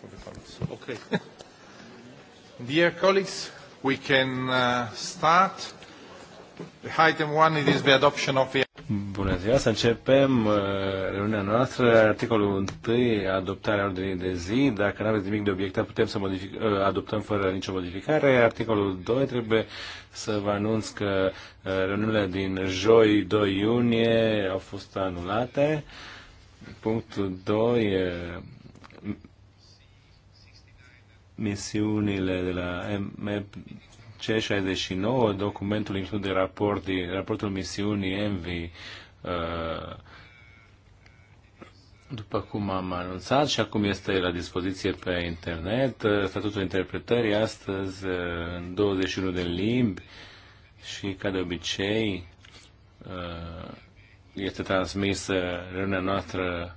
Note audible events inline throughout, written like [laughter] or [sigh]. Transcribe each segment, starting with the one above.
for the colleagues. Okay. Dear colleagues, we can uh, start. Item one, it is the adoption of the... Bună ziua, să începem uh, reuniunea noastră. Articolul 1, adoptarea ordinii de zi. Dacă nu aveți nimic de obiectat, putem să modific, uh, adoptăm fără nicio modificare. Articolul 2, trebuie să vă anunț că uh, reuniunile din joi 2 iunie au fost anulate. Punctul 2, misiunile de la MEP C69, documentul include raport, raportul misiunii ENVI, uh, după cum am anunțat și acum este la dispoziție pe internet, uh, statutul interpretării astăzi uh, în 21 de limbi și ca de obicei este transmisă reuniunea noastră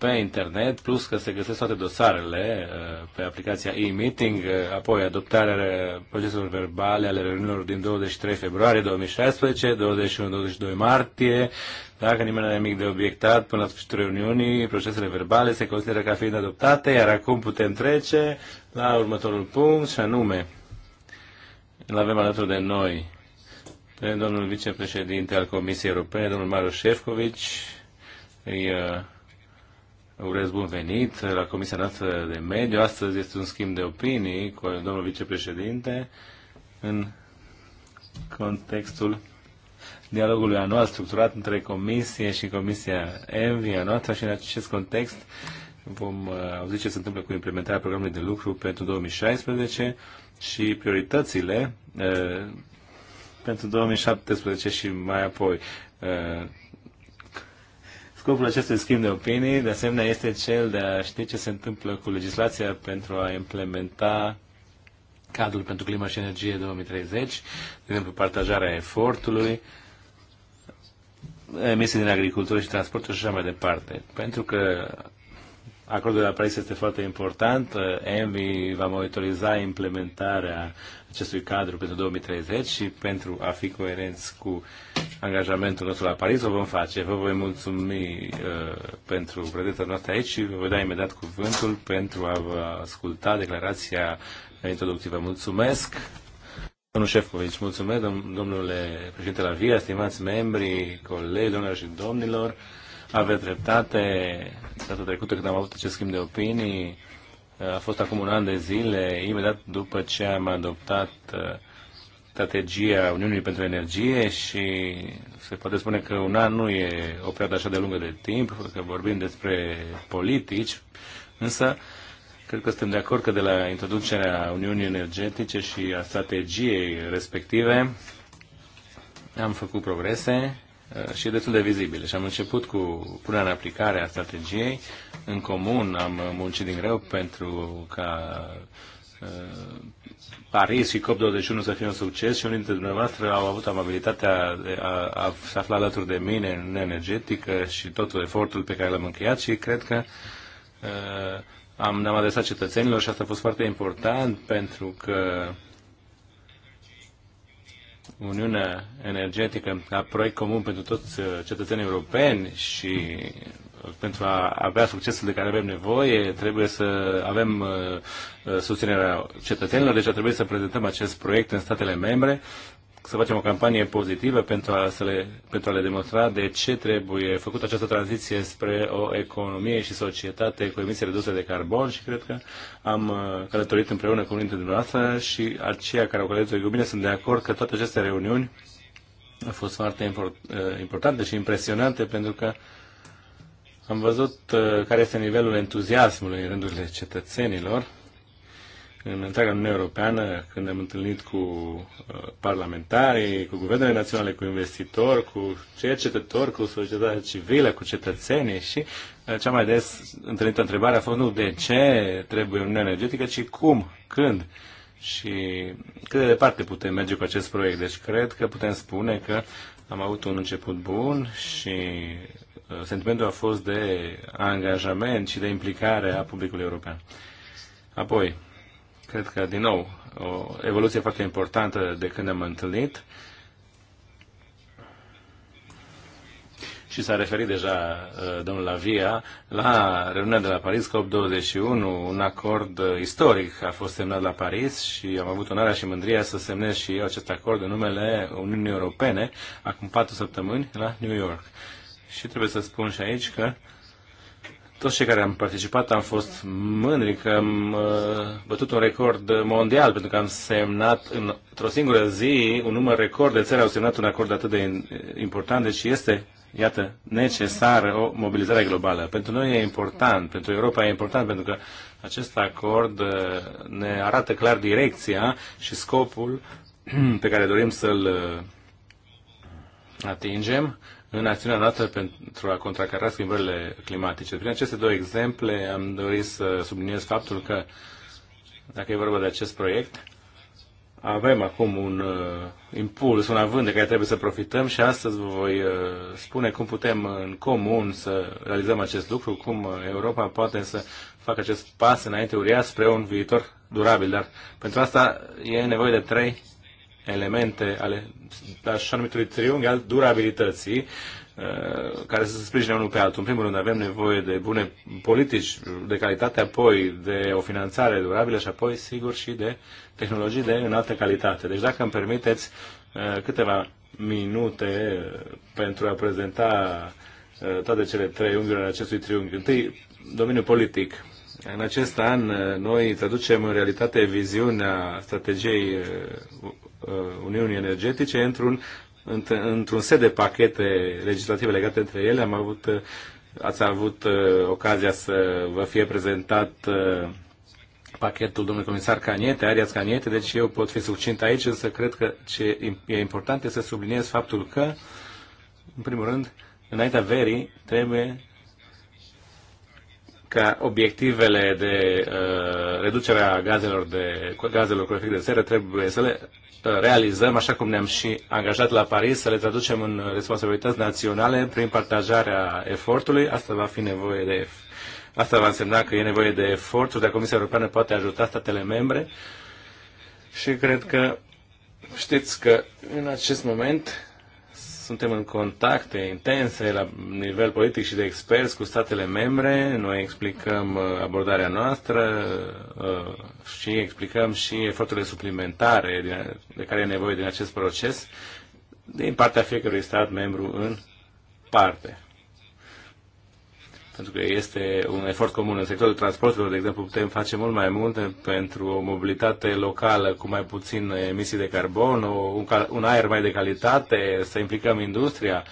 pe internet, plus că se găsesc toate dosarele uh, pe aplicația e-meeting, uh, apoi adoptarea uh, proceselor verbale ale reuniunilor din 23 februarie 2016, 21-22 martie. Dacă nimeni nu are nimic de obiectat până la sfârșitul reuniunii, procesele verbale se consideră ca fiind adoptate, iar acum putem trece la următorul punct, și anume, îl avem alături de noi pe domnul vicepreședinte al Comisiei Europene, domnul Maru Șefcovici, îi Urez bun venit la Comisia noastră de Mediu. Astăzi este un schimb de opinii cu domnul vicepreședinte în contextul dialogului anual structurat între Comisie și Comisia Envi a noastră și în acest context vom uh, auzi ce se întâmplă cu implementarea programului de lucru pentru 2016 și prioritățile uh, pentru 2017 și mai apoi uh, Scopul acestui schimb de opinii, de asemenea, este cel de a ști ce se întâmplă cu legislația pentru a implementa cadrul pentru climă și energie 2030, de exemplu, partajarea efortului, emisii din agricultură și transportul și așa mai departe. Pentru că acordul de la Paris este foarte important. ENVI va monitoriza implementarea acestui cadru pentru 2030 și pentru a fi coerenți cu angajamentul nostru la Paris o vom face. Vă voi mulțumi uh, pentru prezența noastră aici și vă voi da imediat cuvântul pentru a vă asculta declarația introductivă. Mulțumesc! Domnul Șefcovici, mulțumesc, domnule președinte la VIA, stimați membri, colegi, domnilor și domnilor. Aveți dreptate. Data trecută când am avut acest schimb de opinii, a fost acum un an de zile, imediat după ce am adoptat uh, strategia Uniunii pentru Energie și se poate spune că un an nu e o perioadă așa de lungă de timp, că vorbim despre politici, însă cred că suntem de acord că de la introducerea Uniunii Energetice și a strategiei respective am făcut progrese Uh, și e destul de vizibile. Și am început cu punerea în aplicare a strategiei. În comun am muncit din greu pentru ca uh, Paris și COP21 să fie un succes și unii dintre dumneavoastră au avut amabilitatea de a, a se afla alături de mine în Energetică și tot efortul pe care l-am încheiat și cred că uh, am, ne-am adresat cetățenilor și asta a fost foarte important pentru că Uniunea Energetică ca proiect comun pentru toți uh, cetățenii europeni și uh, pentru a avea succesul de care avem nevoie, trebuie să avem uh, susținerea cetățenilor, deci trebuie să prezentăm acest proiect în statele membre să facem o campanie pozitivă pentru a, să le, pentru a le demonstra de ce trebuie făcută această tranziție spre o economie și societate cu emisii reduse de carbon și cred că am uh, călătorit împreună cu unii dintre dumneavoastră și aceia care au călătorit cu mine sunt de acord că toate aceste reuniuni au fost foarte import, uh, importante și impresionante pentru că am văzut uh, care este nivelul entuziasmului în rândurile cetățenilor în întreaga Uniune Europeană, când am întâlnit cu uh, parlamentari, cu guvernele naționale, cu investitori, cu cercetători, cu societatea civilă, cu cetățenii și uh, cea mai des întâlnită întrebare a fost nu de ce trebuie Uniunea Energetică, ci cum, când și cât de departe putem merge cu acest proiect. Deci cred că putem spune că am avut un început bun și uh, sentimentul a fost de angajament și de implicare a publicului european. Apoi, Cred că, din nou, o evoluție foarte importantă de când am întâlnit. și s-a referit deja uh, domnul Lavia la reuniunea de la Paris COP21, un acord uh, istoric a fost semnat la Paris și am avut onoarea și mândria să semnez și eu acest acord în numele Uniunii Europene acum patru săptămâni la New York. Și trebuie să spun și aici că uh, toți cei care am participat am fost mândri că am uh, bătut un record mondial, pentru că am semnat într-o singură zi un număr record de țări au semnat un acord atât de important, deci este, iată, necesară o mobilizare globală. Pentru noi e important, pentru Europa e important, pentru că acest acord uh, ne arată clar direcția și scopul [clears throat] pe care dorim să-l uh, atingem în acțiunea noastră pentru a contracara schimbările climatice. Prin aceste două exemple am dorit să subliniez faptul că, dacă e vorba de acest proiect, avem acum un uh, impuls, un avânt de care trebuie să profităm și astăzi vă voi uh, spune cum putem în comun să realizăm acest lucru, cum uh, Europa poate să facă acest pas înainte uriaș spre un viitor durabil. Dar pentru asta e nevoie de trei elemente ale așa numitului triunghi al durabilității, uh, care să se sprijine unul pe altul. În primul rând avem nevoie de bune politici de calitate, apoi de o finanțare durabilă și apoi, sigur, și de tehnologii de înaltă calitate. Deci dacă îmi permiteți uh, câteva minute uh, pentru a prezenta toate cele trei unghiuri ale acestui triunghi. Întâi, domeniul politic. În acest an uh, noi traducem în realitate viziunea strategiei uh, uh, Uniunii Energetice într-un într-un set de pachete legislative legate între ele. Am avut, ați avut ocazia să vă fie prezentat pachetul domnului comisar Caniete, Arias Caniete, deci eu pot fi succint aici, însă cred că ce e important este să subliniez faptul că, în primul rând, înaintea verii trebuie ca obiectivele de uh, reducere a gazelor, de, gazelor cu efect de seră trebuie să le uh, realizăm, așa cum ne-am și angajat la Paris, să le traducem în responsabilități naționale prin partajarea efortului. Asta va fi nevoie de Asta va însemna că e nevoie de eforturi, dar Comisia Europeană poate ajuta statele membre și cred că știți că în acest moment suntem în contacte intense la nivel politic și de experți cu statele membre. Noi explicăm uh, abordarea noastră uh, și explicăm și eforturile suplimentare de care e nevoie din acest proces din partea fiecărui stat membru în parte pentru că este un efort comun. În sectorul transporturilor, de exemplu, putem face mult mai multe pentru o mobilitate locală cu mai puțin emisii de carbon, un, un aer mai de calitate, să implicăm industria.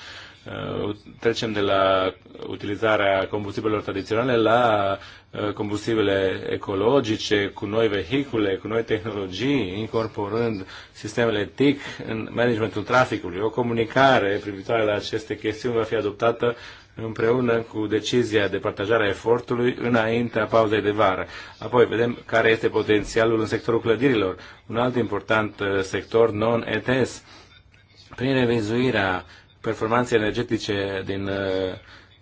Uh, trecem de la utilizarea combustibilor tradiționale la uh, combustibile ecologice, cu noi vehicule, cu noi tehnologii, incorporând sistemele TIC în managementul traficului. O comunicare privitoare la aceste chestiuni va fi adoptată împreună cu decizia de partajare a efortului înaintea pauzei de vară. Apoi vedem care este potențialul în sectorul clădirilor, un alt important uh, sector non-ETS. Prin revizuirea performanței energetice din uh,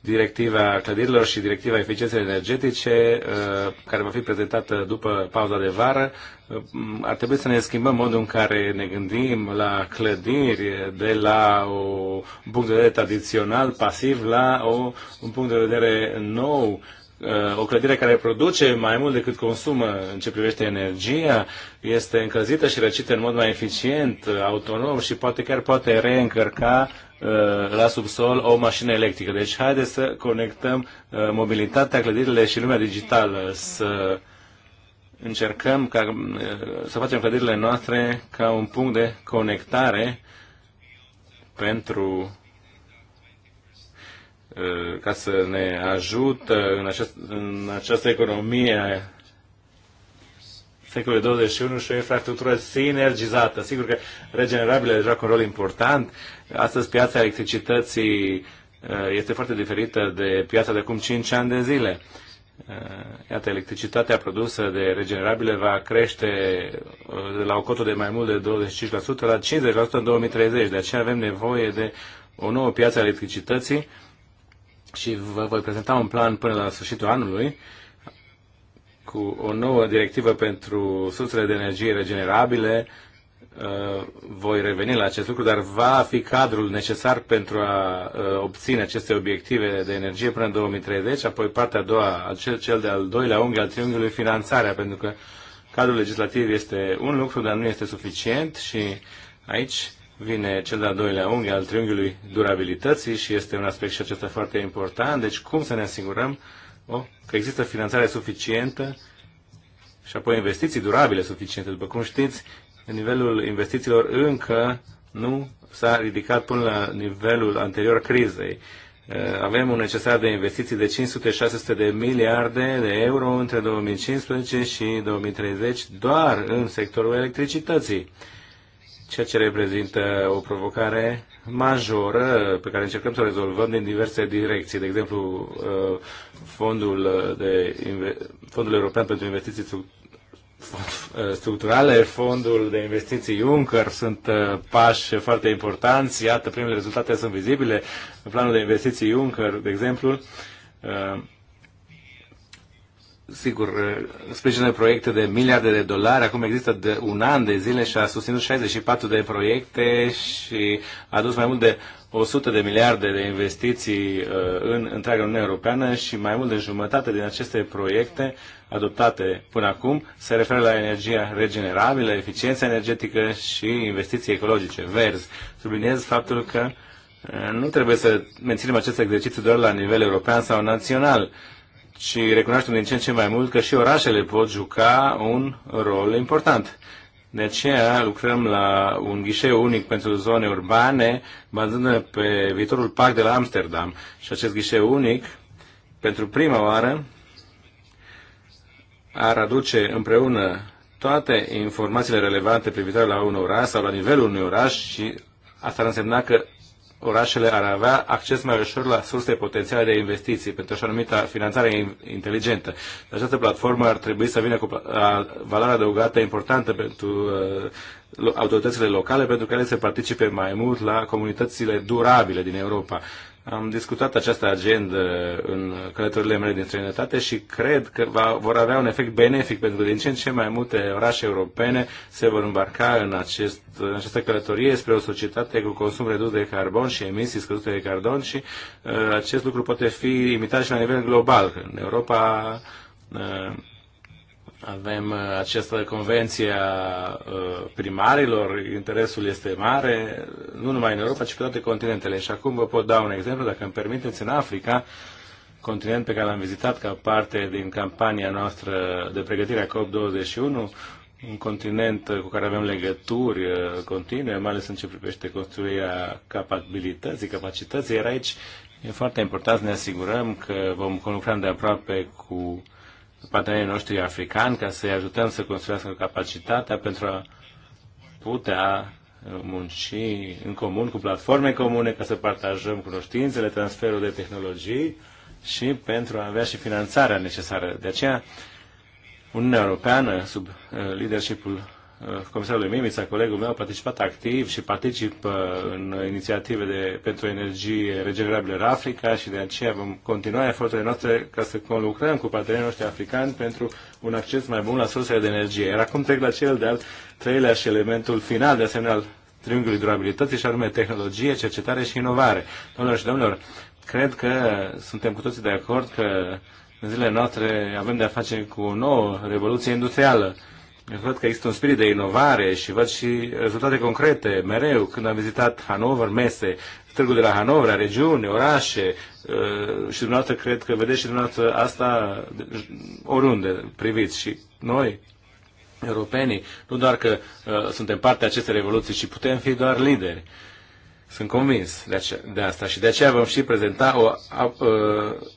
directiva clădirilor și directiva eficienței energetice, uh, care va fi prezentată după pauza de vară. Uh, ar trebui să ne schimbăm modul în care ne gândim la clădiri de la o, un punct de vedere tradițional, pasiv, la o, un punct de vedere nou, uh, o clădire care produce mai mult decât consumă în ce privește energia, este încălzită și răcită în mod mai eficient, autonom și poate chiar poate reîncărca Uh, la subsol o mașină electrică. Deci haideți să conectăm uh, mobilitatea, clădirile și lumea digitală, să încercăm ca, uh, să facem clădirile noastre ca un punct de conectare pentru ca să ne ajută în, acest, în această economie secolului 21 și o infrastructură sinergizată. Sigur că regenerabile joacă un rol important. Astăzi piața electricității uh, este foarte diferită de piața de acum 5 ani de zile. Uh, iată, electricitatea produsă de regenerabile va crește uh, de la o cotă de mai mult de 25% la 50% în 2030. De aceea avem nevoie de o nouă piață a electricității și vă voi prezenta un plan până la sfârșitul anului cu o nouă directivă pentru sursele de energie regenerabile. Uh, voi reveni la acest lucru, dar va fi cadrul necesar pentru a uh, obține aceste obiective de energie până în 2030, apoi partea a doua, cel, cel de-al doilea unghi al triunghiului, finanțarea, pentru că cadrul legislativ este un lucru, dar nu este suficient și aici vine cel de-al doilea unghi al triunghiului durabilității și este un aspect și acesta foarte important. Deci cum să ne asigurăm o, oh, că există finanțare suficientă și apoi investiții durabile suficiente. După cum știți, nivelul investițiilor încă nu s-a ridicat până la nivelul anterior crizei. Eh, avem un necesar de investiții de 500-600 de miliarde de euro între 2015 și 2030 doar în sectorul electricității, ceea ce reprezintă o provocare majoră pe care încercăm să o rezolvăm din diverse direcții. De exemplu, uh, fondul, de, fondul European pentru Investiții uh, Structurale, fondul de investiții Juncker sunt uh, pași foarte importanți. Iată, primele rezultate sunt vizibile. Planul de investiții Juncker, de exemplu, sigur, uh, sprijină proiecte de miliarde de dolari, acum există de un an de zile și a susținut 64 de proiecte și a adus mai mult de 100 de miliarde de investiții uh, în întreaga Uniune Europeană și mai mult de jumătate din aceste proiecte adoptate până acum se referă la energia regenerabilă, eficiența energetică și investiții ecologice, verzi. Subliniez faptul că uh, nu trebuie să menținem acest exercițiu doar la nivel european sau național și recunoaștem din ce în ce mai mult că și orașele pot juca un rol important. De aceea lucrăm la un ghișeu unic pentru zone urbane, bazându-ne pe viitorul parc de la Amsterdam. Și acest ghișeu unic, pentru prima oară, ar aduce împreună toate informațiile relevante privitoare la un oraș sau la nivelul unui oraș și asta ar însemna că orașele ar avea acces mai ușor la surse potențiale de investiții pentru așa numită finanțare inteligentă. Această platformă ar trebui să vină cu valoare adăugată importantă pentru uh, autoritățile locale pentru că ele să participe mai mult la comunitățile durabile din Europa. Am discutat această agendă în călătorile mele din străinătate și cred că va, vor avea un efect benefic, pentru că din ce în ce mai multe orașe europene se vor îmbarca în, acest, în această călătorie spre o societate cu consum redus de carbon și emisii scăzute de carbon și uh, acest lucru poate fi imitat și la nivel global. În Europa uh, avem uh, această convenție a uh, primarilor, interesul este mare, nu numai în Europa, ci pe toate continentele. Și acum vă pot da un exemplu, dacă îmi permiteți, în Africa, continent pe care l-am vizitat ca parte din campania noastră de pregătire a COP21, un continent uh, cu care avem legături continue, mai ales în ce privește construirea capabilității, capacității, iar aici e foarte important să ne asigurăm că vom lucra de aproape cu partenerii noștri africani ca să-i ajutăm să construiască capacitatea pentru a putea munci în comun cu platforme comune ca să partajăm cunoștințele, transferul de tehnologii și pentru a avea și finanțarea necesară. De aceea, Uniunea Europeană, sub eh, leadership comisarului Mimița, colegul meu, a participat activ și participă în inițiative de, pentru energie regenerabilă în Africa și de aceea vom continua eforturile noastre ca să conlucrăm cu partenerii noștri africani pentru un acces mai bun la sursele de energie. Iar acum trec la cel de-al treilea și elementul final de asemenea al triunghiului durabilității și anume tehnologie, cercetare și inovare. Domnilor și domnilor, cred că suntem cu toții de acord că în zilele noastre avem de-a face cu o nouă revoluție industrială văd că există un spirit de inovare și văd și rezultate concrete mereu. Când am vizitat Hanover, mese, târgul de la Hanover, regiuni, orașe uh, și dumneavoastră cred că vedeți și dumneavoastră asta oriunde priviți și noi europenii, nu doar că uh, suntem parte a acestei revoluții, ci putem fi doar lideri. Sunt convins de, ace- de asta și de aceea vom și prezenta o a, a, uh,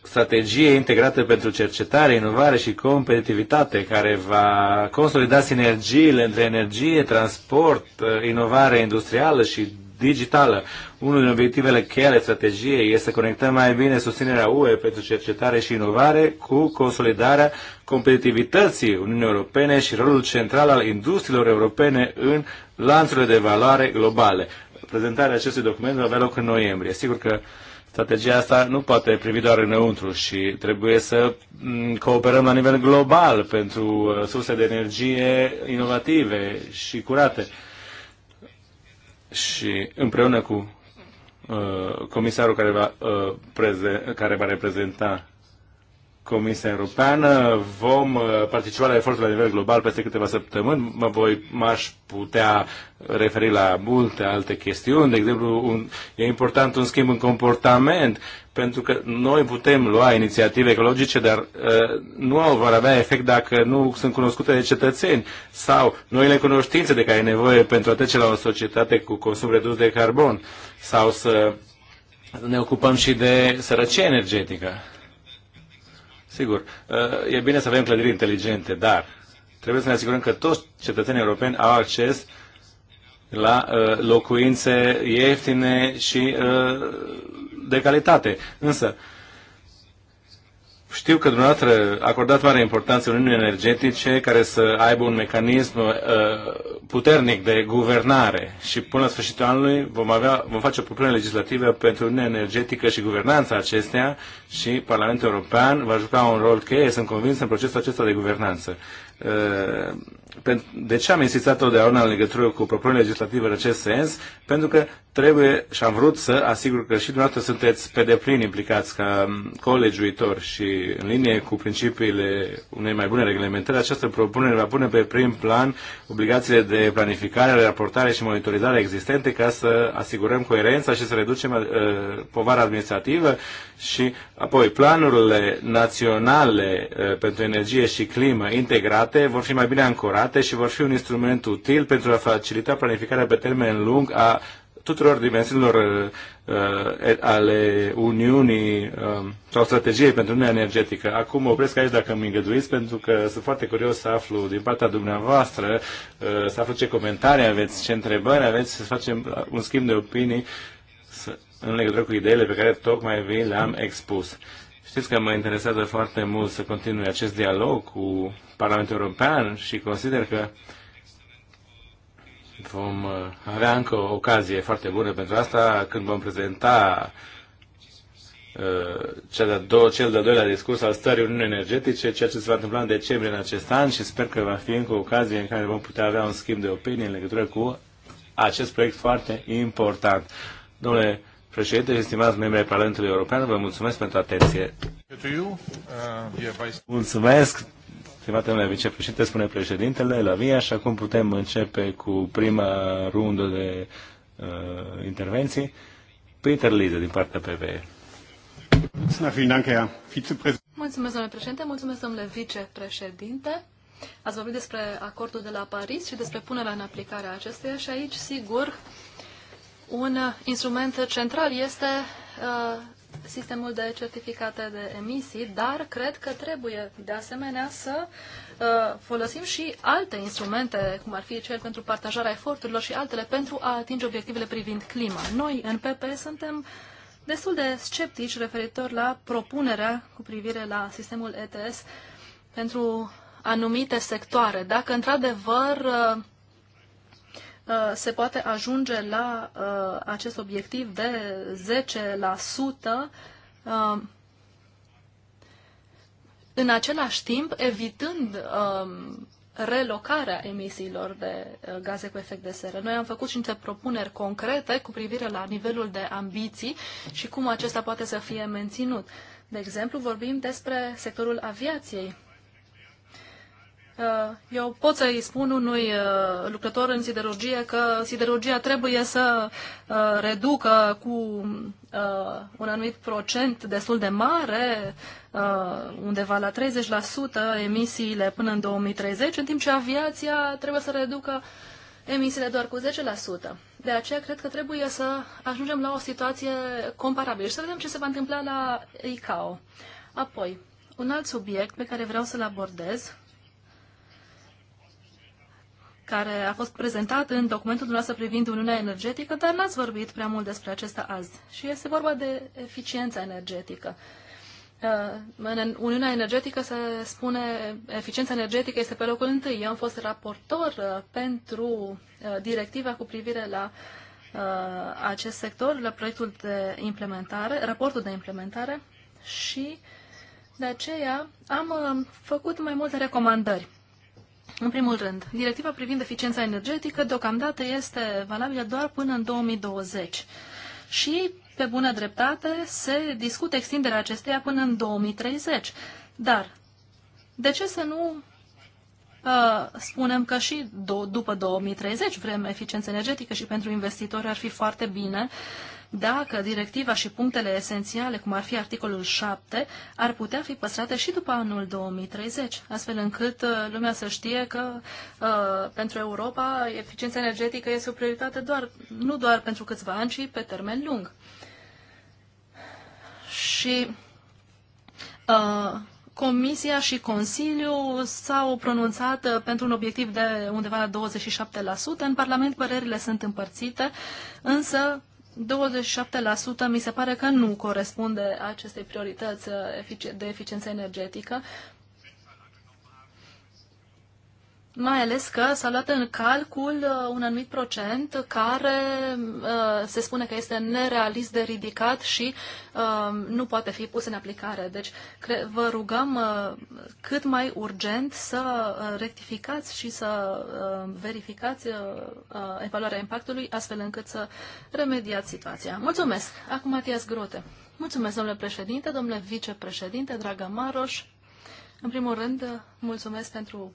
strategie integrată pentru cercetare, inovare și competitivitate care va consolida sinergiile între energie, transport, uh, inovare industrială și digitală. Unul din obiectivele cheie ale strategiei este să conectăm mai bine susținerea UE pentru cercetare și inovare cu consolidarea competitivității Uniunii Europene și rolul central al industriilor europene în lanțurile de valoare globale prezentarea acestui document va avea loc în noiembrie. Sigur că strategia asta nu poate privi doar înăuntru și trebuie să mm, cooperăm la nivel global pentru uh, surse de energie inovative și curate. Și împreună cu uh, comisarul care va, uh, prezen- care va reprezenta Comisia Europeană. Vom uh, participa la efortul la nivel global peste câteva săptămâni. Mă voi, m-aș putea referi la multe alte chestiuni. De exemplu, un, e important un schimb în comportament, pentru că noi putem lua inițiative ecologice, dar uh, nu au vor avea efect dacă nu sunt cunoscute de cetățeni sau noile cunoștințe de care e nevoie pentru a trece la o societate cu consum redus de carbon sau să ne ocupăm și de sărăcie energetică. Sigur, uh, e bine să avem clădiri inteligente, dar trebuie să ne asigurăm că toți cetățenii europeni au acces la uh, locuințe ieftine și uh, de calitate. Însă, știu că dumneavoastră acordat mare importanță Uniunii Energetice care să aibă un mecanism uh, puternic de guvernare și până la sfârșitul anului vom, avea, vom face o propunere legislativă pentru Uniunea Energetică și guvernanța acestea și Parlamentul European va juca un rol cheie, sunt convins, în procesul acesta de guvernanță. Uh, de ce am insistat totdeauna în legătură cu propunerea legislativă în acest sens? Pentru că trebuie și am vrut să asigur că și dumneavoastră sunteți pe deplin implicați ca colegiuitor și în linie cu principiile unei mai bune reglementări, această propunere va pune pe prim plan obligațiile de planificare, raportare și monitorizare existente ca să asigurăm coerența și să reducem uh, povara administrativă și apoi, planurile naționale eh, pentru energie și climă integrate vor fi mai bine ancorate și vor fi un instrument util pentru a facilita planificarea pe termen lung a tuturor dimensiunilor uh, ale Uniunii uh, sau strategiei pentru Uniunea Energetică. Acum mă opresc aici dacă îmi îngăduiți, pentru că sunt foarte curios să aflu din partea dumneavoastră, uh, să aflu ce comentarii aveți, ce întrebări aveți, să facem un schimb de opinii în legătură cu ideile pe care tocmai vi le-am expus. Știți că mă interesează foarte mult să continui acest dialog cu Parlamentul European și consider că vom uh, avea încă o ocazie foarte bună pentru asta când vom prezenta uh, cel de-al do- cel de doilea discurs al stării Uniunii Energetice, ceea ce se va întâmpla în decembrie în acest an și sper că va fi încă o ocazie în care vom putea avea un schimb de opinie în legătură cu acest proiect foarte important. Domnule președinte, estimați membri ai Parlamentului European, vă mulțumesc pentru atenție. Uh, mulțumesc, stimate domnule vicepreședinte, spune președintele la via și acum putem începe cu prima rundă de uh, intervenții. Peter Lise, din partea PVE. Mulțumesc, domnule președinte, mulțumesc, domnule vicepreședinte. Ați vorbit despre acordul de la Paris și despre punerea în aplicare a acestuia și aici, sigur, un uh, instrument central este uh, sistemul de certificate de emisii, dar cred că trebuie de asemenea să uh, folosim și alte instrumente, cum ar fi cel pentru partajarea eforturilor și altele, pentru a atinge obiectivele privind clima. Noi, în PP, suntem destul de sceptici referitor la propunerea cu privire la sistemul ETS pentru anumite sectoare. Dacă, într-adevăr, uh, Uh, se poate ajunge la uh, acest obiectiv de 10% uh, în același timp evitând um, relocarea emisiilor de gaze cu efect de seră. Noi am făcut și niște propuneri concrete cu privire la nivelul de ambiții și cum acesta poate să fie menținut. De exemplu, vorbim despre sectorul aviației, Uh, eu pot să-i spun unui uh, lucrător în siderurgie că siderurgia trebuie să uh, reducă cu un anumit procent destul de mare, undeva la 30% emisiile până în 2030, în timp ce aviația trebuie să reducă emisiile doar cu 10%. De aceea cred că trebuie să ajungem la o situație comparabilă și să vedem ce se va întâmpla la ICAO. Apoi, un alt subiect pe care vreau să-l abordez care a fost prezentat în documentul dumneavoastră privind Uniunea Energetică, dar n-ați vorbit prea mult despre acesta azi. Și este vorba de eficiența energetică. Uh, în Uniunea Energetică se spune eficiența energetică este pe locul întâi. Eu am fost raportor uh, pentru uh, directiva cu privire la acest sector, la proiectul de implementare, raportul de implementare și de aceea am făcut mai multe recomandări. În primul rând, directiva privind eficiența energetică deocamdată este valabilă doar până în 2020 și, pe bună dreptate, se discută extinderea acesteia până în 2030. Dar de ce să nu uh, spunem că și do- după 2030 vrem eficiență energetică și pentru investitori ar fi foarte bine dacă directiva și punctele esențiale, cum ar fi articolul 7, ar putea fi păstrate și după anul 2030, astfel încât uh, lumea să știe că uh, pentru Europa eficiența energetică este o prioritate doar, nu doar pentru câțiva ani, ci pe termen lung. Și uh, Comisia și Consiliul s-au pronunțat uh, pentru un obiectiv de undeva la 27%. În Parlament părerile sunt împărțite, însă 27% mi se pare că nu corespunde acestei priorități uh, de eficiență energetică, mai ales că s-a luat în calcul uh, un anumit procent care uh, se spune că este nerealist de ridicat și uh, nu poate fi pus în aplicare. Deci vă rugăm cât mai urgent să rectificați și să verificați evaluarea impactului astfel încât să remediați situația. Mulțumesc! Acum Matias Grote. Mulțumesc, domnule președinte, domnule vicepreședinte, dragă Maroș. În primul rând, mulțumesc pentru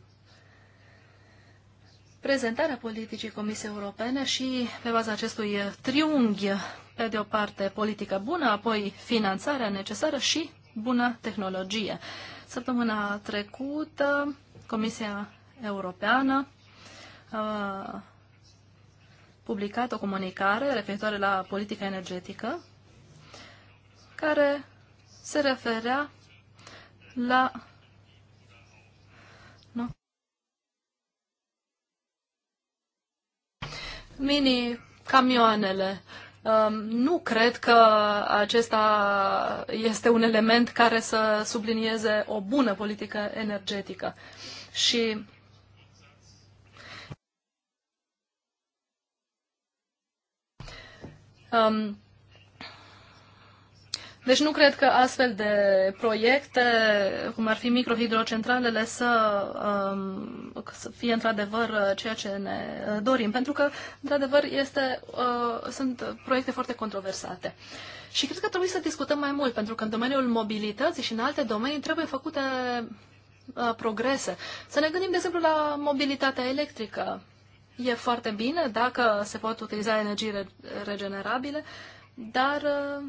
prezentarea politicii Comisiei Europene și pe baza acestui triunghi, pe de o parte politică bună, apoi finanțarea necesară și bună tehnologie. Săptămâna trecută, Comisia Europeană a publicat o comunicare referitoare la politica energetică care se referea la mini-camioanele. Um, nu cred că acesta este un element care să sublinieze o bună politică energetică. Și um, deci nu cred că astfel de proiecte, cum ar fi microhidrocentralele, să, um, să fie într-adevăr uh, ceea ce ne uh, dorim, pentru că, într-adevăr, este, uh, sunt proiecte foarte controversate. Și cred că trebuie să discutăm mai mult, pentru că în domeniul mobilității și în alte domenii trebuie făcute uh, progrese. Să ne gândim, de exemplu, la mobilitatea electrică. E foarte bine dacă se pot utiliza energii regenerabile, dar uh,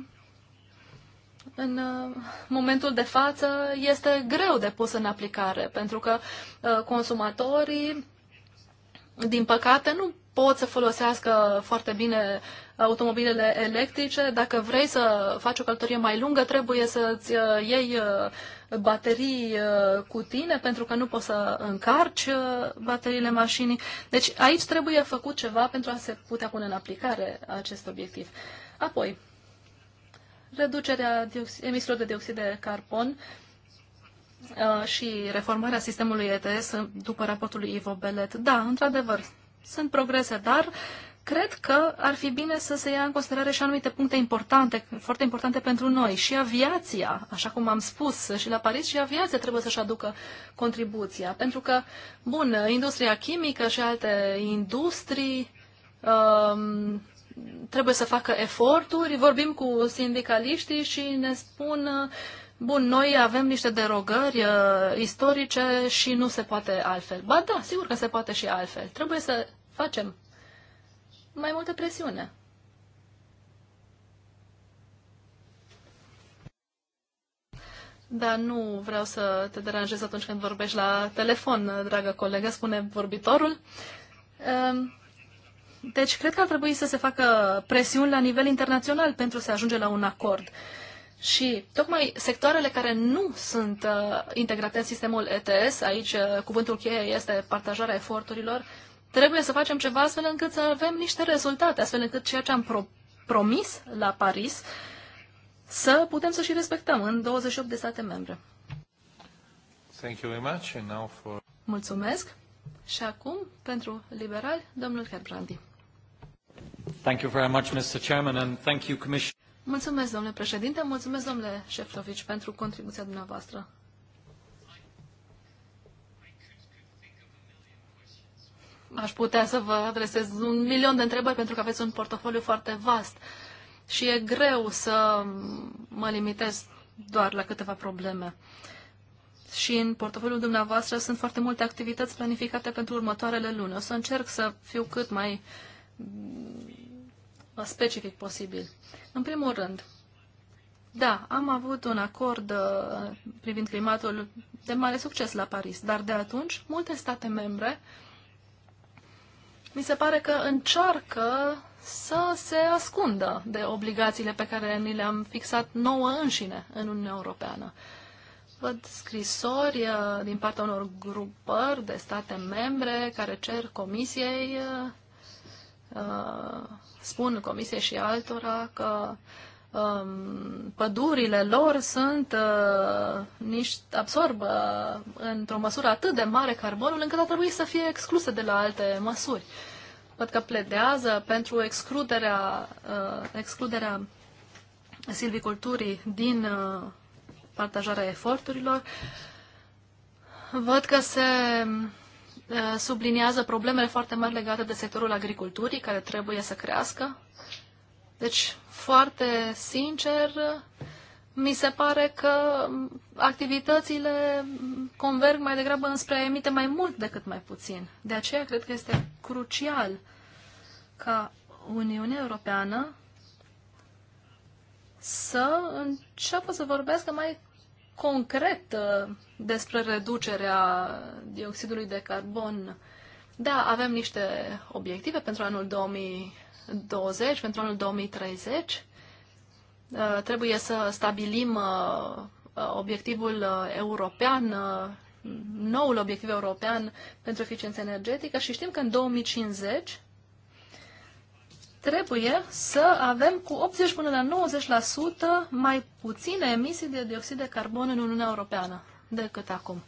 în uh, momentul de față este greu de pus în aplicare, pentru că uh, consumatorii, din păcate, nu pot să folosească foarte bine uh, automobilele electrice. Dacă vrei să faci o călătorie mai lungă, trebuie să-ți iei baterii cu tine, pentru că nu poți să încarci bateriile mașinii. Deci aici trebuie făcut ceva pentru a se putea pune în aplicare acest obiectiv. Apoi, reducerea emisiilor de dioxid de carbon uh, și reformarea sistemului ETS după raportul lui Ivo Belet. Da, într-adevăr, sunt progrese, dar cred că ar fi bine să se ia în considerare și anumite puncte importante, foarte importante pentru noi. Și aviația, așa cum am spus și la Paris, și aviația trebuie să-și aducă contribuția. Pentru că, bun, industria chimică și alte industrii um, trebuie să facă eforturi, vorbim cu sindicaliștii și ne spun, bun, noi avem niște derogări uh, istorice și nu se poate altfel. Ba da, sigur că se poate și altfel. Trebuie să facem mai multă presiune. Dar nu vreau să te deranjez atunci când vorbești la telefon, dragă colegă, spune vorbitorul. Uh, deci, cred că ar trebui să se facă presiuni la nivel internațional pentru să se ajunge la un acord. Și tocmai sectoarele care nu sunt uh, integrate în sistemul ETS, aici uh, cuvântul cheie este partajarea eforturilor, trebuie să facem ceva astfel încât să avem niște rezultate, astfel încât ceea ce am pro- promis la Paris să putem să și respectăm în 28 de state membre. Thank you very much. And now for... Mulțumesc. Și acum, pentru liberali, domnul Herbrandi. Thank you very much, Mr. Chairman, and thank you, Mulțumesc, domnule președinte, mulțumesc, domnule Șeftovici, pentru contribuția dumneavoastră. Aș putea să vă adresez un milion de întrebări pentru că aveți un portofoliu foarte vast și e greu să mă limitez doar la câteva probleme. Și în portofoliul dumneavoastră sunt foarte multe activități planificate pentru următoarele luni. O să încerc să fiu cât mai uh, Mm, specific posibil. În primul rând, da, am avut un acord uh, privind climatul de mare succes la Paris, dar de atunci multe state membre mi se pare că încearcă să se ascundă de obligațiile pe care ni le-am fixat nouă înșine în Uniunea Europeană. Văd scrisori uh, din partea unor grupări de state membre care cer comisiei uh, Uh, spun comisiei și altora că um, pădurile lor sunt uh, niște, absorbă uh, într-o măsură atât de mare carbonul încât ar trebui să fie excluse de la alte măsuri. Văd că pledează pentru excluderea, excluderea silviculturii din partajarea eforturilor. Văd că se Eh, subliniază problemele foarte mari legate de sectorul agriculturii, care trebuie să crească. Deci, foarte sincer, mi se pare că activitățile converg mai degrabă înspre a emite mai mult decât mai puțin. De aceea cred că este crucial ca Uniunea Europeană să înceapă să vorbească mai concret uh, despre reducerea dioxidului de carbon. Da, avem niște obiective pentru anul 2020, pentru anul 2030. Uh, trebuie să stabilim uh, obiectivul european, noul obiectiv european pentru eficiență energetică și știm că în 2050 trebuie să avem cu 80 până la 90% mai puține emisii de dioxid de carbon în Uniunea Europeană decât acum.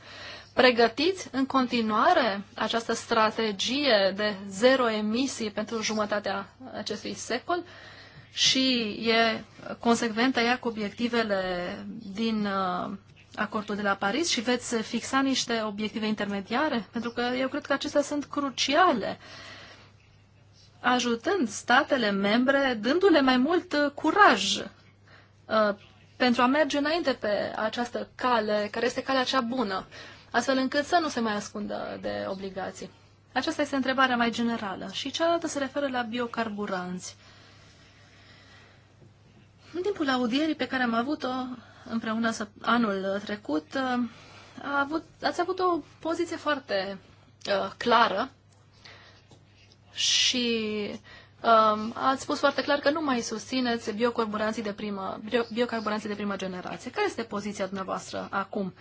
Pregătiți în continuare această strategie de zero emisii pentru jumătatea acestui secol și e consecventă ea cu obiectivele din uh, acordul de la Paris și veți fixa niște obiective intermediare? Pentru că eu cred că acestea sunt cruciale uh, ajutând statele membre, dându-le mai mult uh, curaj uh, pentru a merge înainte pe această cale, care este calea cea bună, astfel încât să nu se mai ascundă de obligații. Aceasta este întrebarea mai generală. Și cealaltă se referă la biocarburanți. În timpul audierii pe care am avut-o împreună anul trecut, uh, a avut, ați avut o poziție foarte uh, clară și um, ați spus foarte clar că nu mai susțineți biocarburanții de primă, biocarburanții de primă generație. Care este poziția dumneavoastră acum?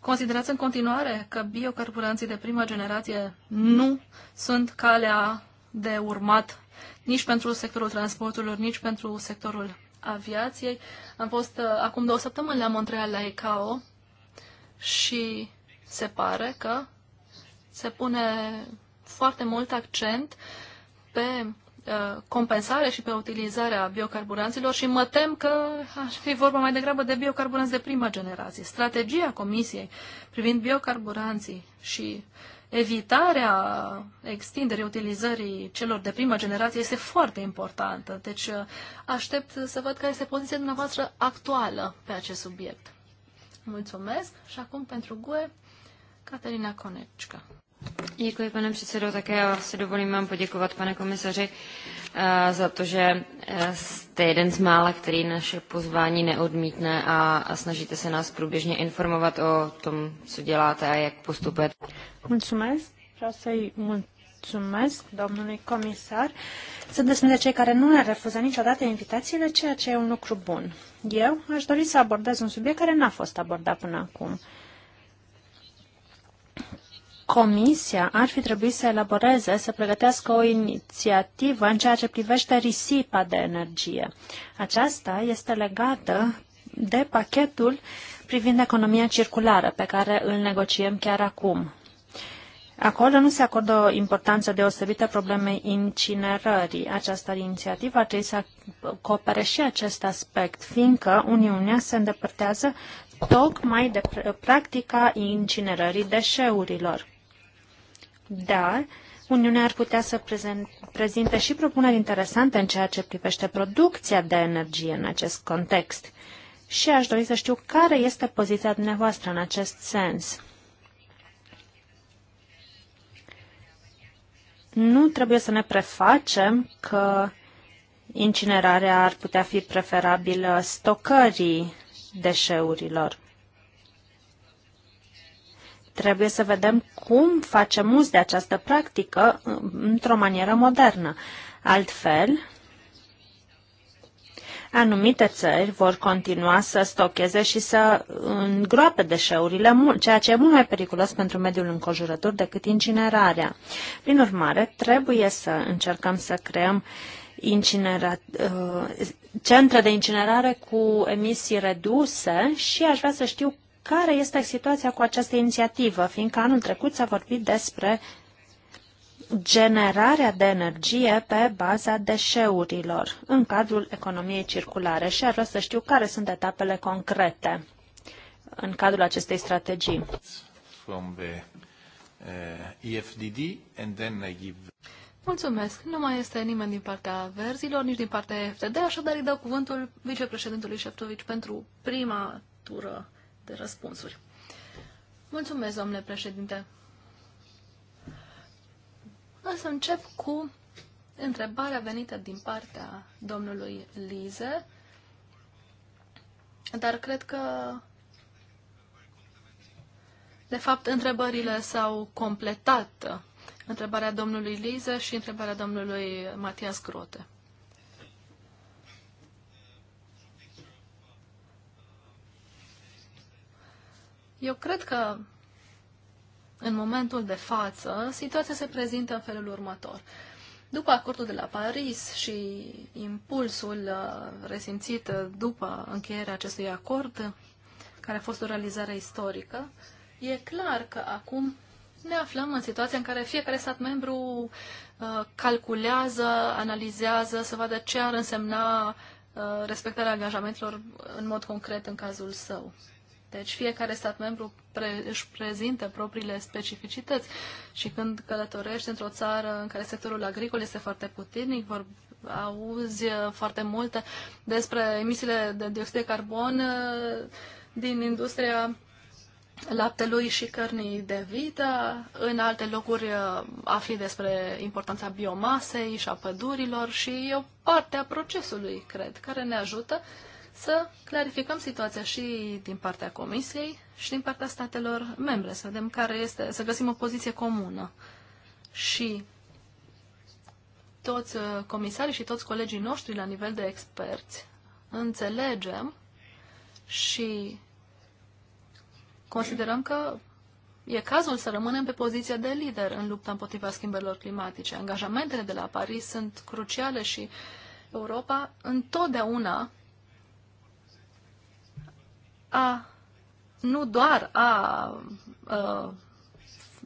Considerați în continuare că biocarburanții de primă generație nu sunt calea de urmat nici pentru sectorul transporturilor, nici pentru sectorul aviației. Am fost uh, acum două săptămâni la Montreal la ICAO și se pare că se pune foarte mult accent pe uh, compensare și pe utilizarea biocarburanților și mă tem că aș fi vorba mai degrabă de biocarburanți de prima generație. Strategia Comisiei privind biocarburanții și evitarea extinderii utilizării celor de prima generație este foarte importantă. Deci uh, aștept să văd care este poziția dumneavoastră actuală pe acest subiect. Mulțumesc și acum pentru GUE, Caterina Conecica. Děkuji, pane předsedo. Také já si dovolím vám poděkovat, pane komisaři, eh, za to, že eh, jste jeden z mála, který naše pozvání neodmítne a, snažíte se nás průběžně informovat o tom, co děláte a jak postupujete. Mulțumesc. Vreau să-i mulțumesc domnului comisar. Sunt despre cei care nu ne refuzat niciodată invitațiile, ceea ce e un lucru bun. Eu aș dori să abordez un subiect care n-a fost abordat până acum. Comisia ar fi trebuit să elaboreze, să pregătească o inițiativă în ceea ce privește risipa de energie. Aceasta este legată de pachetul privind economia circulară, pe care îl negociem chiar acum. Acolo nu se acordă o importanță deosebită problemei incinerării. Această inițiativă ar trebui să acopere și acest aspect, fiindcă Uniunea se îndepărtează tocmai de practica incinerării deșeurilor dar Uniunea ar putea să prezinte și propuneri interesante în ceea ce privește producția de energie în acest context. Și aș dori să știu care este poziția dumneavoastră în acest sens. Nu trebuie să ne prefacem că incinerarea ar putea fi preferabilă stocării deșeurilor. Trebuie să vedem cum facem uz de această practică um, într-o manieră modernă. Altfel, anumite țări vor continua să stocheze și să îngroape deșeurile, ceea ce e mult mai periculos pentru mediul înconjurător decât incinerarea. Prin urmare, trebuie să încercăm să creăm incinera, uh, centre de incinerare cu emisii reduse și aș vrea să știu care este situația cu această inițiativă? Fiindcă anul trecut s-a vorbit despre generarea de energie pe baza deșeurilor în cadrul economiei circulare și ar vrea să știu care sunt etapele concrete în cadrul acestei strategii. EFDD uh, and then I give... Mulțumesc. Nu mai este nimeni din partea verzilor, nici din partea FTD, așadar îi dau cuvântul vicepreședintului Șeftovici pentru prima tură de răspunsuri. Mulțumesc, domnule președinte. O să încep cu întrebarea venită din partea domnului Lize, dar cred că, de fapt, întrebările s-au completat. Întrebarea domnului Lize și întrebarea domnului Matias Grote. Eu cred că în momentul de față situația se prezintă în felul următor. După acordul de la Paris și impulsul uh, resimțit uh, după încheierea acestui acord, care a fost o realizare istorică, e clar că acum ne aflăm în situația în care fiecare stat membru uh, calculează, analizează, să vadă ce ar însemna respectarea angajamentelor în mod concret în cazul său. Deci fiecare stat membru pre- își prezintă propriile specificități și când călătorești într-o țară în care sectorul agricol este foarte puternic, vor auzi foarte multe despre emisiile de dioxid de carbon uh, din industria laptelui și cărnii de vită, în alte locuri uh, afli despre importanța biomasei și a pădurilor și e o parte a procesului, cred, care ne ajută uh, să clarificăm situația și din partea Comisiei și din partea statelor membre, să vedem care este, să găsim o poziție comună. Și toți uh, comisarii și toți colegii noștri la nivel de experți înțelegem și considerăm că e cazul să rămânem pe poziția de lider în lupta împotriva schimbărilor climatice. Angajamentele de la Paris sunt cruciale și Europa întotdeauna a nu doar a, a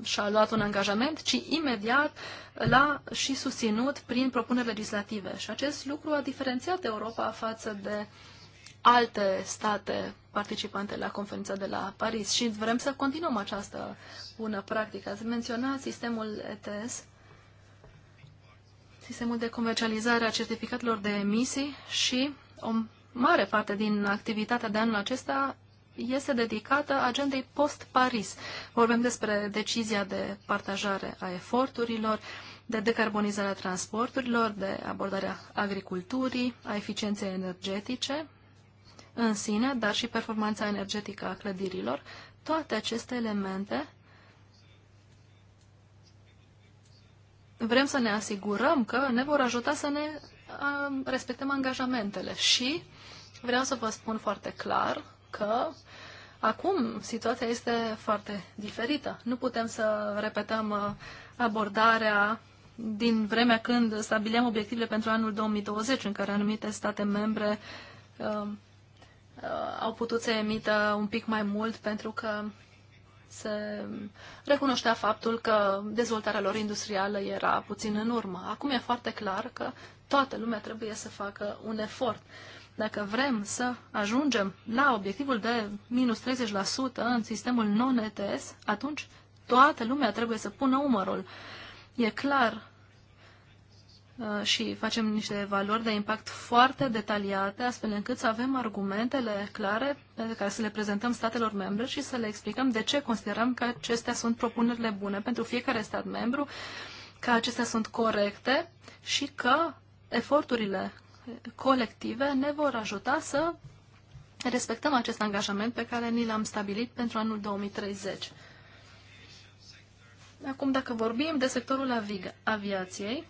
și-a luat un angajament, ci imediat l-a și susținut prin propuneri legislative. Și acest lucru a diferențiat Europa față de alte state participante la conferința de la Paris și vrem să continuăm această bună practică. Ați menționat sistemul ETS, sistemul de comercializare a certificatelor de emisii și o mare parte din activitatea de anul acesta este dedicată agendei post-Paris. Vorbim despre decizia de partajare a eforturilor, de decarbonizarea transporturilor, de abordarea agriculturii, a eficienței energetice în sine, dar și performanța energetică a clădirilor. Toate aceste elemente vrem să ne asigurăm că ne vor ajuta să ne respectăm angajamentele și Vreau să vă spun foarte clar că acum situația este foarte diferită. Nu putem să repetăm uh, abordarea din vremea când stabileam obiectivele pentru anul 2020, în care anumite state membre um, uh, au putut să emită un pic mai mult pentru că se recunoștea faptul că dezvoltarea lor industrială era puțin în urmă. Acum e foarte clar că toată lumea trebuie să facă un efort. Uh, dacă vrem să ajungem la obiectivul de minus 30% în sistemul non-ETS, atunci toată lumea trebuie să pună umărul. E clar uh, și facem niște valori de impact foarte detaliate, astfel încât să avem argumentele clare pe care să le prezentăm statelor membre și să le explicăm de ce considerăm că acestea sunt propunerile bune pentru fiecare stat membru, că acestea sunt corecte și că eforturile colective ne vor ajuta să respectăm acest angajament pe care ni l-am stabilit pentru anul 2030. Acum, dacă vorbim de sectorul avi aviației,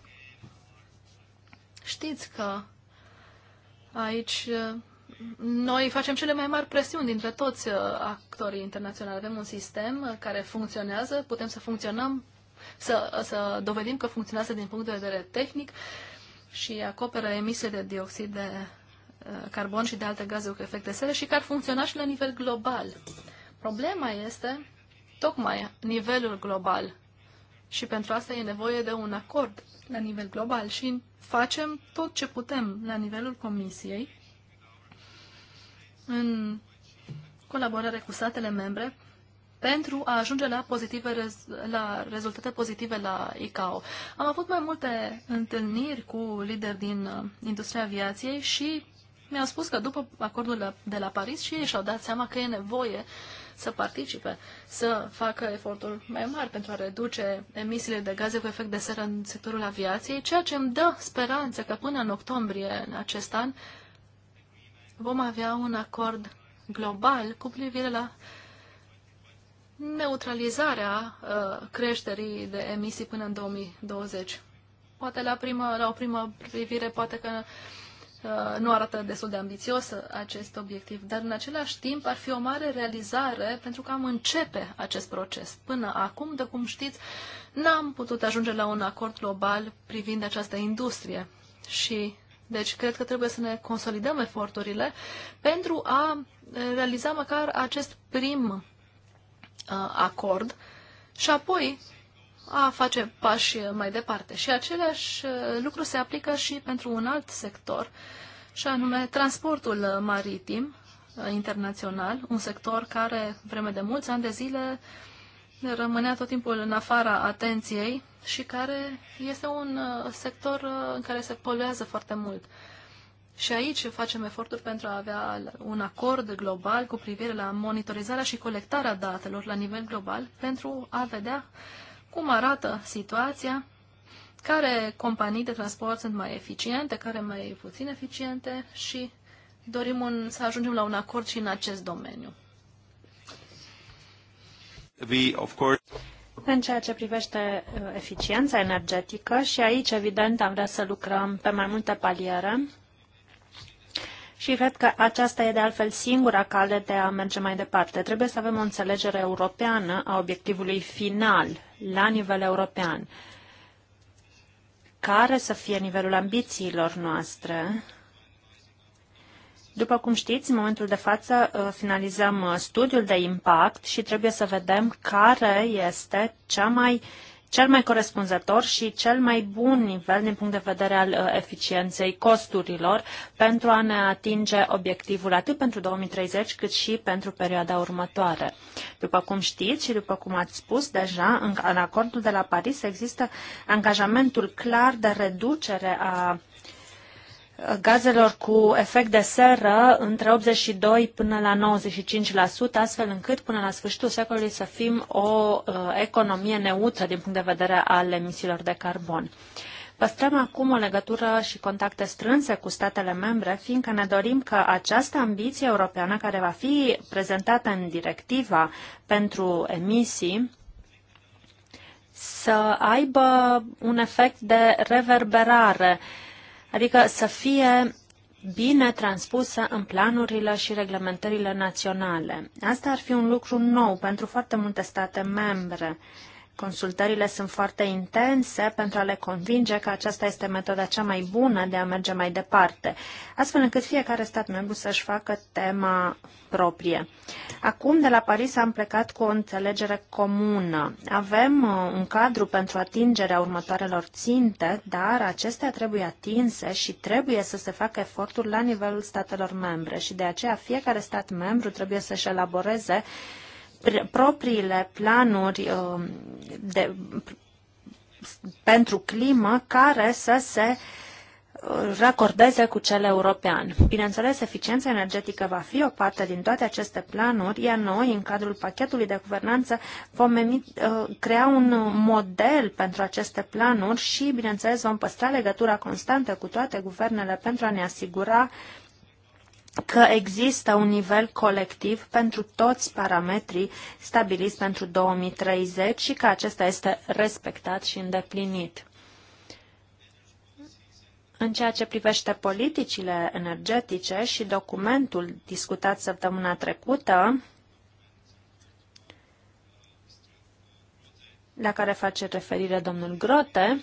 știți că aici eh, noi facem cele mai mari presiuni dintre toți eh, actorii internaționali. Avem un sistem eh, care funcționează, putem să funcționăm, să, să dovedim că funcționează din punct de vedere tehnic. Uh, și acoperă emisiile de dioxid de uh, carbon și de alte gaze cu efect de seră și care ar funcționa și la nivel global. Problema este tocmai nivelul global și pentru asta e nevoie de un acord la nivel global și facem tot ce putem la nivelul Comisiei în colaborare cu statele membre pentru a ajunge la, pozitive, la rezultate pozitive la ICAO. Am avut mai multe întâlniri cu lideri din uh, industria aviației și mi-au spus că după acordul de la Paris și ei și-au dat seama că e nevoie să participe, să facă eforturi mai mari pentru a reduce emisiile de gaze cu efect de seră în sectorul aviației, ceea ce îmi dă speranță că până în octombrie în acest an vom avea un acord global cu privire la neutralizarea uh, creșterii de emisii până în 2020. Poate la, primă, la o primă privire, poate că uh, nu arată destul de ambițios uh, acest obiectiv, dar în același timp ar fi o mare realizare pentru că am începe acest proces. Până acum, de cum știți, n-am putut ajunge la un acord global privind această industrie și deci cred că trebuie să ne consolidăm eforturile pentru a uh, realiza măcar acest prim Uh, acord și apoi a face pași mai departe. Și același uh, lucru se aplică și pentru un alt sector, și anume transportul maritim uh, internațional, un sector care vreme de mulți ani de zile rămânea tot timpul în afara atenției și care este un sector în care se poluează foarte mult. Și aici facem eforturi pentru a avea un acord global cu privire la monitorizarea și colectarea datelor la nivel global pentru a vedea cum arată situația, care companii de transport sunt mai eficiente, care mai puțin eficiente și dorim un, să ajungem la un acord și în acest domeniu. We, of course... În ceea ce privește uh, eficiența energetică și aici, evident, am vrea să lucrăm pe mai multe paliere și cred că aceasta e de altfel singura cale de a merge mai departe. Trebuie să avem o înțelegere europeană a obiectivului final, la nivel european, care să fie nivelul ambițiilor noastre după cum știți, în momentul de față uh, finalizăm uh, studiul de impact și trebuie să vedem care este cea mai cel mai corespunzător și cel mai bun nivel din punct de vedere al uh, eficienței costurilor pentru a ne atinge obiectivul atât pentru 2030 cât și pentru perioada următoare. După cum știți și după cum ați spus deja, în acordul de la Paris există angajamentul clar de reducere a gazelor cu efect de seră între 82 până la 95%, astfel încât până la sfârșitul secolului să fim o uh, economie neutră din punct de vedere al emisiilor de carbon. Păstrăm acum o legătură și contacte strânse cu statele membre, fiindcă ne dorim că această ambiție europeană care va fi prezentată în directiva pentru emisii să aibă un efect de reverberare uh, adică să fie bine transpusă în planurile și reglementările naționale. Asta ar fi un lucru nou pentru foarte multe state membre Consultările sunt foarte intense pentru a le convinge că aceasta este metoda cea mai bună de a merge mai departe, astfel încât fiecare stat membru să-și facă tema proprie. Acum, de la Paris, am plecat cu o înțelegere comună. Avem uh, un cadru pentru atingerea următoarelor ținte, dar acestea trebuie atinse și trebuie să se facă eforturi la nivelul statelor membre și de aceea fiecare stat membru trebuie să-și elaboreze propriile planuri um, de, pentru climă care să se uh, racordeze cu cel european. Bineînțeles, eficiența energetică va fi o parte din toate aceste planuri, iar noi, în cadrul pachetului de guvernanță, vom emit, uh, crea un model pentru aceste planuri și, bineînțeles, vom păstra legătura constantă cu toate guvernele pentru a ne asigura că există un nivel colectiv pentru toți parametrii stabiliți pentru 2030 și că acesta este respectat și îndeplinit. În ceea ce privește politicile energetice și documentul discutat săptămâna trecută, la care face referire domnul Grote,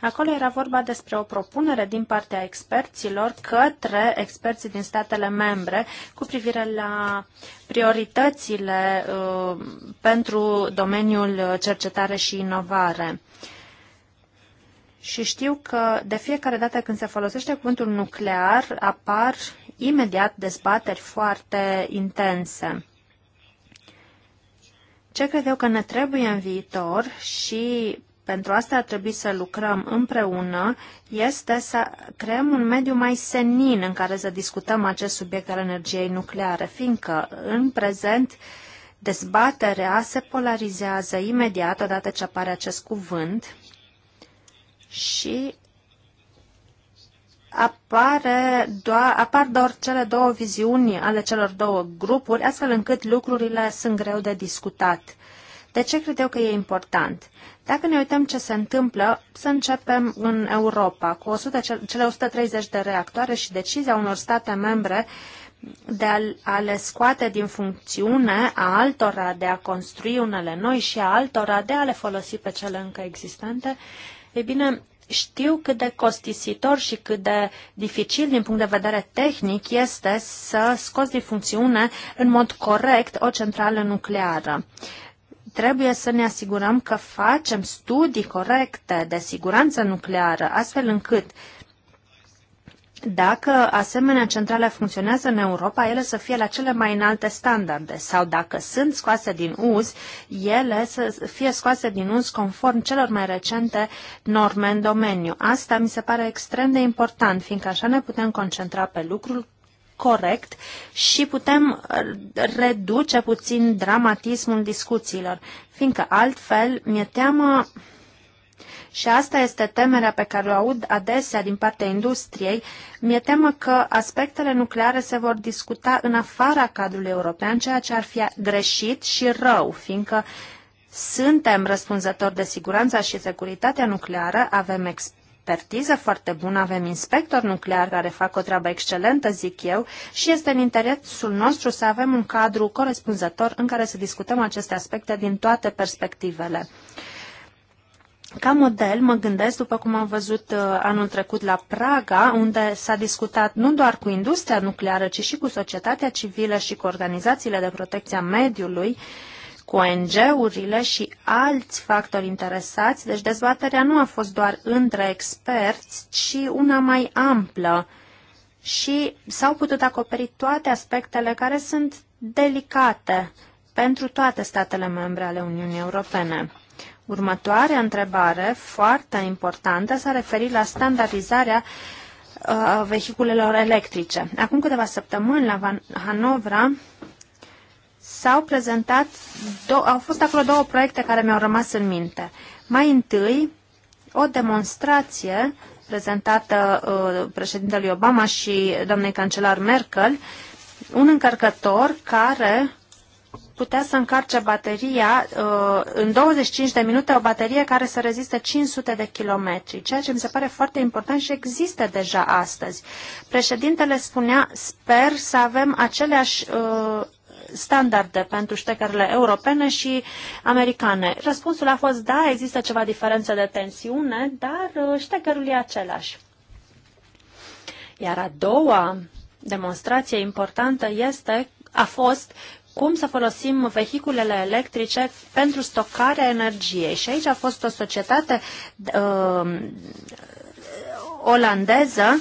Acolo era vorba despre o propunere din partea experților către experții din statele membre cu privire la prioritățile uh, pentru domeniul cercetare și inovare. Și știu că de fiecare dată când se folosește cuvântul nuclear apar imediat dezbateri foarte intense. Ce cred eu că ne trebuie în viitor și pentru asta ar trebui să lucrăm împreună, este să creăm un mediu mai senin în care să discutăm acest subiect al energiei nucleare, fiindcă în prezent dezbaterea se polarizează imediat odată ce apare acest cuvânt și apare doar, apar doar cele două viziuni ale celor două grupuri, astfel încât lucrurile sunt greu de discutat. De ce cred eu că e important? Dacă ne uităm ce se întâmplă, să începem în Europa, cu 100, cele 130 de reactoare și decizia unor state membre de a, le scoate din funcțiune, a altora de a construi unele noi și a altora de a le folosi pe cele încă existente, e bine, știu cât de costisitor și cât de dificil din punct de vedere tehnic este să scoți din funcțiune în mod corect o centrală nucleară trebuie să ne asigurăm că facem studii corecte de siguranță nucleară, astfel încât dacă asemenea centrale funcționează în Europa, ele să fie la cele mai înalte standarde sau dacă sunt scoase din uz, ele să fie scoase din uz conform celor mai recente norme în domeniu. Asta mi se pare extrem de important, fiindcă așa ne putem concentra pe lucrul corect și putem uh, reduce puțin dramatismul discuțiilor, fiindcă altfel mi-e teamă și asta este temerea pe care o aud adesea din partea industriei. Mi-e teamă că aspectele nucleare se vor discuta în afara cadrului european, ceea ce ar fi greșit și rău, fiindcă suntem răspunzători de siguranța și securitatea nucleară, avem experiență, expertiză foarte bună, avem inspector nuclear care fac o treabă excelentă, zic eu, și este în interesul nostru să avem un cadru corespunzător în care să discutăm aceste aspecte din toate perspectivele. Ca model, mă gândesc, după cum am văzut uh, anul trecut la Praga, unde s-a discutat nu doar cu industria nucleară, ci și cu societatea civilă și cu organizațiile de protecție a mediului, uh, cu ONG-urile și alți factori interesați, deci dezbaterea nu a fost doar între experți, ci una mai amplă și s-au putut acoperi toate aspectele care sunt delicate pentru toate statele membre ale Uniunii Europene. Următoarea întrebare, foarte importantă, s-a referit la standardizarea uh, vehiculelor electrice. Acum câteva săptămâni la Hanovra s-au prezentat, au fost acolo două proiecte care mi-au rămas în minte. Mai întâi, o demonstrație prezentată uh, președintelui Obama și doamnei cancelar Merkel, un încărcător care putea să încarce bateria uh, în 25 de minute, o baterie care să reziste 500 de kilometri, ceea ce mi se pare foarte important și există deja astăzi. Președintele spunea, sper să avem aceleași uh, standarde pentru ștecările europene și americane? Răspunsul a fost da, există ceva diferență de tensiune, dar uh, ștecărul e același. Iar a doua demonstrație importantă este, a fost cum să folosim vehiculele electrice pentru stocarea energiei. Și aici a fost o societate uh, olandeză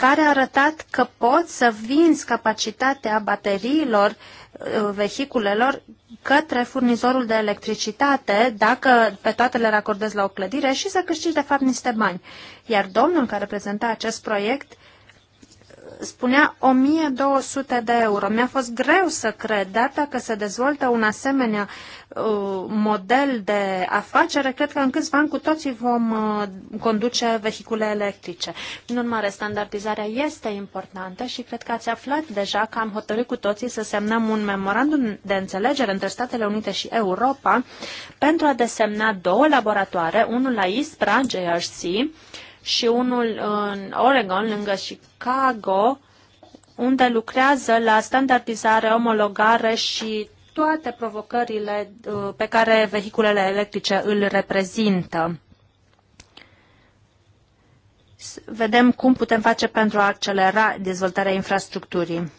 care a arătat că pot să vinzi capacitatea bateriilor uh, vehiculelor către furnizorul de electricitate dacă pe toate le racordezi la o clădire și să câștigi de fapt niște bani. Iar domnul care prezenta acest proiect spunea 1200 de euro. Mi-a fost greu să cred, data că se dezvoltă un asemenea uh, model de afacere, cred că în câțiva ani cu toții vom uh, conduce vehicule electrice. În urmare, standardizarea este importantă și cred că ați aflat deja că am hotărât cu toții să semnăm un memorandum de înțelegere între Statele Unite și Europa pentru a desemna două laboratoare, unul la ISPRA, JRC, și unul în Oregon, lângă Chicago, unde lucrează la standardizare, omologare și toate provocările uh, pe care vehiculele electrice îl reprezintă. Vedem cum putem face pentru a accelera dezvoltarea infrastructurii.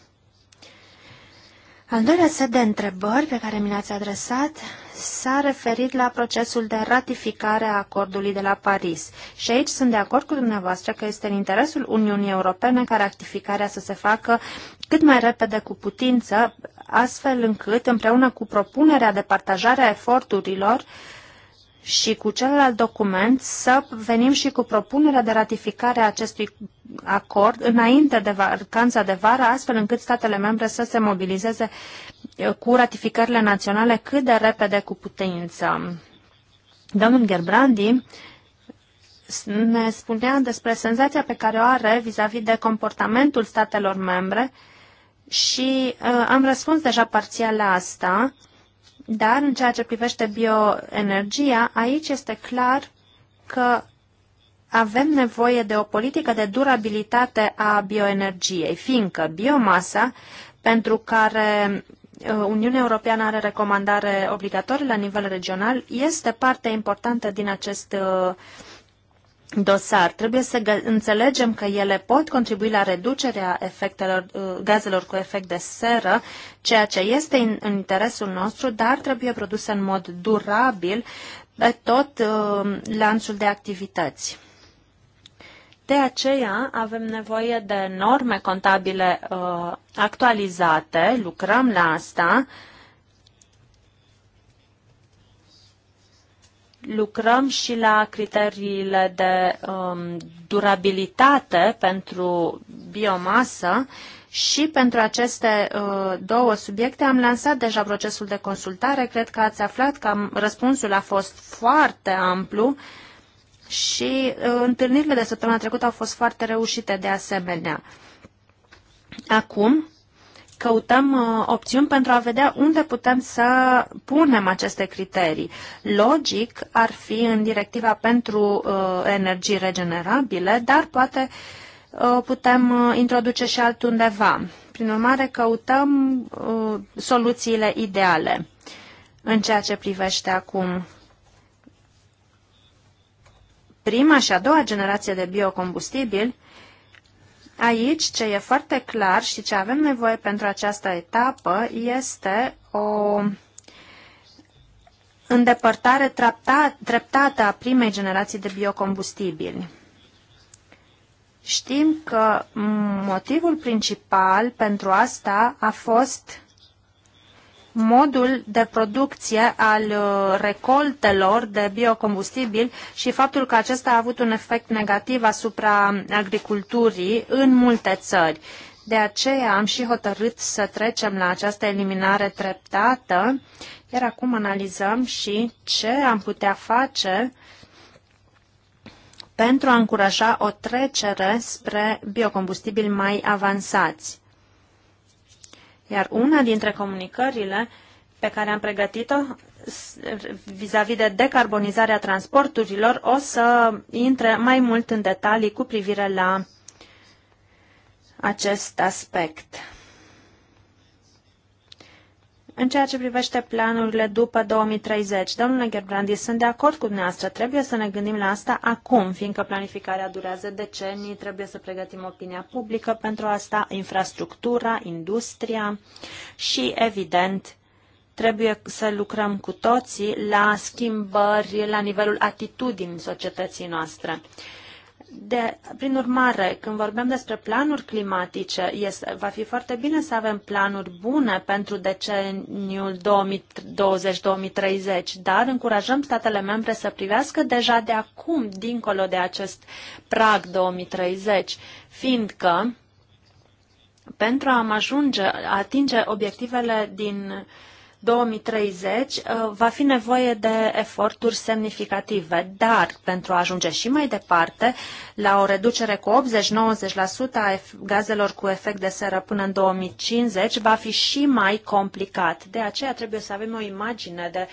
Al doilea set de întrebări pe care mi le-ați adresat s-a referit la procesul de ratificare a acordului de la Paris. Și aici sunt de acord cu dumneavoastră că este în interesul Uniunii Europene ca ratificarea să se facă cât mai repede cu putință, astfel încât, împreună cu propunerea de partajare a eforturilor, uh, și cu celălalt document să venim și cu propunerea de ratificare a acestui acord înainte de vacanța de vară, astfel încât statele membre să se mobilizeze eh, cu ratificările naționale cât de repede cu putință. Domnul Gerbrandi ne spunea despre senzația pe care o are vis-a-vis -vis de comportamentul statelor membre și uh, am răspuns deja parțial la asta dar în ceea ce privește bioenergia, aici este clar că avem nevoie de o politică de durabilitate a bioenergiei, fiindcă biomasa, pentru care uh, Uniunea Europeană are recomandare obligatorie la nivel regional, este parte importantă din acest uh, dosar. Trebuie să înțelegem că ele pot contribui la reducerea efectelor, uh, gazelor cu efect de seră, ceea ce este în, în interesul nostru, dar trebuie produse în mod durabil pe tot uh, lanțul de activități. De aceea avem nevoie de norme contabile uh, actualizate, lucrăm la asta, uh, lucrăm și la criteriile de um, durabilitate pentru biomasă și pentru aceste uh, două subiecte am lansat deja procesul de consultare. Cred că ați aflat că am, răspunsul a fost foarte amplu și uh, întâlnirile de săptămâna trecută au fost foarte reușite de asemenea. Acum, căutăm uh, opțiuni pentru a vedea unde putem să punem aceste criterii. Logic ar fi în directiva pentru uh, energii regenerabile, dar poate uh, putem introduce și altundeva. Prin urmare, căutăm soluțiile ideale în ceea ce privește acum prima și a doua generație de biocombustibili, Aici, ce e foarte clar și ce avem nevoie pentru această etapă este o îndepărtare treptată a primei generații de biocombustibili. Știm că motivul principal pentru asta a fost modul de producție al uh, recoltelor de biocombustibil și faptul că acesta a avut un efect negativ asupra agriculturii în multe țări. De aceea am și hotărât să trecem la această eliminare treptată, iar acum analizăm și ce am putea face pentru a încuraja o trecere spre biocombustibili mai avansați. Iar una dintre comunicările pe care am pregătit-o vis-a-vis de decarbonizarea transporturilor o să intre mai mult în detalii cu privire la acest aspect. În ceea ce privește planurile după 2030, domnule Gerbrandi, sunt de acord cu dumneavoastră. Trebuie să ne gândim la asta acum, fiindcă planificarea durează decenii, trebuie să pregătim opinia publică pentru asta, infrastructura, industria și, evident, trebuie să lucrăm cu toții la schimbări la nivelul atitudinii societății noastre. De, prin urmare, când vorbim despre planuri climatice, este, va fi foarte bine să avem planuri bune pentru deceniul 2020-2030, dar încurajăm statele membre să privească deja de acum, dincolo de acest prag 2030, fiindcă pentru a ajunge, a atinge obiectivele din uh, 2030 uh, va fi nevoie de eforturi semnificative, dar pentru a ajunge și mai departe la o reducere cu 80-90% a gazelor cu efect de seră până în 2050 va fi și mai complicat. De aceea trebuie să avem o imagine de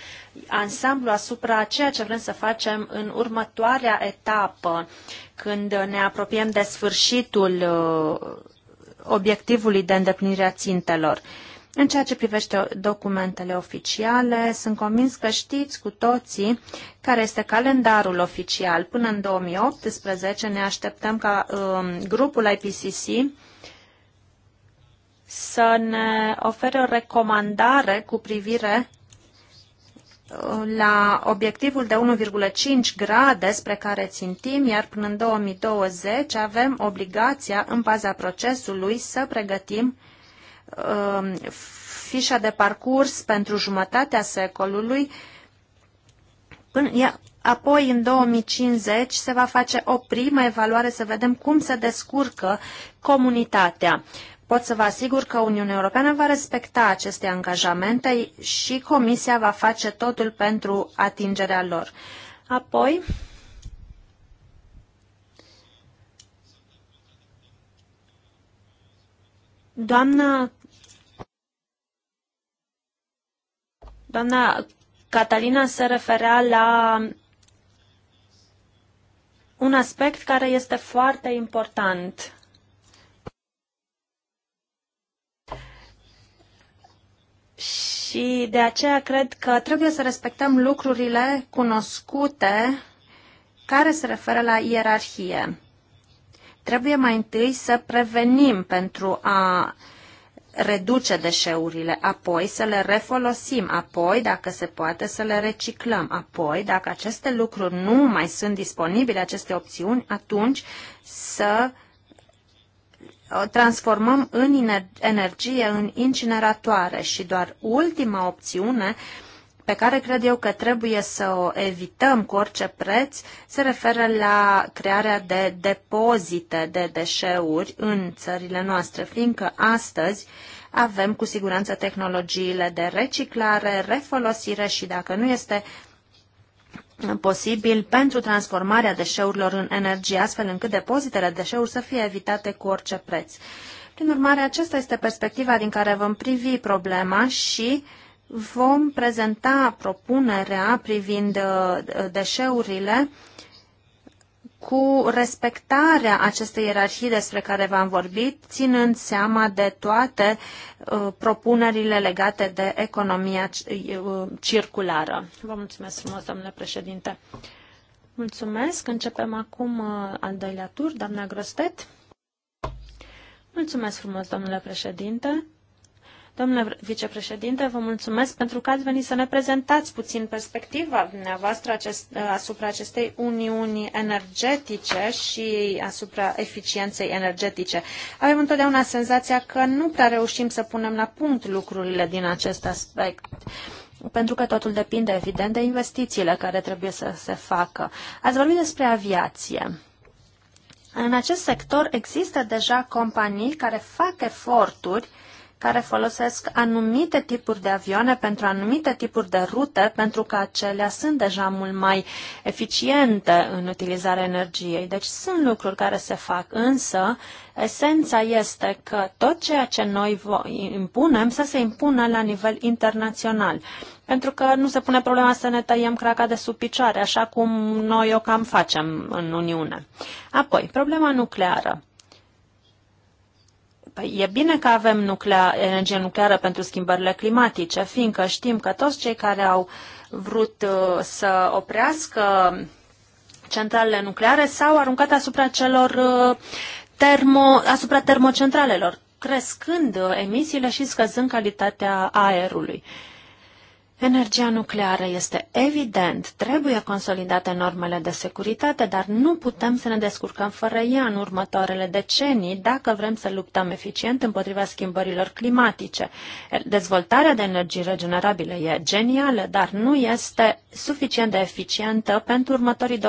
ansamblu asupra ceea ce vrem să facem în următoarea etapă, când ne apropiem de sfârșitul uh, obiectivului de îndeplinire a țintelor. În ceea ce privește documentele oficiale, sunt convins că știți cu toții care este calendarul oficial. Până în 2018 ne așteptăm ca um, grupul IPCC să ne ofere o recomandare cu privire uh, la obiectivul de 1,5 grade spre care țintim, iar până în 2020 avem obligația, în baza procesului, să pregătim Um, fișa de parcurs pentru jumătatea secolului, apoi în 2050 se va face o primă evaluare să vedem cum se descurcă comunitatea. Pot să vă asigur că Uniunea Europeană va respecta aceste angajamente și Comisia va face totul pentru atingerea lor. Apoi, Doamna Doamna Catalina se referea la un aspect care este foarte important. Și de aceea cred că trebuie să respectăm lucrurile cunoscute care se referă la ierarhie. Trebuie mai întâi să prevenim pentru a uh, reduce deșeurile, apoi să le refolosim, apoi, dacă se poate, să le reciclăm, apoi, dacă aceste lucruri nu mai sunt disponibile, aceste opțiuni, atunci să o transformăm în energie, în incineratoare și doar ultima opțiune uh, pe care cred eu că trebuie să o evităm cu orice preț, se referă la crearea de depozite de deșeuri în țările noastre, fiindcă astăzi avem cu siguranță tehnologiile de reciclare, refolosire și dacă nu este posibil pentru transformarea deșeurilor în energie, astfel încât depozitele deșeuri să fie evitate cu orice preț. Prin urmare, aceasta este perspectiva din care vom privi problema și uh, vom prezenta propunerea privind uh, deșeurile cu respectarea acestei ierarhii despre care v-am vorbit, ținând seama de toate uh, propunerile legate de economia uh, circulară. Vă mulțumesc frumos, domnule președinte. Mulțumesc. Începem acum al doilea tur. Doamna Grostet. Mulțumesc frumos, domnule președinte. Domnule vicepreședinte, vă mulțumesc pentru că ați venit să ne prezentați puțin perspectiva dumneavoastră acest, uh, asupra acestei uniuni energetice și asupra eficienței energetice. Avem întotdeauna senzația că nu prea reușim să punem la punct lucrurile din acest aspect pentru că totul depinde, evident, de investițiile care trebuie să se facă. Ați vorbit despre aviație. În acest sector există deja companii care fac eforturi uh, care folosesc anumite tipuri de avioane pentru anumite tipuri de rute, pentru că acelea sunt deja mult mai eficiente în utilizarea energiei. Deci sunt lucruri care se fac, însă esența este că tot ceea ce noi impunem să se impună la nivel internațional. Pentru că nu se pune problema să ne tăiem craca de sub picioare, așa cum noi o cam facem în Uniune. Apoi, problema nucleară. Păi, e bine că avem nuclea, energie nucleară pentru schimbările climatice, fiindcă știm că toți cei care au vrut uh, să oprească centralele nucleare s-au aruncat asupra celor uh, termo, asupra termocentralelor, crescând uh, emisiile și scăzând calitatea aerului. Uh, Energia nucleară este evident, trebuie consolidate normele de securitate, dar nu putem să ne descurcăm fără ea în următoarele decenii dacă vrem să luptăm eficient împotriva schimbărilor climatice. Dezvoltarea de energii regenerabile e genială, dar nu este suficient de eficientă pentru următorii 20-30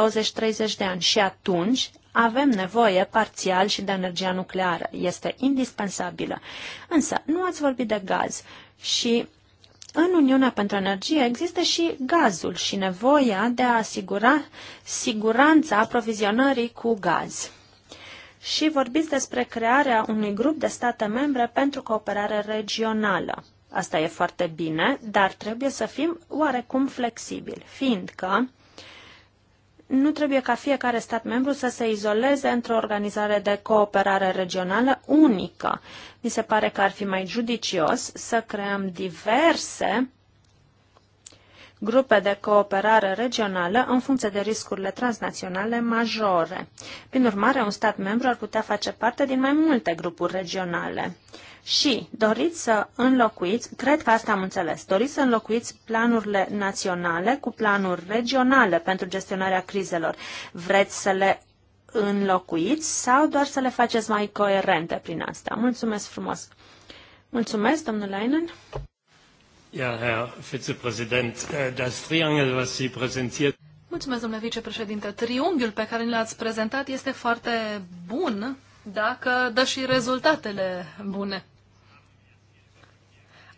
de ani și atunci avem nevoie parțial și de energia nucleară. Este indispensabilă. Însă, nu ați vorbit de gaz și în Uniunea pentru Energie există și gazul și nevoia de a asigura siguranța aprovizionării cu gaz. Și vorbiți despre crearea unui grup de state membre pentru cooperare regională. Asta e foarte bine, dar trebuie să fim oarecum flexibili, fiindcă nu trebuie ca fiecare stat membru să se izoleze într-o organizare de cooperare regională unică. Mi se pare că ar fi mai judicios să creăm diverse grupe de cooperare regională în funcție de riscurile transnaționale majore. Prin urmare, un stat membru ar putea face parte din mai multe grupuri regionale. Și doriți să înlocuiți, cred că asta am înțeles, doriți să înlocuiți planurile naționale cu planuri regionale pentru gestionarea crizelor. Vreți să le înlocuiți sau doar să le faceți mai coerente prin asta? Mulțumesc frumos! Mulțumesc, domnule Leinen! Ja, Herr Vizepräsident, äh, das Triangel, was Sie präsentiert Mulțumesc, domnule vicepreședinte. Triunghiul pe care l-ați prezentat este foarte bun dacă dă și rezultatele bune.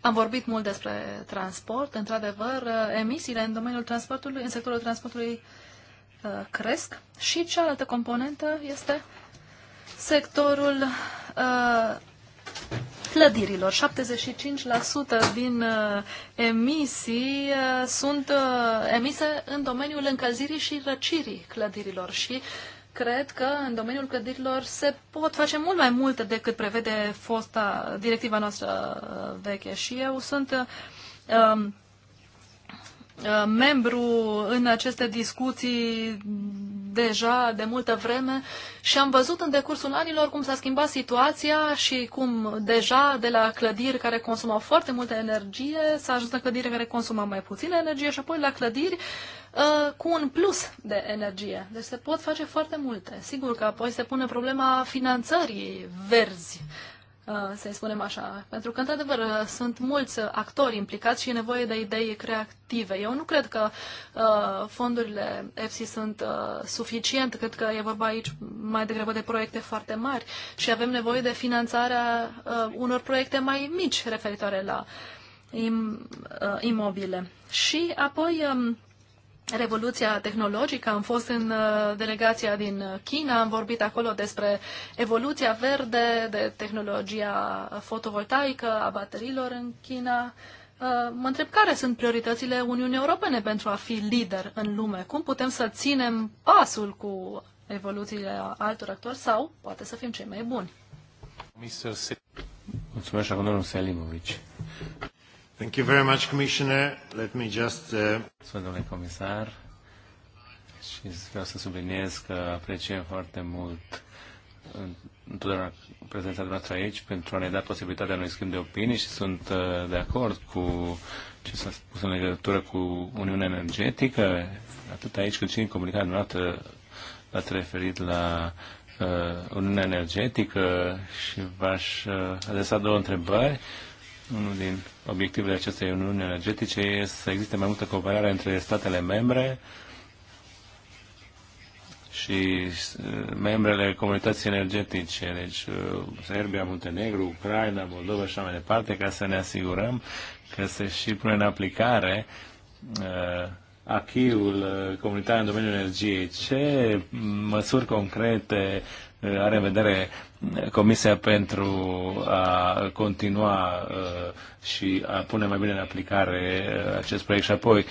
Am vorbit mult despre transport. Într-adevăr, emisiile în domeniul transportului, în sectorul transportului uh, cresc și cealaltă componentă este sectorul uh, clădirilor. 75% din uh, emisii sunt emise în domeniul încălzirii și răcirii clădirilor și cred că în domeniul clădirilor se pot face mult mai multe decât prevede fosta directiva noastră uh, veche. Și eu sunt um, uh, membru în aceste discuții deja de multă vreme și am văzut în decursul anilor cum s-a schimbat situația și cum deja de la clădiri care consumau foarte multă energie s-a ajuns la clădiri care consumau mai puțină energie și apoi la clădiri uh, Uh, cu un plus de energie. Deci se pot face foarte multe. Sigur că apoi se pune problema finanțării verzi, uh, să-i spunem așa. Pentru că, într-adevăr, uh, sunt mulți actori implicați și e nevoie de idei creative. Eu nu cred că fondurile EFSI sunt suficient. Cred că e vorba aici mai degrabă de proiecte foarte mari și avem nevoie de finanțarea unor proiecte mai mici referitoare la imobile. Și apoi um, revoluția tehnologică. Am fost în uh, delegația din China, am vorbit acolo despre evoluția verde, de tehnologia fotovoltaică, a bateriilor în China. Uh, mă întreb care sunt prioritățile Uniunii Europene pentru a fi lider în lume. Cum putem să ținem pasul cu evoluțiile altor actori sau poate să fim cei mai buni? Mulțumesc, domnul Selimovici. Thank you very much, Commissioner. Let me just... Uh... domnule comisar și vreau să subliniez că apreciem foarte mult întotdeauna prezența dumneavoastră aici pentru a ne da posibilitatea unui schimb de opinii și sunt uh, de acord cu ce s-a spus în legătură cu Uniunea Energetică, atât aici cât și în comunicarea noastră v-ați referit la uh, Uniunea Energetică și v-aș uh, adresa două întrebări. Uh, unul din obiectivele acestei uniuni energetice este să existe mai multă cooperare între statele membre și uh, membrele comunității energetice, deci uh, Serbia, Muntenegru, Ucraina, Moldova și așa mai departe, ca să ne asigurăm că se și pune în aplicare uh, achiul uh, comunitar în domeniul energiei. Ce măsuri concrete are în vedere Comisia pentru a continua uh, și a pune mai bine în aplicare uh, acest proiect și apoi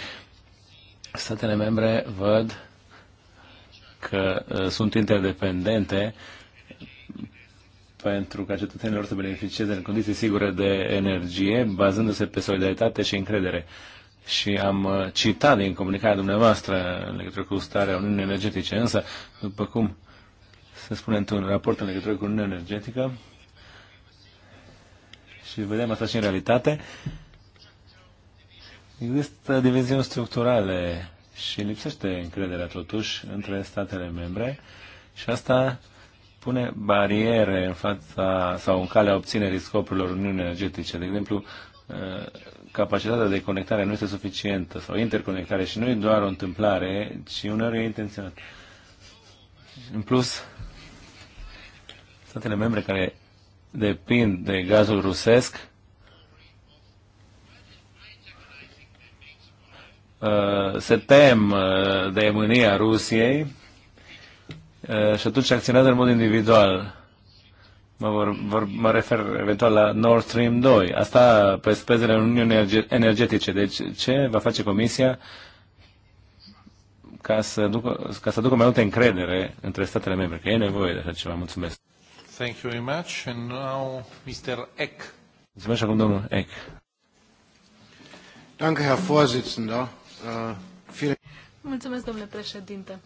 statele membre văd că uh, sunt interdependente pentru ca cetățenilor să beneficieze în condiții sigure de energie, bazându-se pe solidaritate și încredere. Și am citat din comunicarea dumneavoastră în legătură cu starea Uniunii Energetice, însă, după cum se spune într-un raport în legătură cu Uniunea Energetică și vedem asta și în realitate. Există diviziuni structurale și lipsește încrederea totuși între statele membre și asta pune bariere în fața sau în calea obținerii scopurilor Uniunii Energetice. De exemplu, eh, capacitatea de conectare nu este suficientă sau interconectare și nu e doar o întâmplare, ci uneori e intenționat. În plus, statele membre care depind de gazul rusesc uh, se tem uh, de mânia Rusiei uh, și atunci acționează în mod individual. Mă, vor, vor, mă refer eventual la Nord Stream 2. Asta pe spezele Uniunii Energetice. Deci ce va face Comisia ca să, ducă, ca să ducă mai multă încredere între statele membre? Că e nevoie de așa ceva. Mulțumesc. Thank you very much. And now Mr. Eck. Mulțumesc domnul Eck. Danke, Herr Vorsitzender. Äh, Mulțumesc, domnule președinte.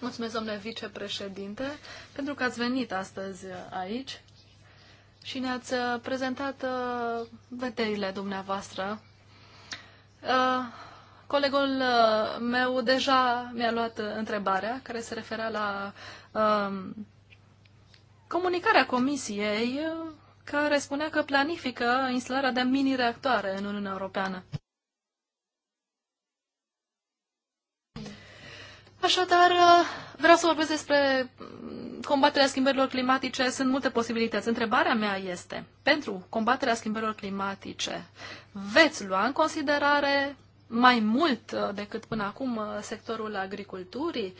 Mulțumesc, domnule vicepreședinte, pentru că ați venit astăzi aici și ne-ați uh, prezentat uh, vederile dumneavoastră. Uh, colegul meu deja mi-a luat întrebarea care se referea la um, comunicarea Comisiei care spunea că planifică instalarea de mini-reactoare în Uniunea Europeană. Așadar, vreau să vorbesc despre combaterea schimbărilor climatice. Sunt multe posibilități. Întrebarea mea este, pentru combaterea schimbărilor climatice, veți lua în considerare mai mult decât până acum sectorul agriculturii?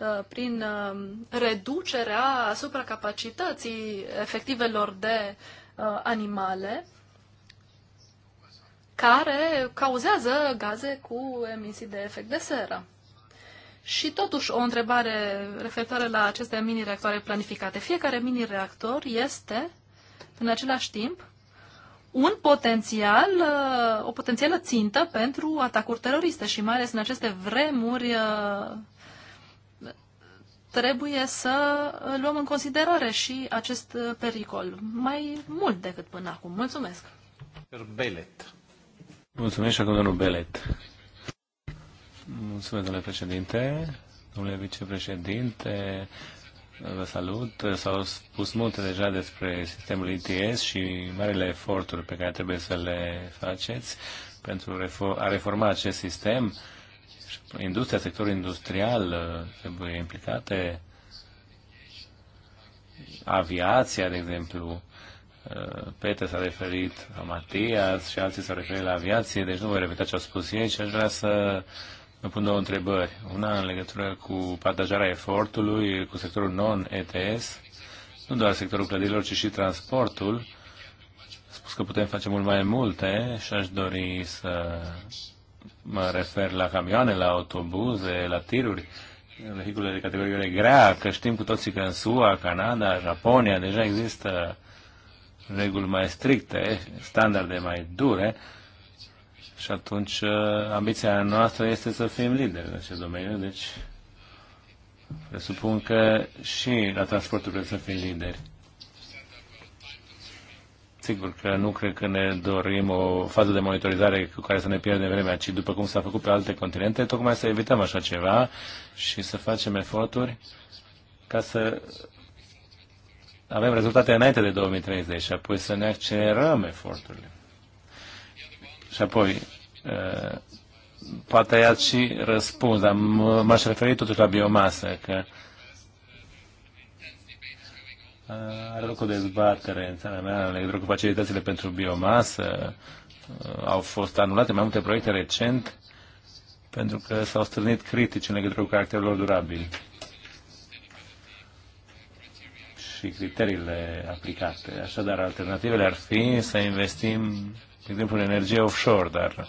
Uh, prin uh, reducerea supracapacității efectivelor de uh, animale care cauzează gaze cu emisii de efect de seră. Și totuși o întrebare referitoare la aceste mini-reactoare planificate. Fiecare mini-reactor este, în același timp, un potențial, o potențială țintă pentru atacuri teroriste și mai ales în aceste vremuri trebuie să luăm în considerare și acest uh, pericol, mai mult decât până acum. Mulțumesc! Belet. Mulțumesc și acum domnul Belet. Mulțumesc, domnule președinte, domnule vicepreședinte, vă salut. S-au spus multe deja despre sistemul ITS și marele eforturi pe care trebuie să le faceți pentru a reforma acest sistem industria, sectorul industrial uh, trebuie implicate, aviația, de exemplu, uh, Peter s-a referit la Matias și alții s-au referit la aviație, deci nu voi repeta ce au spus ei, ci aș vrea să vă pun două întrebări. Una în legătură cu partajarea efortului cu sectorul non-ETS, nu doar sectorul clădirilor, ci și transportul. A spus că putem face mult mai multe și aș dori să mă refer la camioane, la autobuze, la tiruri, vehicule de categorie grea, că știm cu toții că în SUA, Canada, Japonia deja există reguli mai stricte, standarde mai dure și atunci uh, ambiția noastră este să fim lideri în acest domeniu, deci presupun că și la transportul trebuie să fim lideri. Sigur că nu cred că ne dorim o fază de monitorizare cu care să ne pierdem vremea, ci după cum s-a făcut pe alte continente, tocmai să evităm așa ceva și să facem eforturi ca să avem rezultate înainte de 2030 și apoi să ne accelerăm eforturile. Și apoi, ă, poate ați și răspuns, dar m-aș referi totuși la biomasă, că Uh, are loc o dezbatere în țara mea în legătură cu facilitățile pentru biomasă. Uh, au fost anulate mai multe proiecte recent pentru că s-au strânit critici în legătură cu caracterul lor durabil și criteriile aplicate. Așadar, alternativele ar fi să investim, de exemplu, în energie offshore, dar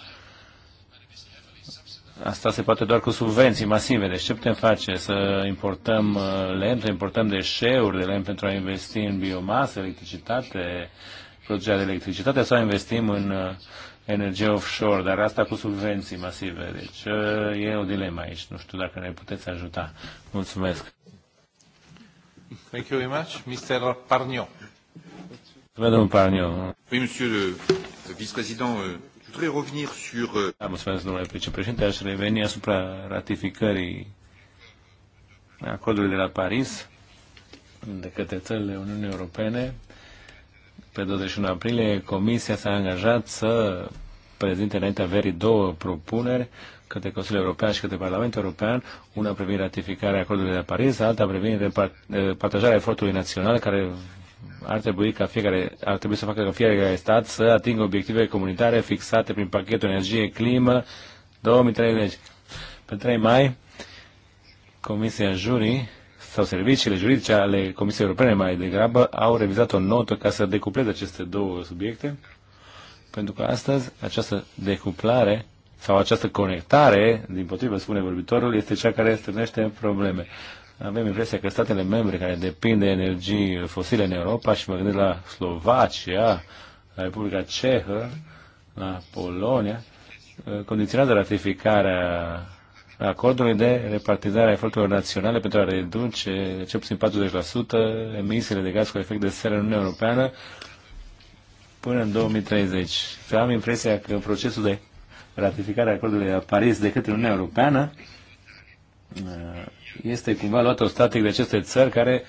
Asta se poate doar cu subvenții masive. Deci ce putem face? Să importăm uh, lemn, să importăm deșeuri de lemn pentru a investi în biomasă, electricitate, producerea de electricitate sau investim în uh, energie offshore, dar asta cu subvenții masive. Deci uh, e o dilemă aici. Nu știu dacă ne puteți ajuta. Mulțumesc. Thank you very much. Mr. Parnio. Domnul Parnio. Oui, monsieur le vice-président euh, da, mulțumesc, domnule vicepreședinte. Aș reveni asupra ratificării acordului de la Paris de către țările Uniunii Europene. Pe 21 aprilie, Comisia s-a angajat să prezinte înaintea verii două propuneri către Consiliul European și către Parlamentul European, una privind ratificarea acordului de la Paris, alta privind eh, partajarea efortului național care ar trebui, ca fiecare, ar trebui să facă ca fiecare stat să atingă obiectivele comunitare fixate prin pachetul energie-climă 2030. Pe 3 mai, Comisia Juri sau serviciile juridice ale Comisiei Europene mai degrabă au revizat o notă ca să decupleze aceste două subiecte, pentru că astăzi această decuplare sau această conectare, din potrivă spune vorbitorul, este cea care strânește probleme avem impresia că statele membre care depind de energii fosile în Europa, și mă gândesc la Slovacia, la Republica Cehă, la Polonia, uh, condiționează ratificarea acordului de repartizare a eforturilor naționale pentru a reduce cel puțin 40% emisiile de gaz cu efect de seră în Uniunea Europeană până în 2030. am impresia că în procesul de ratificare a acordului la Paris de către Uniunea Europeană uh, este cumva o static de aceste țări care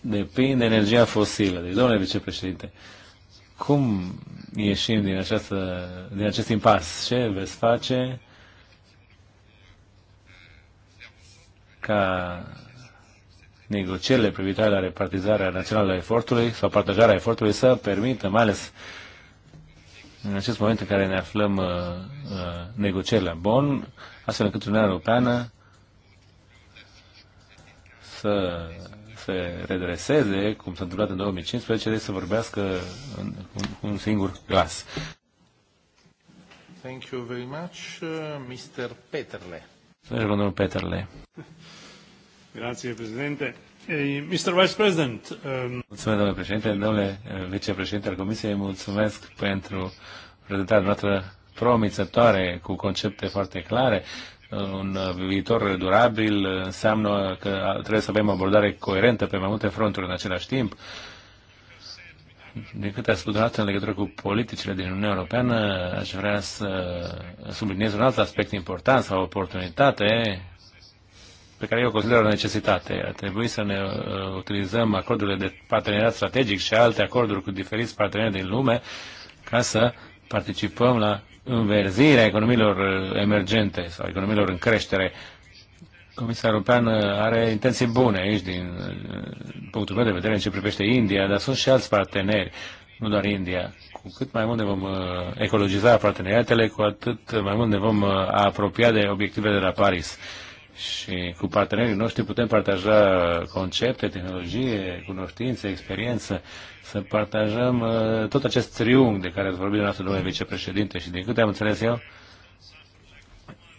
depind de energia fosilă. Deci, domnule vicepreședinte, cum ieșim din, această, din acest impas? Ce veți face ca negocierile privitoare la repartizarea națională a efortului sau partajarea efortului să permită, mai ales în acest moment în care ne aflăm uh, uh, negocierile la Bonn, astfel încât Uniunea Europeană să se redreseze, cum s-a întâmplat în 2015, de să vorbească în un singur glas. Thank you very much, uh, Mr. Peterle. Domnul Peterle. Grazie, Presidente. Mr. Vice President. Um... Mulțumesc, domnule președinte. Domnule uh, vicepreședinte al Comisiei, mulțumesc pentru prezentarea noastră promițătoare, cu concepte foarte clare un viitor durabil înseamnă că trebuie să avem o abordare coerentă pe mai multe fronturi în același timp. Din câte a spus dumneavoastră în legătură cu politicile din Uniunea Europeană, aș vrea să subliniez un alt aspect important sau oportunitate pe care eu consider o necesitate. A trebuit să ne uh, utilizăm acordurile de parteneriat strategic și alte acorduri cu diferiți parteneri din lume ca să participăm la înverzirea economiilor uh, emergente sau economiilor în creștere. Comisia Europeană are intenții bune aici din uh, punctul meu de vedere în ce privește India, dar sunt și alți parteneri, nu doar India. Cu cât mai mult ne vom uh, ecologiza parteneriatele, cu atât mai mult ne vom apropia de obiectivele de la Paris și cu partenerii noștri putem partaja concepte, tehnologie, cunoștințe, experiență, să partajăm uh, tot acest triunghi de care ați vorbit dumneavoastră, domnule vicepreședinte, și din câte am înțeles eu,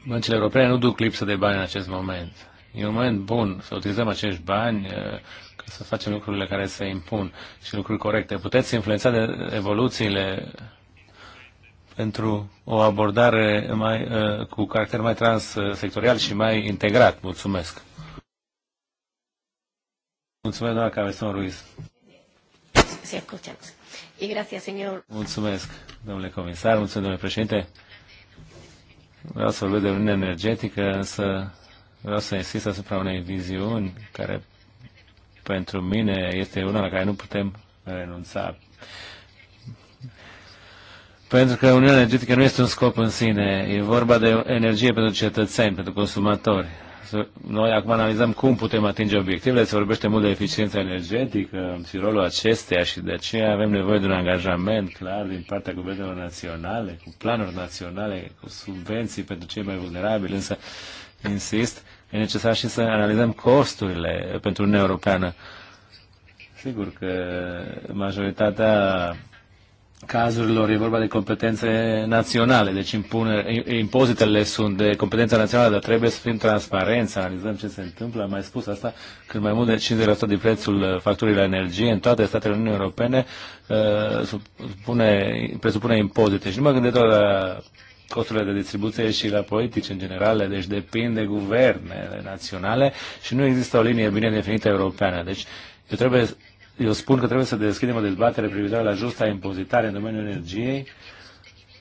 băncile europene nu duc lipsă de bani în acest moment. E un moment bun să utilizăm acești bani uh, ca să facem lucrurile care se impun și lucruri corecte. Puteți influența de evoluțiile pentru o abordare mai, uh, cu caracter mai transsectorial și mai integrat. Mulțumesc! Mulțumesc, doamna Cabezon Ruiz. Se escuchați. Y gracias, Mulțumesc, domnule comisar, mulțumesc, domnule președinte. Vreau să vorbesc de Uniunea Energetică, însă vreau să insist asupra unei viziuni care pentru mine este una la care nu putem renunța. Pentru că Uniunea Energetică nu este un scop în sine, e vorba de energie pentru cetățeni, pentru consumatori. Noi acum analizăm cum putem atinge obiectivele, se vorbește mult de eficiența energetică și rolul acesteia și de aceea avem nevoie de un angajament clar din partea guvernelor naționale, cu planuri naționale, cu subvenții pentru cei mai vulnerabili, însă, insist, e necesar și să analizăm costurile pentru Uniunea Europeană. Sigur că majoritatea cazurilor e vorba de competențe naționale, deci impune, impozitele sunt de competența națională, dar trebuie să fim transparenți, să analizăm ce se întâmplă. Am mai spus asta când mai mult de 50% din prețul facturii la energie în toate statele Uniunii Europene uh, supune, presupune impozite. Și nu mă gândesc doar la costurile de distribuție și la politici în general, deci depind de guvernele naționale și nu există o linie bine definită europeană. Deci eu trebuie eu spun că trebuie să deschidem o dezbatere privitoare la justa impozitare în domeniul energiei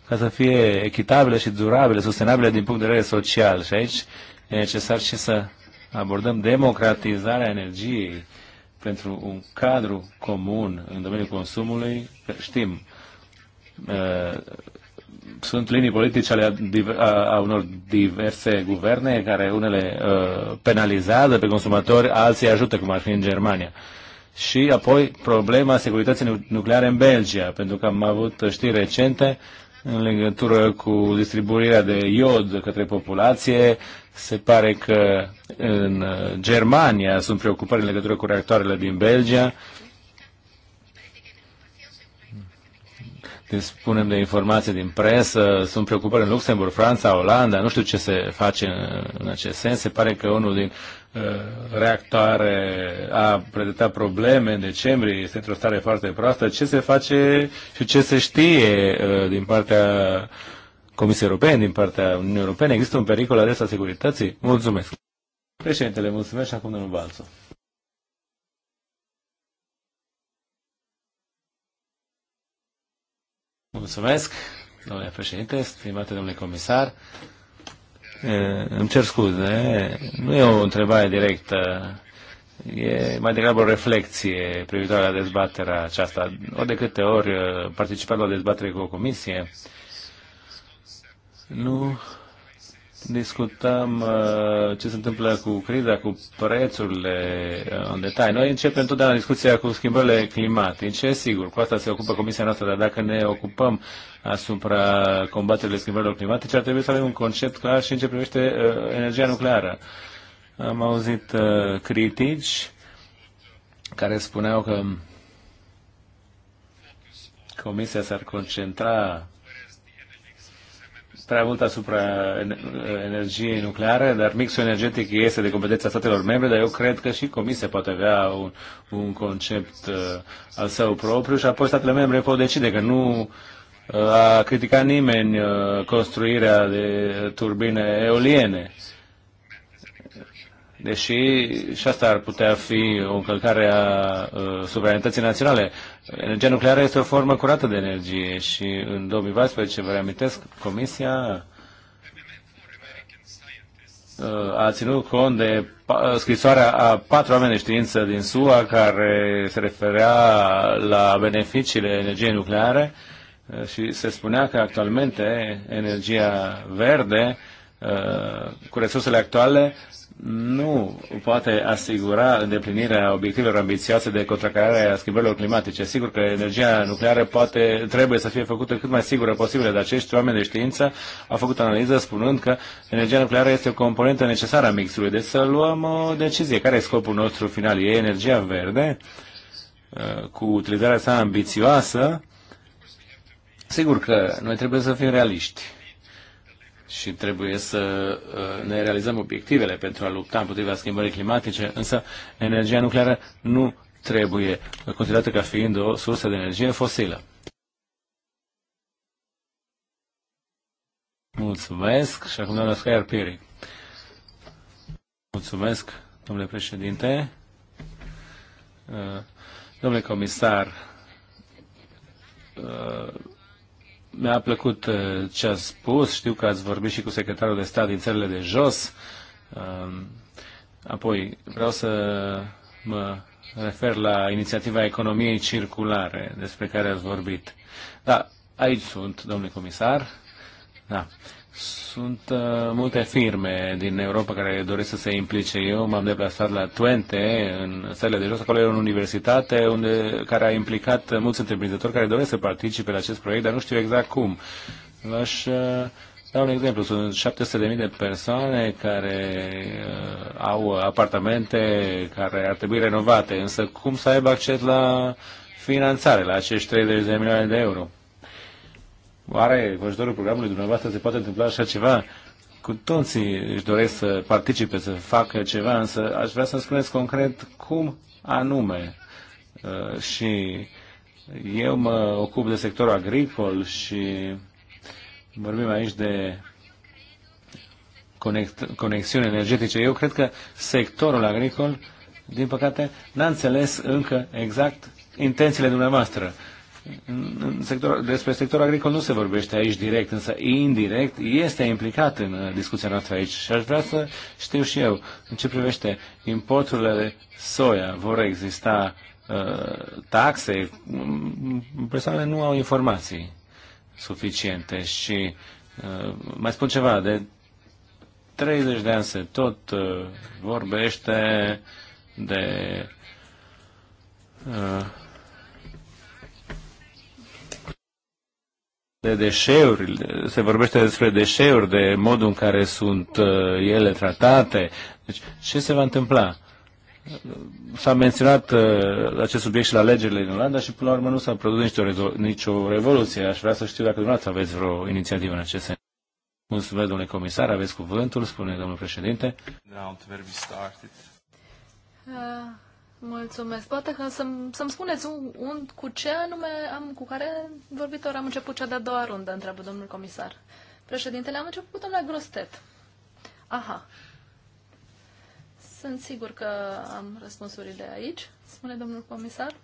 ca să fie echitabilă și durabilă, sustenabile din punct de vedere social. Și aici e necesar și să abordăm democratizarea energiei pentru un cadru comun în domeniul consumului. Știm, sunt linii politice ale a, a unor diverse guverne care unele penalizează pe consumatori, alții ajută, cum ar fi în Germania. Uh, și apoi problema securității nucleare în Belgia, pentru că am avut știri recente în legătură cu distribuirea de iod către populație. Se pare că în uh, Germania sunt preocupări în legătură cu reactoarele din Belgia. spunem de informații din presă, sunt preocupări în Luxemburg, Franța, Olanda, nu știu ce se face în acest sens. Se pare că unul din Uh, reactoare a prezentat probleme în decembrie, este într-o stare foarte proastă, ce se face și ce se știe uh, din partea Comisiei Europene, din partea Uniunii Europene? Există un pericol adresa securității? Mulțumesc! Președintele, mulțumesc și acum domnul Balțu. Mulțumesc, domnule președinte, stimate domnule comisar. Eh, îmi cer scuze, eh. nu e o întrebare directă, e mai degrabă o reflexie privitoare la dezbaterea aceasta. Ori de câte ori eh, participat la o dezbatere cu o comisie, nu discutăm uh, ce se întâmplă cu criza, cu prețurile uh, în detaliu. Noi începem întotdeauna discuția cu schimbările climatice, sigur, cu asta se ocupă Comisia noastră, dar dacă ne ocupăm asupra combaterii schimbărilor climatice, ar trebui să avem un concept clar și în ce privește uh, energia nucleară. Am auzit uh, critici care spuneau că Comisia s-ar concentra prea mult asupra uh, energiei nucleare, dar mixul energetic este de competența statelor membre, dar eu cred că și Comisia poate avea un, un concept uh, al său propriu și apoi statele membre pot decide că nu a criticat nimeni uh, construirea de turbine eoliene. Deși și asta ar putea fi o încălcare a uh, suveranității naționale. Energia nucleară este o formă curată de energie și în 2014, vă reamintesc, Comisia uh, a ținut cont de scrisoarea a patru oameni de știință din SUA care se referea la beneficiile energiei nucleare Eh, și se spunea că actualmente energia verde eh, cu resursele actuale nu poate asigura îndeplinirea obiectivelor ambițioase de contracarare a schimbărilor climatice. Sigur că energia nucleară poate, trebuie să fie făcută cât mai sigură posibilă. dar acești oameni de știință au făcut analiză spunând că energia nucleară este o componentă necesară a mixului. Deci să luăm o decizie. Care e scopul nostru final? E energia verde eh, cu utilizarea sa ambițioasă Sigur că noi trebuie să fim realiști și trebuie să uh, ne realizăm obiectivele pentru a lupta împotriva schimbării climatice, însă energia nucleară nu trebuie considerată ca fiind o sursă de energie fosilă. Mulțumesc și acum doamna Skyar Piri. Mulțumesc, domnule președinte. Uh, domnule comisar, uh, mi-a plăcut uh, ce a spus, știu că ați vorbit și cu secretarul de stat din țările de jos. Um, apoi, vreau să mă refer la inițiativa economiei circulare despre care ați vorbit. Da, aici sunt, domnule comisar. Da. Sunt uh, multe firme din Europa care doresc să se implice. Eu m-am deplasat la Twente, în țările de jos, acolo e o universitate unde, care a implicat mulți întreprinzători care doresc să participe la acest proiect, dar nu știu exact cum. aș uh, da un exemplu. Sunt 700.000 de persoane care uh, au apartamente care ar trebui renovate, însă cum să aibă acces la finanțare, la acești 30 de milioane de euro? Oare cu ajutorul programului dumneavoastră se poate întâmpla așa ceva? Cu toții își doresc să participe, să facă ceva, însă aș vrea să-mi spuneți concret cum anume. Uh, și eu mă ocup de sectorul agricol și vorbim aici de conexiuni energetice. Eu cred că sectorul agricol, din păcate, n-a înțeles încă exact intențiile dumneavoastră. Uh, în sector, despre sectorul agricol nu se vorbește aici direct, însă indirect este implicat în uh, discuția noastră aici. Și aș vrea să știu și eu în ce privește importurile de soia. Vor exista uh, taxe? Mm, persoanele nu au informații suficiente și uh, mai spun ceva, de 30 de ani se tot uh, vorbește de uh, de deșeuri, se vorbește despre deșeuri, de modul în care sunt uh, ele tratate. Deci, ce se va întâmpla? S-a menționat uh, acest subiect și la legile din Olanda și până la urmă nu s-a produs nicio, nicio revoluție. Aș vrea să știu dacă dumneavoastră aveți vreo inițiativă în acest sens. Mulțumesc, domnule comisar, aveți cuvântul, spune domnul președinte. Da, uh, Mulțumesc. Poate că să-mi, să-mi spuneți un, un, cu ce anume, am, cu care vorbitor am început cea de-a doua rundă, întreabă domnul comisar. Președintele, am început cu Grostet. Aha. Sunt sigur că am răspunsurile aici, spune domnul comisar.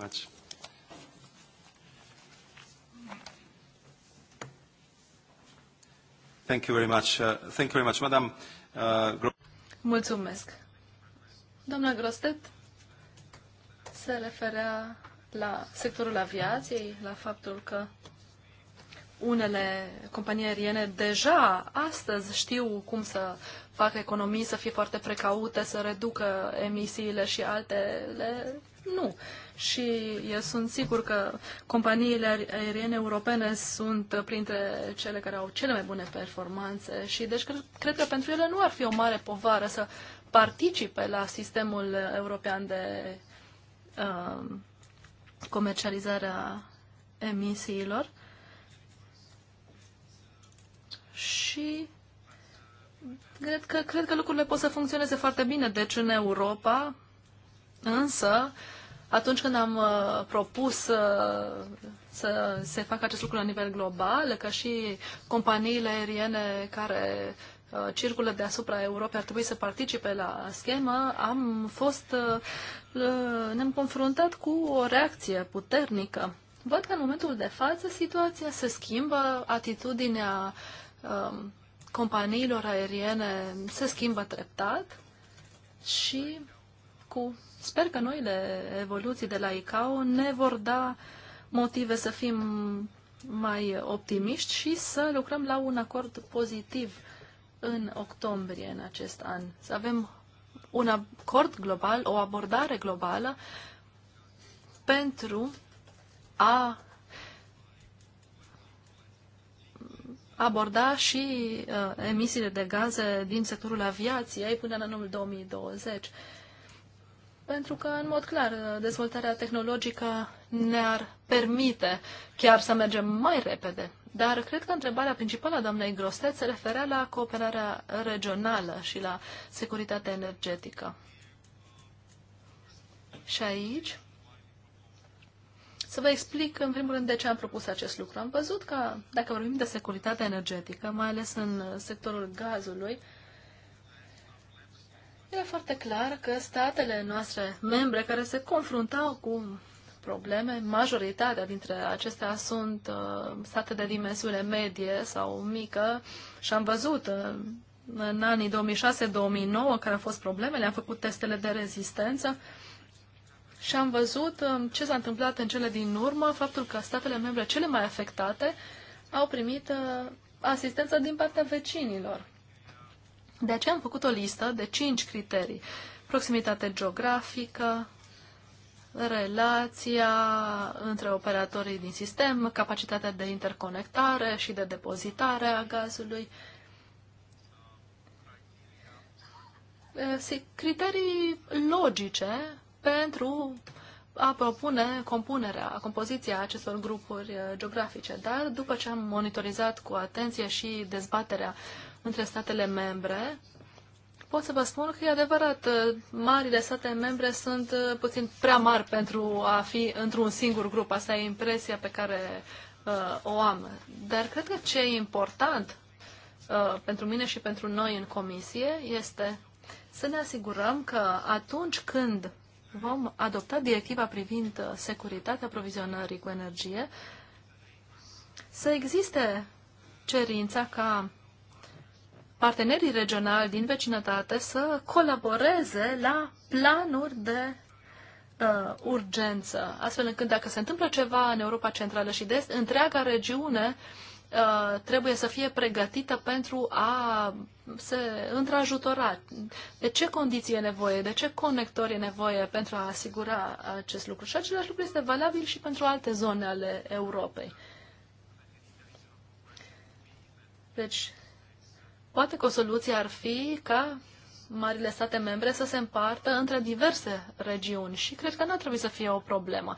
much. Thank you very much. Uh, thank you very much, Madam. Uh, Mulțumesc. Doamna Grostet se referea la sectorul aviației, la faptul că unele companii aeriene deja astăzi știu cum să facă economii, să fie foarte precaute, să reducă emisiile și altele. Nu și eu sunt sigur că companiile aeriene europene sunt printre cele care au cele mai bune performanțe și deci cred, cred că pentru ele nu ar fi o mare povară să participe la sistemul european de uh, comercializare a emisiilor. Și cred că, cred că lucrurile pot să funcționeze foarte bine, deci în Europa, însă uh, atunci când am uh, propus uh, să se facă acest lucru la nivel global, că și companiile aeriene care uh, circulă deasupra Europei ar trebui să participe la schemă, am fost, ne-am confruntat cu o reacție puternică. Văd că în momentul de față situația se schimbă, atitudinea um, companiilor aeriene se schimbă treptat și cu Sper că noile evoluții de la ICAO ne vor da motive să fim mai optimiști și să lucrăm la un acord pozitiv în octombrie în acest an. Să avem un acord global, o abordare globală pentru a aborda și uh, emisiile de gaze din sectorul aviației până în anul 2020 pentru că, în mod clar, dezvoltarea tehnologică ne-ar permite chiar să mergem mai repede. Dar cred că întrebarea principală a doamnei Grostet se referea la cooperarea regională și la securitatea energetică. Și aici să vă explic, în primul rând, de ce am propus acest lucru. Am văzut că, dacă vorbim de securitate energetică, mai ales în sectorul gazului, uh, era foarte clar că statele noastre membre care se confruntau cu probleme, majoritatea dintre acestea sunt uh, state de dimensiune medie sau mică și am văzut uh, în anii 2006-2009 care au fost problemele, am făcut testele de rezistență și am văzut uh, ce s-a întâmplat în cele din urmă, faptul că statele membre cele mai afectate au primit uh, asistență din partea vecinilor. De aceea am făcut o listă de cinci criterii. Proximitate geografică, relația între operatorii din sistem, capacitatea de interconectare și de depozitare a gazului, criterii logice pentru a propune compunerea, compoziția acestor grupuri eh, geografice. Dar după ce am monitorizat cu atenție și dezbaterea între statele membre, pot să vă spun că e adevărat, uh, marile state membre sunt uh, puțin prea mari pentru a fi într-un singur grup. Asta e impresia pe care uh, o am. Dar cred că ce e important uh, pentru mine și pentru noi în comisie este să ne asigurăm că atunci când vom adopta directiva privind uh, securitatea aprovizionării cu energie, să existe cerința ca partenerii regionali din vecinătate să colaboreze la planuri de uh, urgență, astfel încât dacă se întâmplă ceva în Europa Centrală și de Est, întreaga regiune uh, trebuie să fie pregătită pentru a se întrajutora. De ce condiții e nevoie, de ce conectori e nevoie pentru a asigura acest lucru. Și același lucru este valabil și pentru alte zone ale Europei. Deci Poate că o soluție ar fi ca marile state membre să se împartă între diverse regiuni și cred că nu ar trebui să fie o problemă.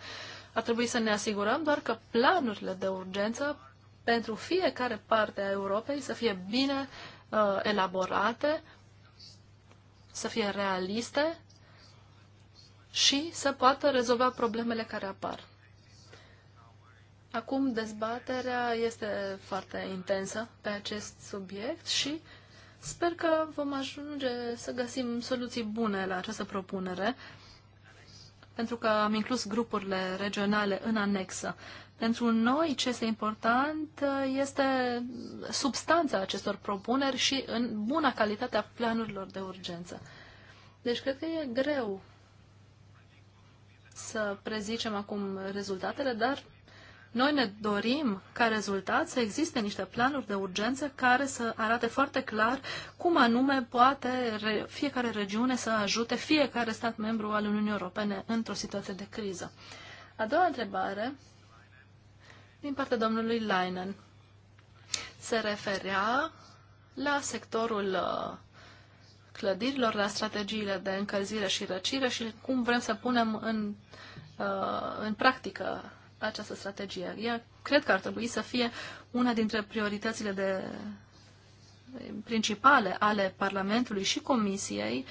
Ar trebui să ne asigurăm doar că planurile de urgență pentru fiecare parte a Europei să fie bine uh, elaborate, să fie realiste și să poată rezolva problemele care apar. Acum dezbaterea este foarte intensă pe acest subiect și sper că vom ajunge să găsim soluții bune la această propunere, pentru că am inclus grupurile regionale în anexă. Pentru noi ce este important este substanța acestor propuneri și în buna calitate a planurilor de urgență. Deci cred că e greu să prezicem acum rezultatele, dar noi ne dorim ca rezultat să existe niște planuri de urgență care să arate foarte clar cum anume poate fiecare regiune să ajute fiecare stat membru al Uniunii Europene într-o situație de criză. A doua întrebare din partea domnului Leinen se referea la sectorul uh, clădirilor, la strategiile de încălzire și răcire și cum vrem să punem în, uh, în practică această strategie. Ea cred că ar trebui să fie una dintre prioritățile de principale ale Parlamentului și Comisiei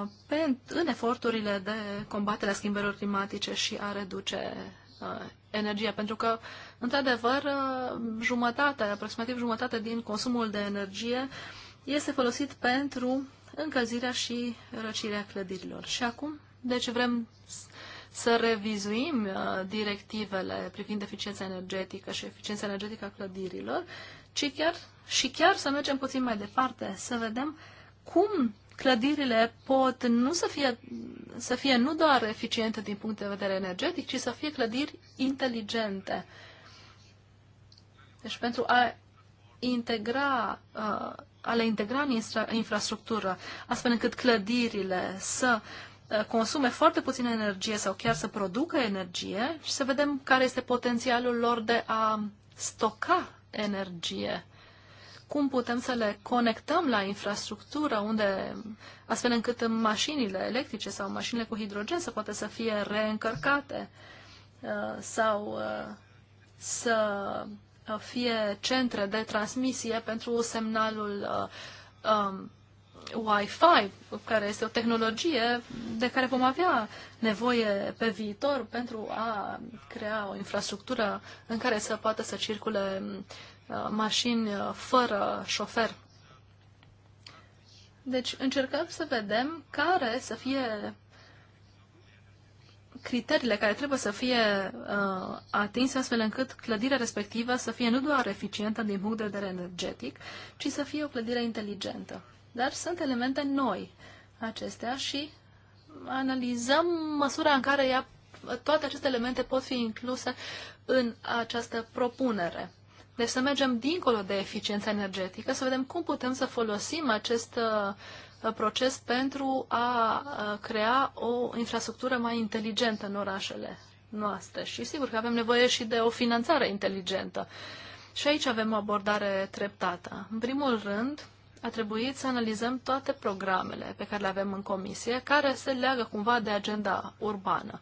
uh, în eforturile de combatere a schimbărilor climatice și a reduce uh, energia. Pentru că, într-adevăr, uh, jumătate, aproximativ jumătate din consumul de energie este folosit pentru încălzirea și răcirea clădirilor. Și acum, deci vrem să revizuim uh, directivele privind eficiența energetică și eficiența energetică a clădirilor, ci chiar și chiar să mergem puțin mai departe, să vedem cum clădirile pot nu să fie, să fie nu doar eficiente din punct de vedere energetic, ci să fie clădiri inteligente. Deci pentru a integra, uh, a le integra în infrastructură, astfel încât clădirile să Uh, consume foarte puțină energie sau chiar să producă energie și să vedem care este potențialul lor de a stoca energie. Cum putem să le conectăm la infrastructură, unde, astfel încât mașinile electrice sau mașinile cu hidrogen să poată să fie reîncărcate uh, sau uh, să fie centre de transmisie pentru semnalul um, Wi-Fi, care este o tehnologie de care vom avea nevoie pe viitor pentru a crea o infrastructură în care să poată să circule uh, mașini uh, fără șofer. Deci încercăm să vedem care să fie criteriile care trebuie să fie uh, atinse astfel încât clădirea respectivă să fie nu doar eficientă din punct de vedere energetic, ci să fie o clădire inteligentă dar sunt elemente noi acestea și analizăm măsura în care ea, toate aceste elemente pot fi incluse în această propunere. Deci să mergem dincolo de eficiența energetică, să vedem cum putem să folosim acest uh, proces pentru a uh, crea o infrastructură mai inteligentă în orașele noastre. Și sigur că avem nevoie și de o finanțare inteligentă. Și aici avem o abordare treptată. În primul rând, a trebuit să analizăm toate programele pe care le avem în comisie, care se leagă cumva de agenda urbană.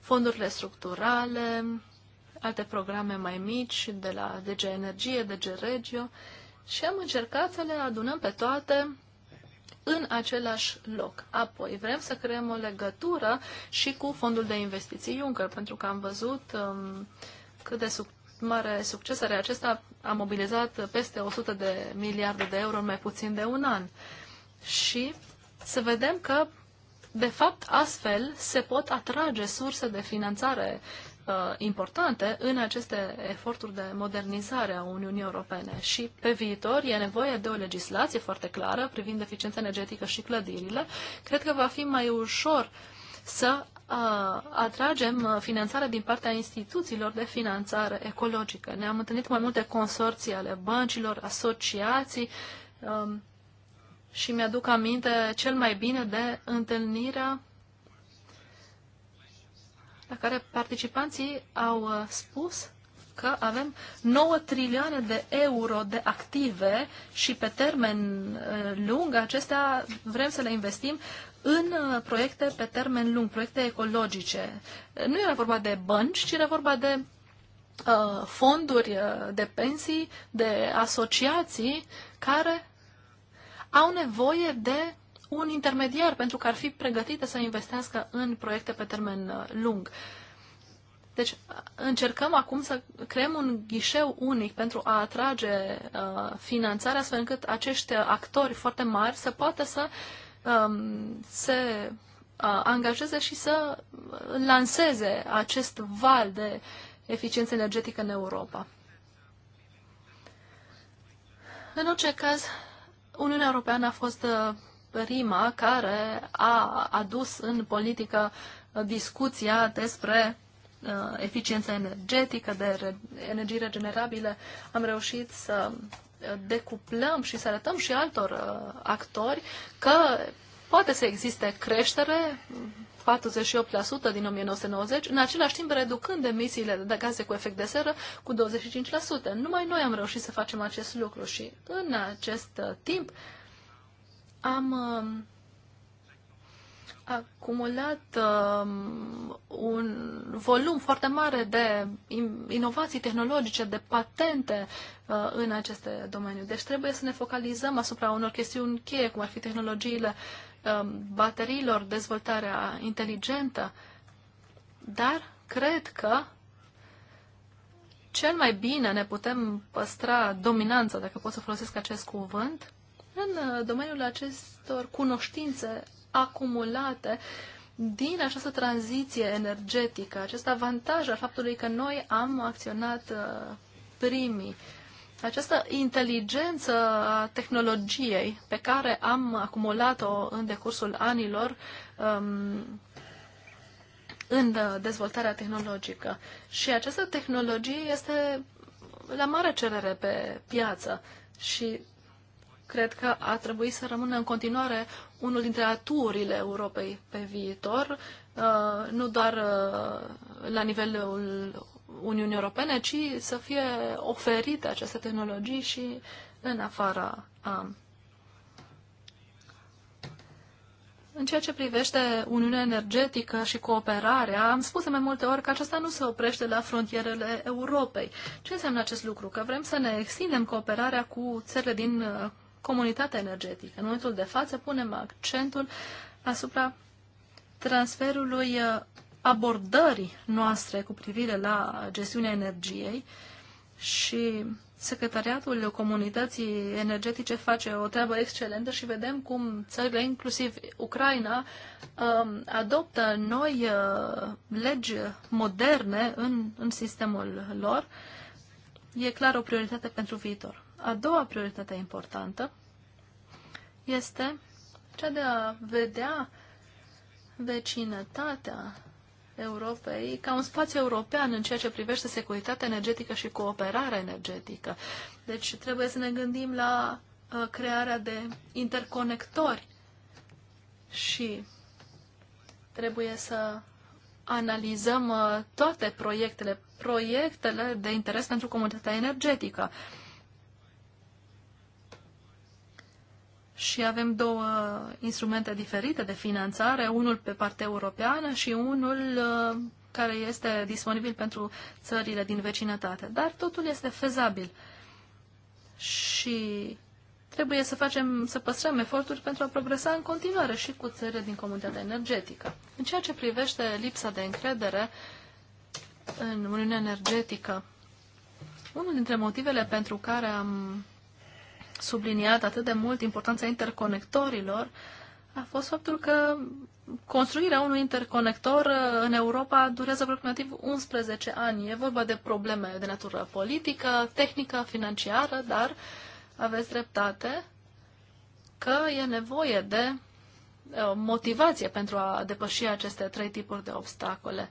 Fondurile structurale, alte programe mai mici, de la DG Energie, DG Regio, și am încercat să le adunăm pe toate în același loc. Apoi, vrem să creăm o legătură și cu fondul de investiții Juncker, pentru că am văzut um, cât de suc mare succes, are acesta a mobilizat peste 100 de miliarde de euro în mai puțin de un an. Și să vedem că, de fapt, astfel se pot atrage surse de finanțare uh, importante în aceste eforturi de modernizare a Uniunii Europene. Și pe viitor e nevoie de o legislație foarte clară privind eficiența energetică și clădirile. Cred că va fi mai ușor să atragem uh, finanțare din partea instituțiilor de finanțare ecologică. Ne-am întâlnit mai multe consorții ale băncilor, asociații um, și mi-aduc aminte cel mai bine de întâlnirea la care participanții au uh, spus că avem 9 trilioane de euro de active și pe termen uh, lung acestea vrem să le investim în uh, proiecte pe termen lung, proiecte ecologice. Nu era vorba de bănci, ci era vorba de uh, fonduri uh, de pensii, de asociații care au nevoie de un intermediar pentru că ar fi pregătite să investească în proiecte pe termen uh, lung. Deci încercăm acum să creăm un ghișeu unic pentru a atrage uh, finanțarea astfel încât acești actori foarte mari să poată să uh, um, se uh, angajeze și să lanseze acest val de eficiență energetică în Europa. În orice caz, Uniunea Europeană a fost uh, prima care a adus în politică uh, discuția despre uh, eficiența energetică, de energii regenerabile. Am reușit să decuplăm și să arătăm și altor uh, actori că poate să existe creștere, 48% din 1990, în același timp reducând emisiile de gaze cu efect de seră cu 25%. Numai noi am reușit să facem acest lucru și în acest uh, timp am uh, acumulat um, un volum foarte mare de inovații tehnologice, de patente uh, în aceste domenii. Deci trebuie să ne focalizăm asupra unor chestiuni cheie, cum ar fi tehnologiile um, bateriilor, dezvoltarea inteligentă, dar cred că cel mai bine ne putem păstra dominanța, dacă pot să folosesc acest cuvânt, în uh, domeniul acestor cunoștințe acumulate din această tranziție energetică, acest avantaj al faptului că noi am acționat uh, primii. Această inteligență a tehnologiei pe care am acumulat-o în decursul anilor um, în uh, dezvoltarea tehnologică. Și această tehnologie este la mare cerere pe piață și cred că ar trebui să rămână în continuare unul dintre aturile Europei pe viitor, uh, nu doar uh, la nivelul Uniunii Europene, ci să fie oferite aceste tehnologii și în afara a. Um, în ceea ce privește Uniunea Energetică și cooperarea, am spus de mai multe ori că aceasta nu se oprește la frontierele Europei. Ce înseamnă acest lucru? Că vrem să ne extindem cooperarea cu țările din uh, Comunitatea energetică. În momentul de față punem accentul asupra transferului uh, abordării noastre cu privire la gestiunea energiei și Secretariatul Comunității Energetice face o treabă excelentă și vedem cum țările, inclusiv Ucraina, um, adoptă noi uh, legi moderne în, în sistemul lor. E clar o prioritate pentru viitor. A doua prioritate importantă este cea de a vedea vecinătatea Europei ca un spațiu european în ceea ce privește securitatea energetică și cooperarea energetică. Deci trebuie să ne gândim la uh, crearea de interconectori și trebuie să analizăm uh, toate proiectele, proiectele de interes pentru comunitatea energetică. Uh, și avem două instrumente diferite de finanțare, unul pe partea europeană și unul uh, care este disponibil pentru țările din vecinătate. Dar totul este fezabil și trebuie să facem, să păstrăm eforturi pentru a progresa în continuare și cu țările din comunitatea energetică. În ceea ce privește lipsa de încredere în Uniunea Energetică, unul dintre motivele pentru care am subliniat atât de mult importanța interconectorilor a fost faptul că construirea unui interconector uh, în Europa durează aproximativ 11 ani. E vorba de probleme de natură politică, tehnică, financiară, dar aveți dreptate că e nevoie de uh, motivație pentru a depăși aceste trei tipuri de obstacole.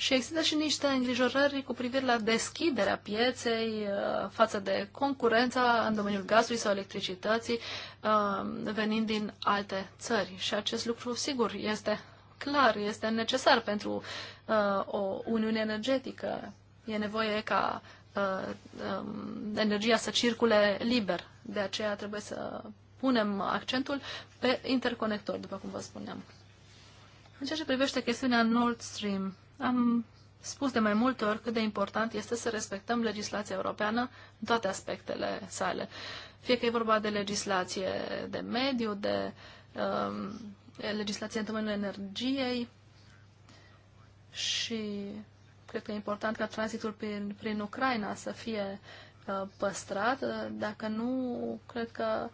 Și există și niște îngrijorări cu privire la deschiderea pieței uh, față de concurența în domeniul gazului sau electricității uh, venind din alte țări. Și acest lucru, sigur, este clar, este necesar pentru uh, o uniune energetică. E nevoie ca um, energia să circule liber. De aceea trebuie să punem accentul pe interconector, după cum vă spuneam. În ceea ce privește chestiunea Nord Stream, am spus de mai multe ori cât de important este să respectăm legislația europeană în toate aspectele sale. Fie că e vorba de legislație de mediu, de um, legislație în domeniul energiei și cred că e important ca tranzitul prin, prin Ucraina să fie uh, păstrat. Dacă nu, cred că uh,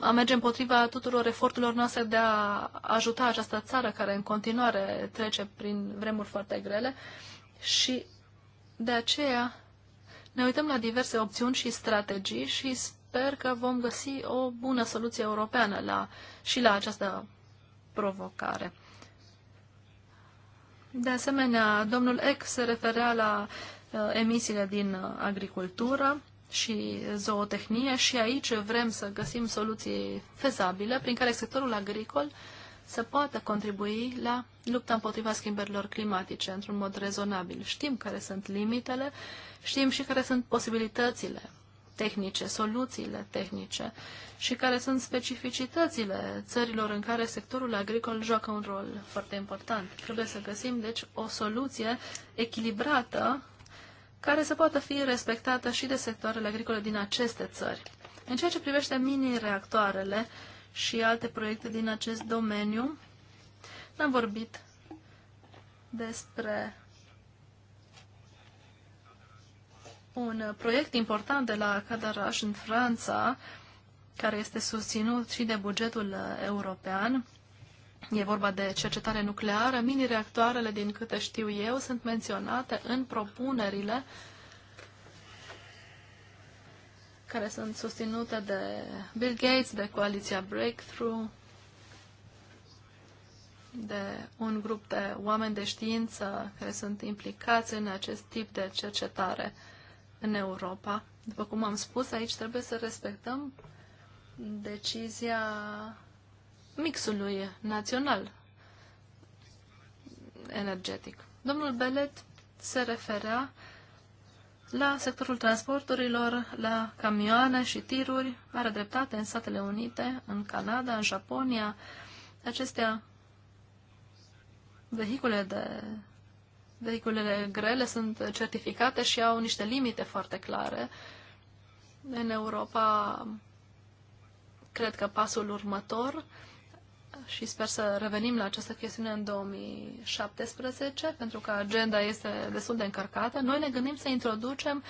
a merge împotriva tuturor eforturilor noastre de a ajuta această țară care în continuare trece prin vremuri foarte grele și de aceea ne uităm la diverse opțiuni și strategii și sper că vom găsi o bună soluție europeană la, și la această provocare. De asemenea, domnul Eck se referea la uh, emisiile din uh, agricultură și zootehnie și aici vrem să găsim soluții fezabile prin care sectorul agricol să poată contribui la lupta împotriva schimbărilor climatice într-un mod rezonabil. Știm care sunt limitele, știm și care sunt posibilitățile tehnice, soluțiile tehnice și care sunt specificitățile țărilor în care sectorul agricol joacă un rol foarte important. Trebuie să găsim, deci, o soluție echilibrată care să poată fi respectată și de sectoarele agricole din aceste țări. În ceea ce privește mini-reactoarele și alte proiecte din acest domeniu, am vorbit despre un proiect important de la Cadaraș în Franța, care este susținut și de bugetul european, E vorba de cercetare nucleară. Mini-reactoarele, din câte știu eu, sunt menționate în propunerile care sunt susținute de Bill Gates, de Coaliția Breakthrough, de un grup de oameni de știință care sunt implicați în acest tip de cercetare în Europa. După cum am spus, aici trebuie să respectăm decizia mixului național energetic. Domnul Belet se referea la sectorul transporturilor, la camioane și tiruri, are dreptate în Statele Unite, în Canada, în Japonia. Acestea, vehicule de, vehiculele grele sunt certificate și au niște limite foarte clare. În Europa, cred că pasul următor și sper să revenim la această chestiune în 2017, pentru că agenda este destul de încărcată. Noi ne gândim să introducem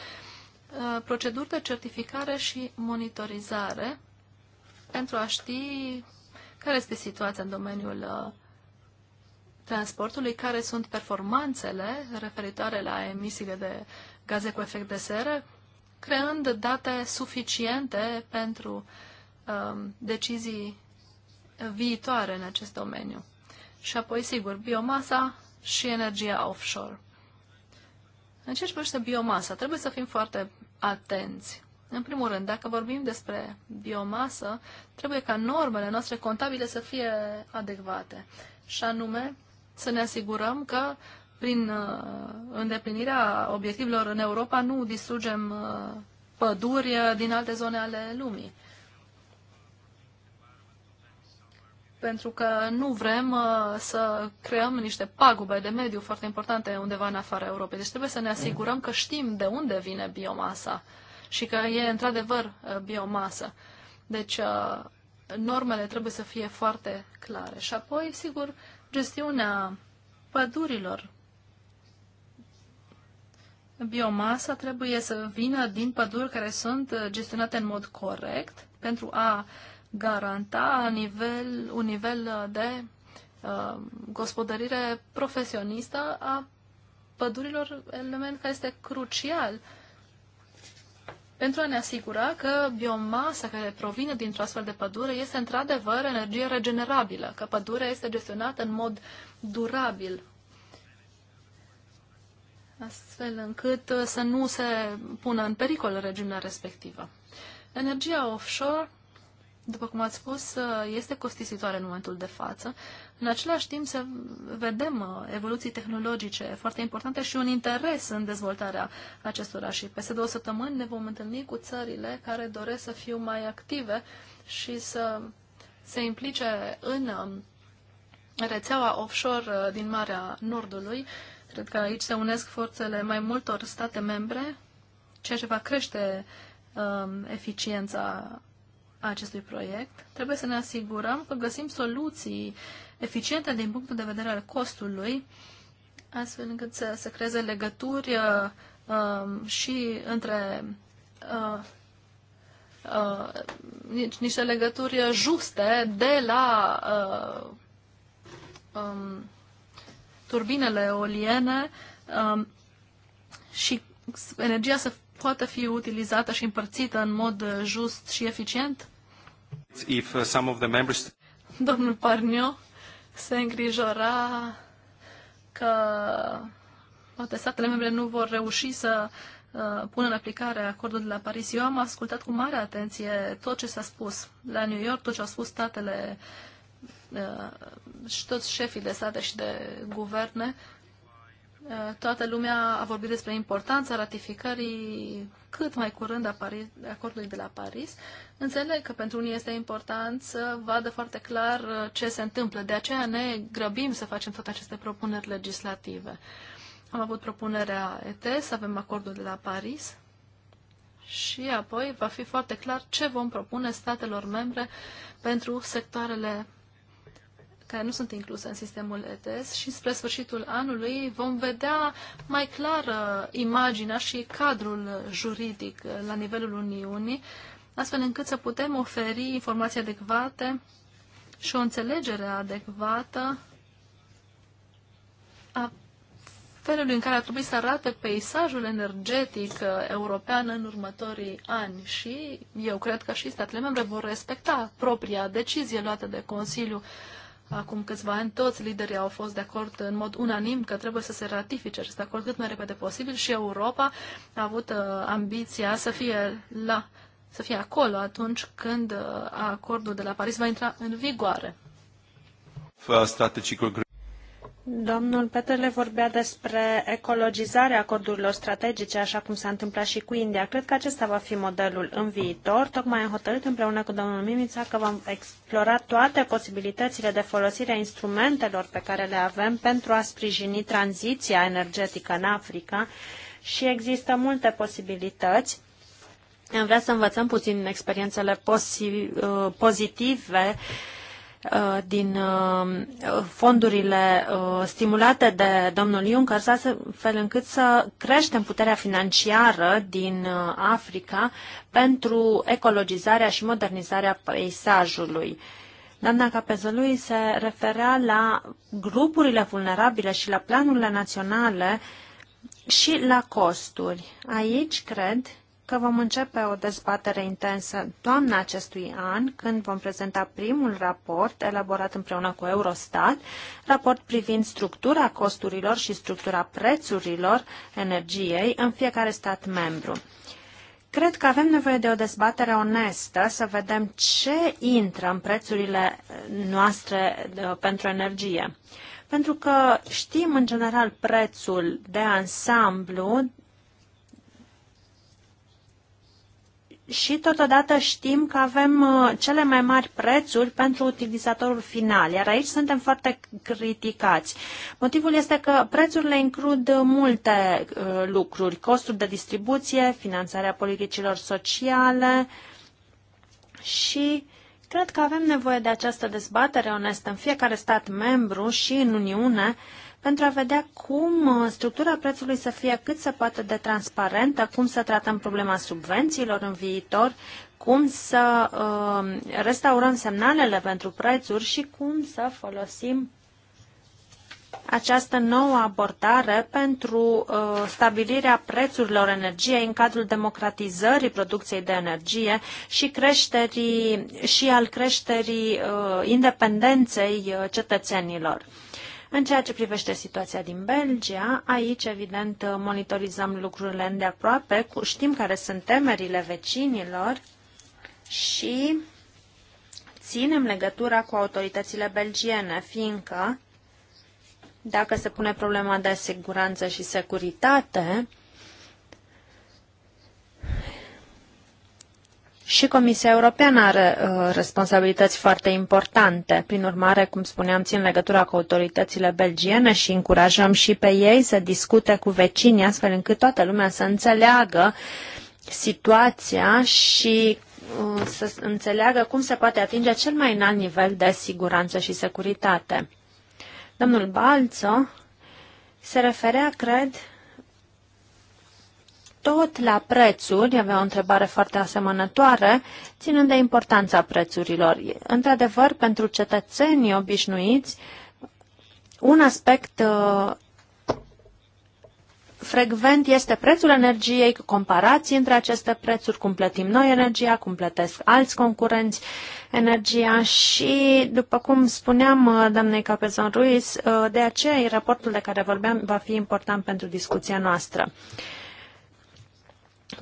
uh, proceduri de certificare și monitorizare pentru a ști care este situația în domeniul uh, transportului, care sunt performanțele referitoare la emisiile de gaze cu efect de seră, creând date suficiente pentru um, decizii viitoare în acest domeniu. Și apoi, sigur, biomasa și energia offshore. În ce privește biomasa, trebuie să fim foarte atenți. În primul rând, dacă vorbim despre biomasă, trebuie ca normele noastre contabile să fie adecvate. Și anume, să ne asigurăm că prin uh, îndeplinirea obiectivelor în Europa nu distrugem uh, păduri uh, din alte zone ale lumii. pentru că nu vrem uh, să creăm niște pagube de mediu foarte importante undeva în afara Europei. Deci trebuie să ne asigurăm că știm de unde vine biomasa și că e într-adevăr uh, biomasă. Deci uh, normele trebuie să fie foarte clare. Și apoi, sigur, gestiunea pădurilor. Biomasa trebuie să vină din păduri care sunt uh, gestionate în mod corect pentru a uh, garanta nivel, un nivel de uh, gospodărire profesionistă a pădurilor, element care este crucial pentru a ne asigura că biomasa care provine dintr-o astfel de pădure este într-adevăr energie regenerabilă, că pădurea este gestionată în mod durabil, astfel încât uh, să nu se pună în pericol regiunea respectivă. Energia offshore după cum ați spus, uh, este costisitoare în momentul de față. În același timp, să vedem uh, evoluții tehnologice foarte importante și un interes în dezvoltarea acestora. Și peste două săptămâni ne vom întâlni cu țările care doresc să fiu mai active și să se implice în um, rețeaua offshore uh, din Marea Nordului. Cred că aici se unesc forțele mai multor state membre, ceea ce va crește um, eficiența acestui proiect, trebuie să ne asigurăm că găsim soluții eficiente din punctul de vedere al costului, astfel încât să, să creeze legături uh, um, și între uh, uh, niște legături juste de la uh, um, turbinele oliene uh, um, și energia să poată fi utilizată și împărțită în mod just și eficient If uh, some of the members... Domnul Parniu se îngrijora că poate statele membre nu vor reuși să uh, pună în aplicare acordul de la Paris. Eu am ascultat cu mare atenție tot ce s-a spus la New York, tot ce au spus statele uh, și toți șefii de state și de guverne Uh, toată lumea a vorbit despre importanța ratificării cât mai curând a Paris, acordului de la Paris. Înțeleg că pentru unii este important să vadă foarte clar uh, ce se întâmplă. De aceea ne grăbim să facem toate aceste propuneri legislative. Am avut propunerea ETS, avem acordul de la Paris și apoi va fi foarte clar ce vom propune statelor membre pentru sectoarele care nu sunt incluse în sistemul ETS și spre sfârșitul anului vom vedea mai clar uh, imaginea și cadrul juridic uh, la nivelul Uniunii, astfel încât să putem oferi informații adecvate și o înțelegere adecvată a felului în care ar trebui să arate peisajul energetic uh, european în următorii ani și eu cred că și statele membre vor respecta propria decizie luată de Consiliu acum câțiva ani, toți liderii au fost de acord în mod unanim că trebuie să se ratifice acest acord cât mai repede posibil și Europa a avut uh, ambiția să fie la să fie acolo atunci când uh, acordul de la Paris va intra în vigoare. Domnul Petrele vorbea despre ecologizarea acordurilor strategice, așa cum s-a întâmplat și cu India. Cred că acesta va fi modelul în viitor. Tocmai am hotărât împreună cu domnul Mimița că vom explora toate posibilitățile de folosire a instrumentelor pe care le avem pentru a sprijini tranziția energetică în Africa și există multe posibilități. Am vrea să învățăm puțin experiențele uh, pozitive Uh, din uh, fondurile uh, stimulate de domnul Juncker, astfel încât să creștem puterea financiară din Africa pentru ecologizarea și modernizarea peisajului. Doamna Capezălui se referea la grupurile vulnerabile și la planurile naționale și la costuri. Aici cred că vom începe o dezbatere intensă toamna acestui an, când vom prezenta primul raport elaborat împreună cu Eurostat, raport privind structura costurilor și structura prețurilor energiei în fiecare stat membru. Cred că avem nevoie de o dezbatere onestă, să vedem ce intră în prețurile noastre pentru energie. Pentru că știm în general prețul de ansamblu și totodată știm că avem uh, cele mai mari prețuri pentru utilizatorul final, iar aici suntem foarte criticați. Motivul este că prețurile includ multe uh, lucruri, costuri de distribuție, finanțarea politicilor sociale și cred că avem nevoie de această dezbatere onestă în fiecare stat membru și în Uniune, pentru a vedea cum uh, structura prețului să fie cât se poate de transparentă, cum să tratăm problema subvențiilor în viitor, cum să uh, restaurăm semnalele pentru prețuri și cum să folosim această nouă abordare pentru uh, stabilirea prețurilor energiei în cadrul democratizării producției de energie și, creșterii, și al creșterii uh, independenței uh, cetățenilor. Uh, în ceea ce privește situația din Belgia, aici, evident, monitorizăm lucrurile îndeaproape, știm care sunt temerile vecinilor și ținem legătura cu autoritățile belgiene, fiindcă dacă se pune problema de siguranță și securitate, Și Comisia Europeană are uh, responsabilități foarte importante. Prin urmare, cum spuneam, țin legătura cu autoritățile belgiene și încurajăm și pe ei să discute cu vecinii, astfel încât toată lumea să înțeleagă situația și uh, să înțeleagă cum se poate atinge cel mai înalt nivel de siguranță și securitate. Domnul Balțo se referea, cred, tot la prețuri, avea o întrebare foarte asemănătoare, ținând de importanța prețurilor. Într-adevăr, pentru cetățenii obișnuiți, un aspect uh, frecvent este prețul energiei, comparații între aceste prețuri, cum plătim noi energia, cum plătesc alți concurenți energia și, după cum spuneam uh, doamnei Capezon Ruiz, uh, de aceea raportul de care vorbeam va fi important pentru discuția noastră.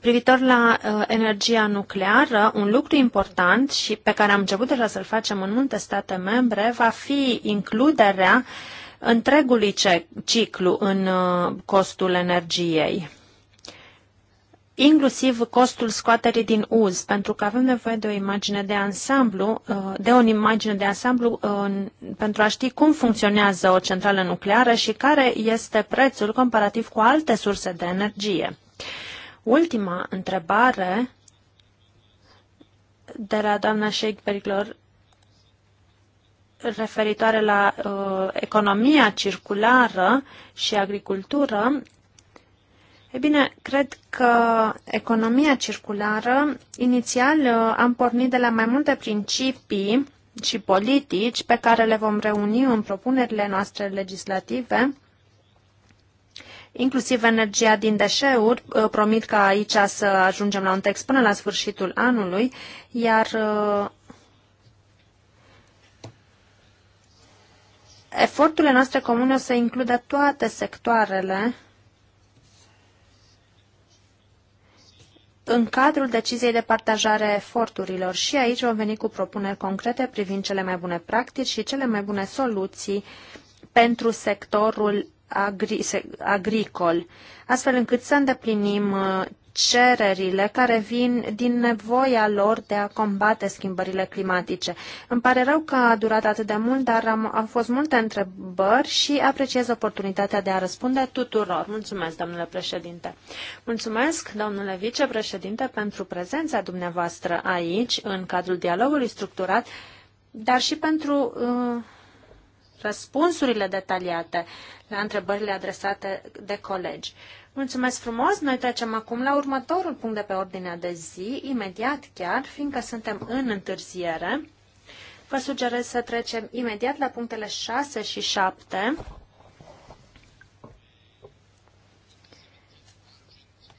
Privitor la uh, energia nucleară, un lucru important și pe care am început deja să-l facem în multe state membre va fi includerea întregului ciclu în uh, costul energiei inclusiv costul scoaterii din uz, pentru că avem nevoie de o imagine de ansamblu, uh, de o imagine de ansamblu uh, pentru a ști cum funcționează o centrală nucleară și care este prețul comparativ cu alte surse de energie. Ultima întrebare de la doamna Shakespeare referitoare la uh, economia circulară și agricultură, e bine, cred că economia circulară, inițial uh, am pornit de la mai multe principii și politici pe care le vom reuni în propunerile noastre legislative inclusiv energia din deșeuri. Uh, promit că aici să ajungem la un text până la sfârșitul anului, iar uh, eforturile noastre comune o să includă toate sectoarele în cadrul deciziei de partajare a eforturilor și aici vom veni cu propuneri concrete privind cele mai bune practici și cele mai bune soluții pentru sectorul agri agricol, astfel încât să îndeplinim uh, cererile care vin din nevoia lor de a combate schimbările climatice. Îmi pare rău că a durat atât de mult, dar am, au fost multe întrebări și apreciez oportunitatea de a răspunde tuturor. Mulțumesc, domnule președinte. Mulțumesc, domnule vicepreședinte, pentru prezența dumneavoastră aici, în cadrul dialogului structurat, dar și pentru uh, răspunsurile detaliate la întrebările adresate de colegi. Mulțumesc frumos! Noi trecem acum la următorul punct de pe ordinea de zi, imediat chiar, fiindcă suntem în întârziere. Vă sugerez să trecem imediat la punctele 6 și 7,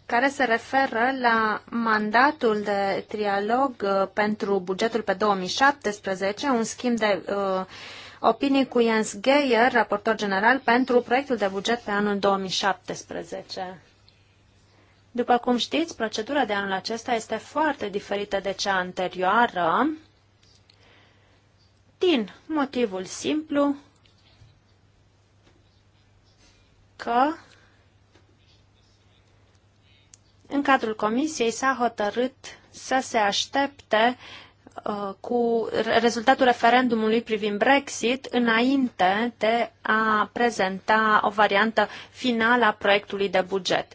care se referă la mandatul de trialog uh, pentru bugetul pe 2017, un schimb de uh, opinii cu Jens Geier, raportor general, pentru proiectul de buget pe anul 2017. După cum știți, procedura de anul acesta este foarte diferită de cea anterioară, din motivul simplu că în cadrul comisiei s-a hotărât să se aștepte uh, Uh, cu rezultatul referendumului privind Brexit înainte de a prezenta o variantă finală a proiectului de buget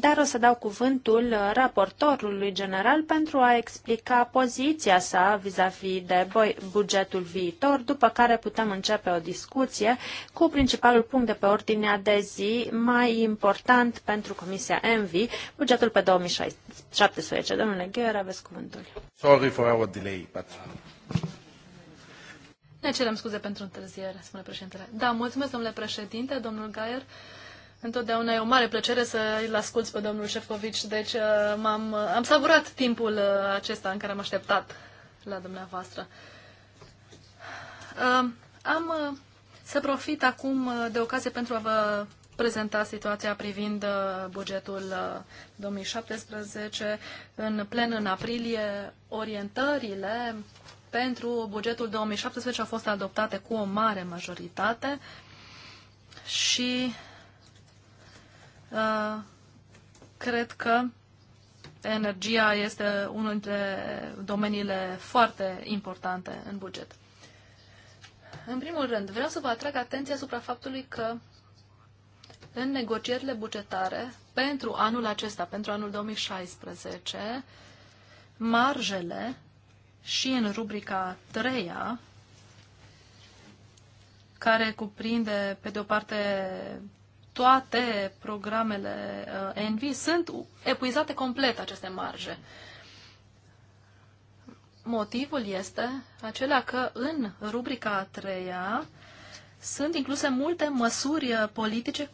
dar o să dau cuvântul uh, raportorului general pentru a explica poziția sa vis-a-vis -vis de bugetul viitor, după care putem începe o discuție cu principalul punct de pe ordinea de zi mai important pentru Comisia ENVI, bugetul pe 2017. Domnule Gheor, aveți cuvântul. Sorry for our delay, but... Ne cerem scuze pentru întârziere, spune președintele. Da, mulțumesc, domnule președinte, domnul Gaier. Întotdeauna e o mare plăcere să îl asculți pe domnul Șefcovici, deci uh, am uh, am savurat timpul uh, acesta în care am așteptat la dumneavoastră. Am să profit acum de ocazie pentru a vă prezenta situația privind bugetul 2017 în plen în aprilie. Orientările pentru bugetul 2017 au fost adoptate cu o mare majoritate și Uh, cred că energia este unul dintre domeniile foarte importante în buget. În primul rând, vreau să vă atrag atenția asupra faptului că în negocierile bugetare pentru anul acesta, pentru anul 2016, marjele și în rubrica 3 -a, care cuprinde, pe de o parte, toate programele Envi uh, sunt epuizate complet aceste marje. Motivul este acela că în rubrica a treia sunt incluse multe măsuri uh, politice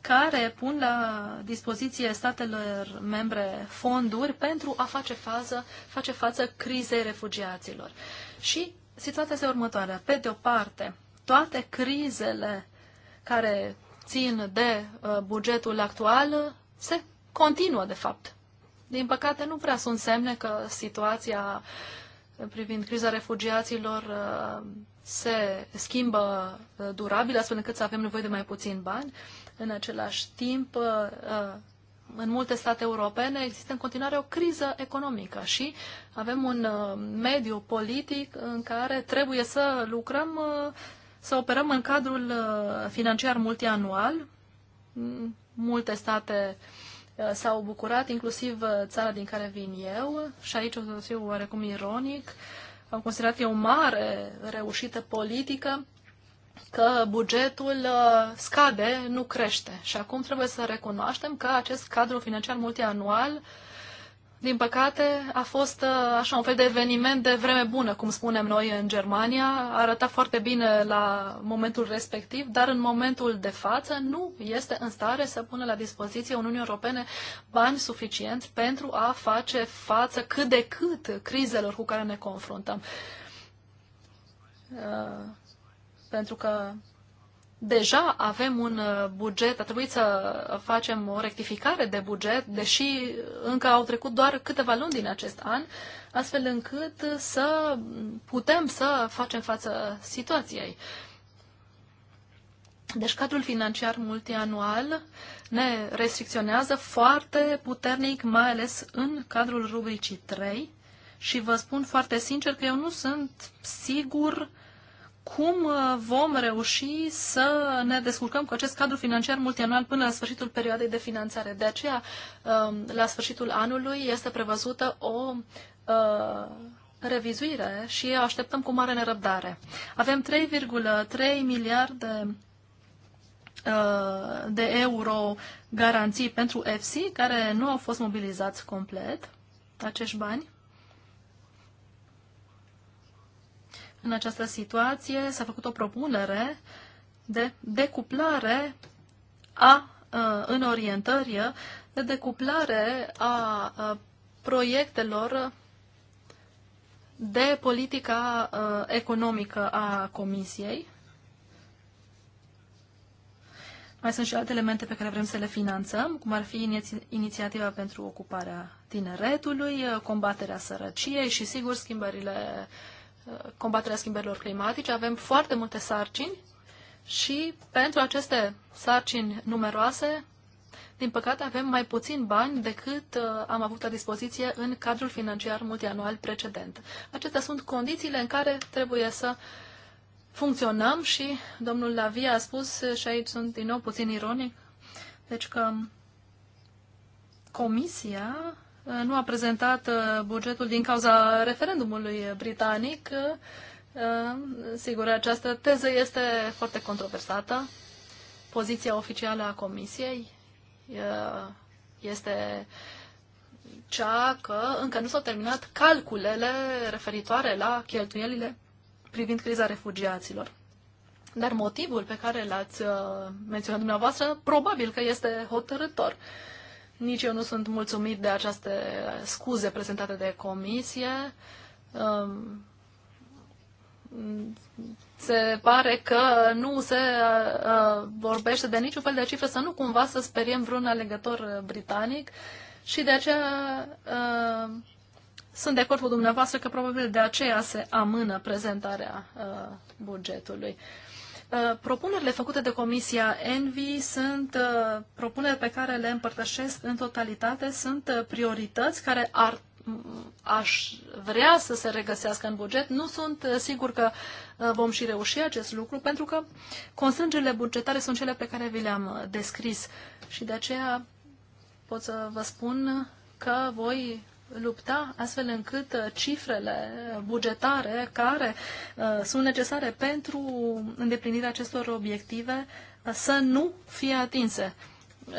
care pun la dispoziție statelor membre fonduri pentru a face, fază, face față crizei refugiaților. Și situația este următoarea. Pe de o parte, toate crizele care țin de uh, bugetul actual se continuă, de fapt. Din păcate, nu prea sunt semne că situația privind criza refugiaților uh, se schimbă uh, durabil, astfel încât să avem nevoie de mai puțin bani. În același timp, în multe state europene există în continuare o criză economică și avem un mediu politic în care trebuie să lucrăm să operăm în cadrul uh, financiar multianual. Multe state uh, s-au bucurat, inclusiv uh, țara din care vin eu, și aici o să fiu oarecum ironic, am considerat că e o mare reușită politică că bugetul scade, nu crește. Și acum trebuie să recunoaștem că acest cadru financiar multianual din păcate, a fost uh, așa un fel de eveniment de vreme bună, cum spunem noi în Germania. Arăta foarte bine la momentul respectiv, dar în momentul de față nu este în stare să pună la dispoziție Uniunii Europene bani suficienți pentru a face față cât de cât crizelor cu care ne confruntăm. Uh, pentru că deja avem un uh, buget, a trebuit să facem o rectificare de buget, deși încă au trecut doar câteva luni din acest an, astfel încât să putem să facem față situației. Deci cadrul financiar multianual ne restricționează foarte puternic, mai ales în cadrul rubricii 3 și vă spun foarte sincer că eu nu sunt sigur cum uh, vom reuși să ne descurcăm cu acest cadru financiar multianual până la sfârșitul perioadei de finanțare. De aceea, um, la sfârșitul anului este prevăzută o uh, revizuire și așteptăm cu mare nerăbdare. Avem 3,3 miliarde uh, de euro garanții pentru EFSI, care nu au fost mobilizați complet, acești bani. În această situație s-a făcut o propunere de decuplare a, în orientări, de decuplare a proiectelor de politica economică a Comisiei. Mai sunt și alte elemente pe care vrem să le finanțăm, cum ar fi inițiativa pentru ocuparea tineretului, combaterea sărăciei și, sigur, schimbările uh, combaterea schimbărilor climatice, avem foarte multe sarcini și pentru aceste sarcini numeroase, din păcate, avem mai puțin bani decât uh, am avut la dispoziție în cadrul financiar multianual precedent. Acestea sunt condițiile în care trebuie să funcționăm și domnul Lavia a spus, și aici sunt din nou puțin ironic, deci că comisia nu a prezentat uh, bugetul din cauza referendumului britanic. Uh, sigur, această teză este foarte controversată. Poziția oficială a Comisiei uh, este cea că încă nu s-au terminat calculele referitoare la cheltuielile privind criza refugiaților. Dar motivul pe care l-ați menționat dumneavoastră probabil că este hotărător. Uh, nici eu nu sunt mulțumit de aceste scuze prezentate de comisie. Um, se pare că nu se uh, vorbește de niciun fel de cifre, să nu cumva să speriem vreun alegător britanic și de aceea uh, sunt de acord cu dumneavoastră că probabil de aceea se amână prezentarea uh, bugetului. Uh, propunerile făcute de Comisia Envi sunt uh, propuneri pe care le împărtășesc în totalitate, sunt uh, priorități care ar aș vrea să se regăsească în buget. Nu sunt sigur că vom și reuși acest lucru, pentru că constrângerile bugetare sunt cele pe care vi le-am descris și de aceea pot să vă spun că voi lupta astfel încât uh, cifrele uh, bugetare care uh, sunt necesare pentru îndeplinirea acestor obiective să nu fie atinse.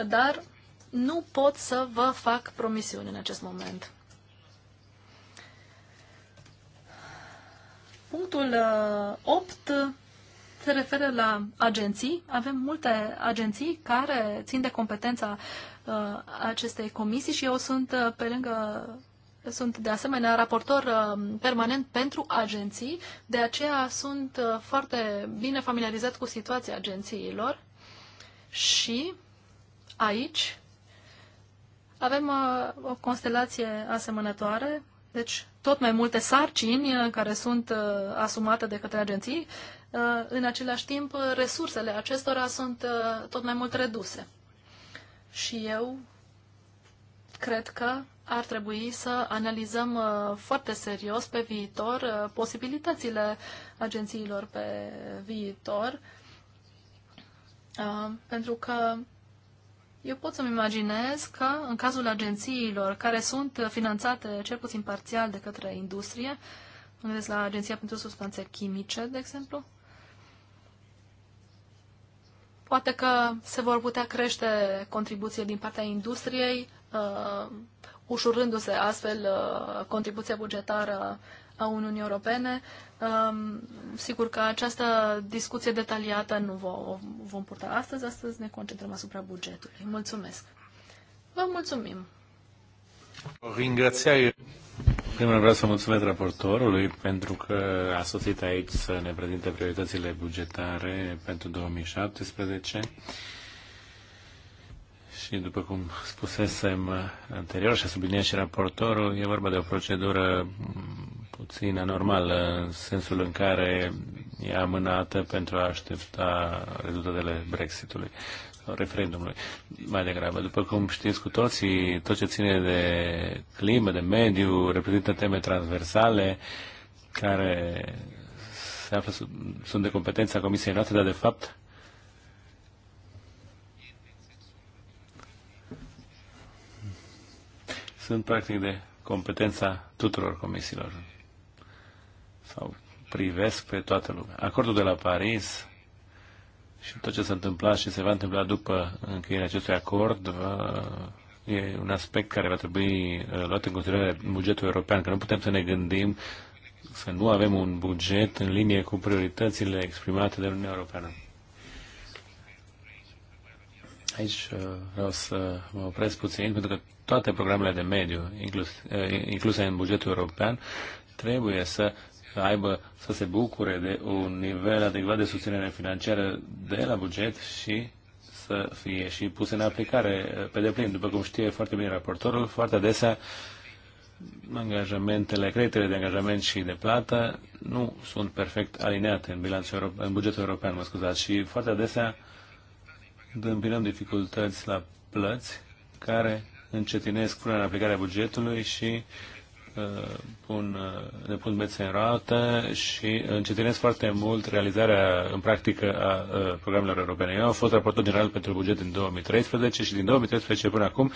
Dar nu pot să vă fac promisiuni în acest moment. Punctul 8 se referă la agenții. Avem multe agenții care țin de competența Uh, acestei comisii și eu sunt uh, pe lângă sunt de asemenea raportor uh, permanent pentru agenții, de aceea sunt uh, foarte bine familiarizat cu situația agențiilor și aici avem uh, o constelație asemănătoare, deci tot mai multe sarcini uh, care sunt asumate de către agenții, în același timp resursele acestora sunt tot mai mult reduse și eu cred că ar trebui să analizăm uh, foarte serios pe viitor uh, posibilitățile agențiilor pe viitor, uh, pentru că eu pot să-mi imaginez că în cazul agențiilor care sunt finanțate cel puțin parțial de către industrie, mă gândesc la Agenția pentru Substanțe Chimice, de exemplu, Poate că se vor putea crește contribuție din partea industriei, uh, ușurându-se astfel uh, contribuția bugetară a Uniunii Europene. Um, sigur că această discuție detaliată nu o vom purta astăzi. Astăzi ne concentrăm asupra bugetului. Mulțumesc! Vă mulțumim! Ringrațiare primul rând vreau să mulțumesc raportorului pentru că a sosit aici să ne prezinte prioritățile bugetare pentru 2017 și după cum spusesem anterior și a subliniat și raportorul, e vorba de o procedură puțin anormală în sensul în care e amânată pentru a aștepta rezultatele Brexitului referendumului mai degrabă. După cum știți cu toții, tot ce ține de climă, de mediu, reprezintă teme transversale care se află sub, sunt de competența Comisiei noastre, dar de fapt sunt practic de competența tuturor comisiilor sau privesc pe toată lumea. Acordul de la Paris și tot ce s-a întâmplat și se va întâmpla după încheierea acestui acord va, e un aspect care va trebui uh, luat în considerare bugetul european, că nu putem să ne gândim să nu avem un buget în linie cu prioritățile exprimate de Uniunea Europeană. Aici uh, vreau să mă opresc puțin, pentru că toate programele de mediu, uh, incluse inclus în bugetul european, trebuie să aibă, să se bucure de un nivel adecvat de susținere financiară de la buget și să fie și puse în aplicare uh, pe deplin. După cum știe foarte bine raportorul, foarte adesea angajamentele, creditele de angajament și de plată nu sunt perfect alineate în, bilanțul european, în bugetul european, mă scuzați, și foarte adesea întâmpinăm dificultăți la plăți care încetinesc punerea în aplicare a bugetului și uh, Uh, pun, uh, ne pun bețe în rată și încetinez foarte mult realizarea în practică a uh, programelor europene. Eu am fost raportor general pentru buget din 2013 și din 2013 până acum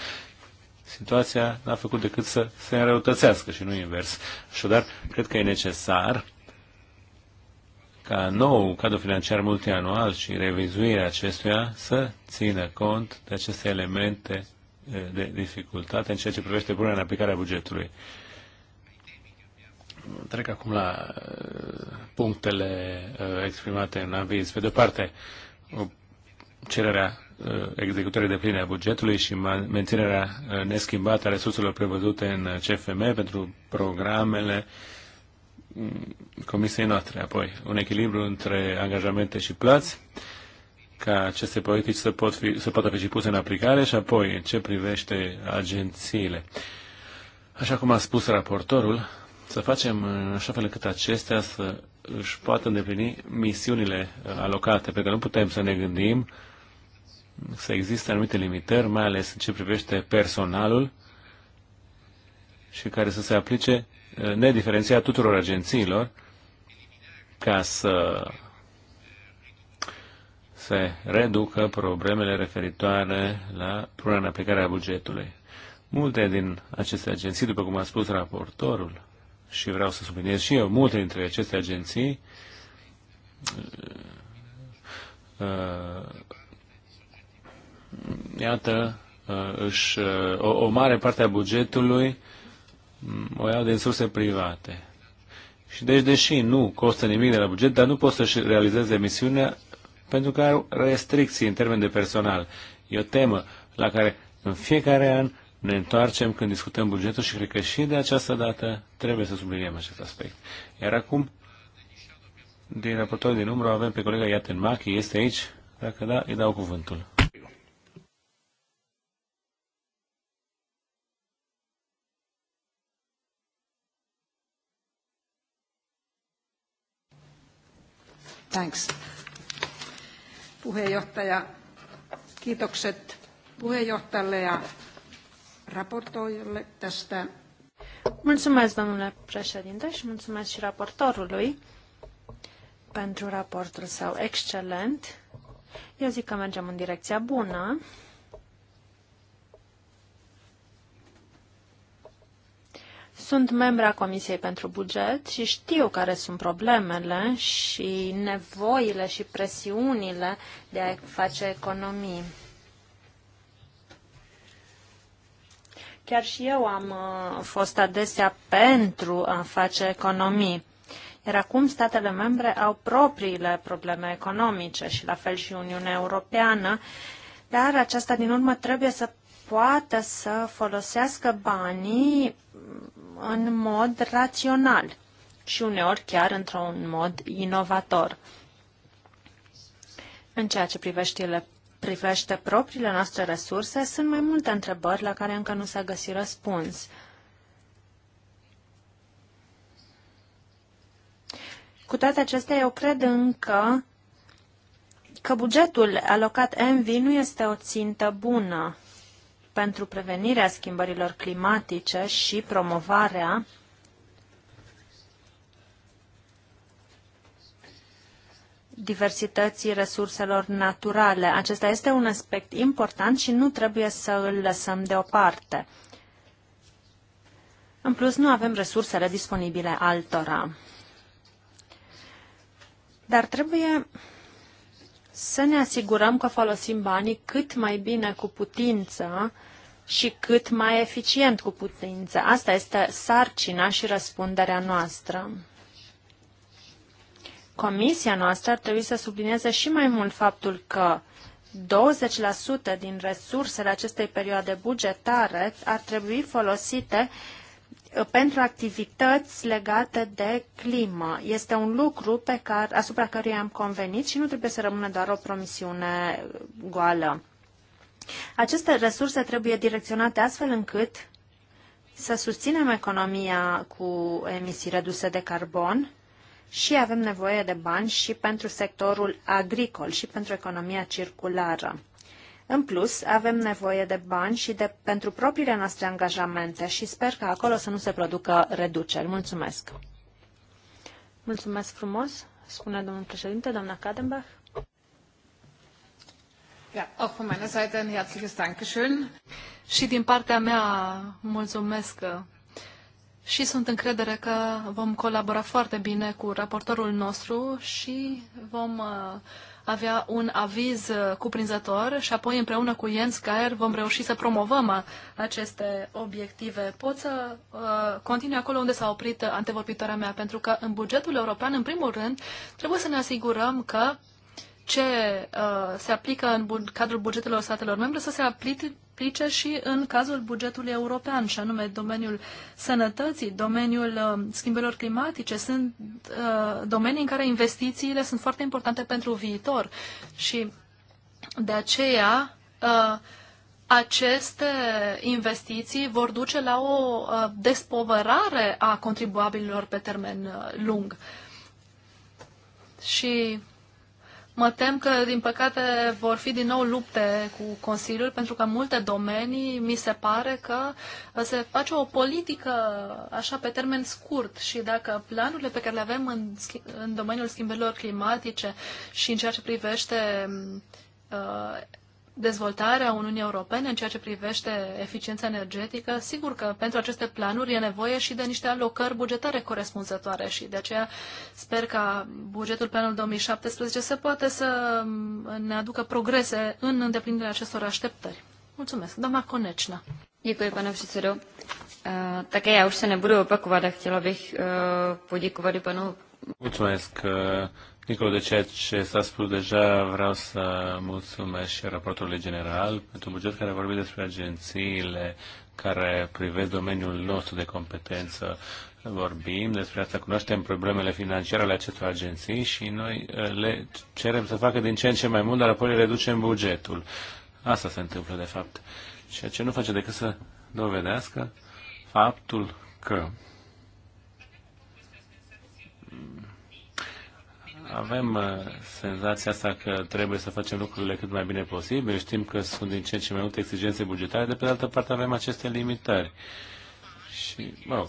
situația n-a făcut decât să se înrăutățească și nu invers. Așadar, cred că e necesar ca nou cadru financiar multianual și revizuirea acestuia să țină cont de aceste elemente de dificultate în ceea ce privește punerea în aplicare a bugetului. Trec acum la uh, punctele uh, exprimate în aviz. Pe de-o parte, cererea uh, executării de pline a bugetului și menținerea neschimbată a resurselor prevăzute în CFM pentru programele mm, Comisiei noastre. Apoi, un echilibru între angajamente și plăți, ca aceste politici să, pot fi, să poată fi puse în aplicare și apoi, în ce privește agențiile. Așa cum a spus raportorul, să facem în așa fel încât acestea să își poată îndeplini misiunile uh, alocate, pentru că nu putem să ne gândim să există anumite limitări, mai ales în ce privește personalul și care să se aplice uh, nediferențiat tuturor agențiilor ca să se reducă problemele referitoare la punerea în aplicare a bugetului. Multe din aceste agenții, după cum a spus raportorul, și vreau să subliniez și eu, multe dintre aceste agenții uh, uh, iată, uh, își, o, o mare parte a bugetului mm, o iau din surse private. Și deci, deși nu costă nimic de la buget, dar nu pot să-și realizeze misiunea pentru că au restricții în termen de personal. E o temă la care în fiecare an ne întoarcem când discutăm bugetul și cred că și de această dată trebuie să subliniem acest aspect. Iar acum, din raportor din umbră, avem pe colega Iaten Machi, este aici. Dacă da, îi dau cuvântul. Thanks. Puheenjohtaja, kiitokset puheenjohtajalle ja Mulțumesc, domnule președinte, și mulțumesc și raportorului pentru raportul său excelent. Eu zic că mergem în direcția bună. Sunt membra Comisiei pentru Buget și știu care sunt problemele și nevoile și presiunile de a face economii. Chiar și eu am uh, fost adesea pentru a face economii. Iar acum statele membre au propriile probleme economice și la fel și Uniunea Europeană, dar aceasta din urmă trebuie să poată să folosească banii mm, în mod rațional și uneori chiar într-un mod inovator. În ceea ce privește privește propriile noastre resurse, sunt mai multe întrebări la care încă nu s-a găsit răspuns. Cu toate acestea, eu cred încă că bugetul alocat ENVI nu este o țintă bună pentru prevenirea schimbărilor climatice și promovarea diversității resurselor naturale. Acesta este un aspect important și nu trebuie să îl lăsăm deoparte. În plus, nu avem resursele disponibile altora. Dar trebuie să ne asigurăm că folosim banii cât mai bine cu putință și cât mai eficient cu putință. Asta este sarcina și răspunderea noastră. Comisia noastră ar trebui să sublinieze și mai mult faptul că 20% din resursele acestei perioade bugetare ar trebui folosite uh, pentru activități legate de climă. Este un lucru pe care, asupra căruia am convenit și nu trebuie să rămână doar o promisiune uh, goală. Aceste resurse trebuie direcționate astfel încât să susținem economia cu emisii reduse de carbon, și avem nevoie de bani și pentru sectorul agricol și pentru economia circulară. În plus, avem nevoie de bani și de, pentru propriile noastre angajamente și sper că acolo să nu se producă reduceri. Mulțumesc! Mulțumesc frumos, spune domnul președinte, doamna Kadenbach. Ja, auch von meiner Seite ein herzliches Dankeschön. Și din partea mea mulțumesc și sunt încredere că vom colabora foarte bine cu raportorul nostru și vom uh, avea un aviz uh, cuprinzător și apoi împreună cu Jens Geier vom reuși să promovăm uh, aceste obiective. Pot să uh, continui acolo unde s-a oprit antevorbitoarea mea, pentru că în bugetul european, în primul rând, trebuie să ne asigurăm că ce uh, se aplică în bu- cadrul bugetelor statelor membre să se aplice, aplice și în cazul bugetului european, și anume domeniul sănătății, domeniul uh, schimbărilor climatice, sunt uh, domenii în care investițiile sunt foarte importante pentru viitor. Și de aceea uh, aceste investiții vor duce la o despovărare a contribuabililor pe termen lung. Și Mă tem că, din păcate, vor fi din nou lupte cu Consiliul, pentru că în multe domenii mi se pare că uh, se face o politică așa pe termen scurt și dacă planurile pe care le avem în, în domeniul schimbărilor climatice și în ceea ce privește mm, uh, dezvoltarea Uniunii Europene în ceea ce privește eficiența energetică, sigur că pentru aceste planuri e nevoie și de niște alocări bugetare corespunzătoare și de aceea sper ca bugetul pe anul 2017 să poate să mm, ne aducă progrese în îndeplinirea acestor așteptări. Mulțumesc. Doamna Konečna. Děkuji, pane předsedo. Eh, také já už se nebudu opakovat a chtěla bych eh, poděkovat panu... Mulțumesc. Eh, Dincolo de ceea ce s-a spus deja, vreau să mulțumesc și raportului general pentru buget care a vorbit despre agențiile care privesc domeniul nostru de competență. Vorbim despre asta, cunoaștem problemele financiare ale acestor agenții și noi uh, le cerem să facă din ce în ce mai mult, dar apoi le reducem bugetul. Asta se întâmplă, de fapt. Ceea ce nu face decât să dovedească faptul că avem uh, senzația asta că trebuie să facem lucrurile cât mai bine posibil. Știm că sunt din ce în ce mai multe exigențe bugetare, de pe de altă parte avem aceste limitări. Și, mă rog,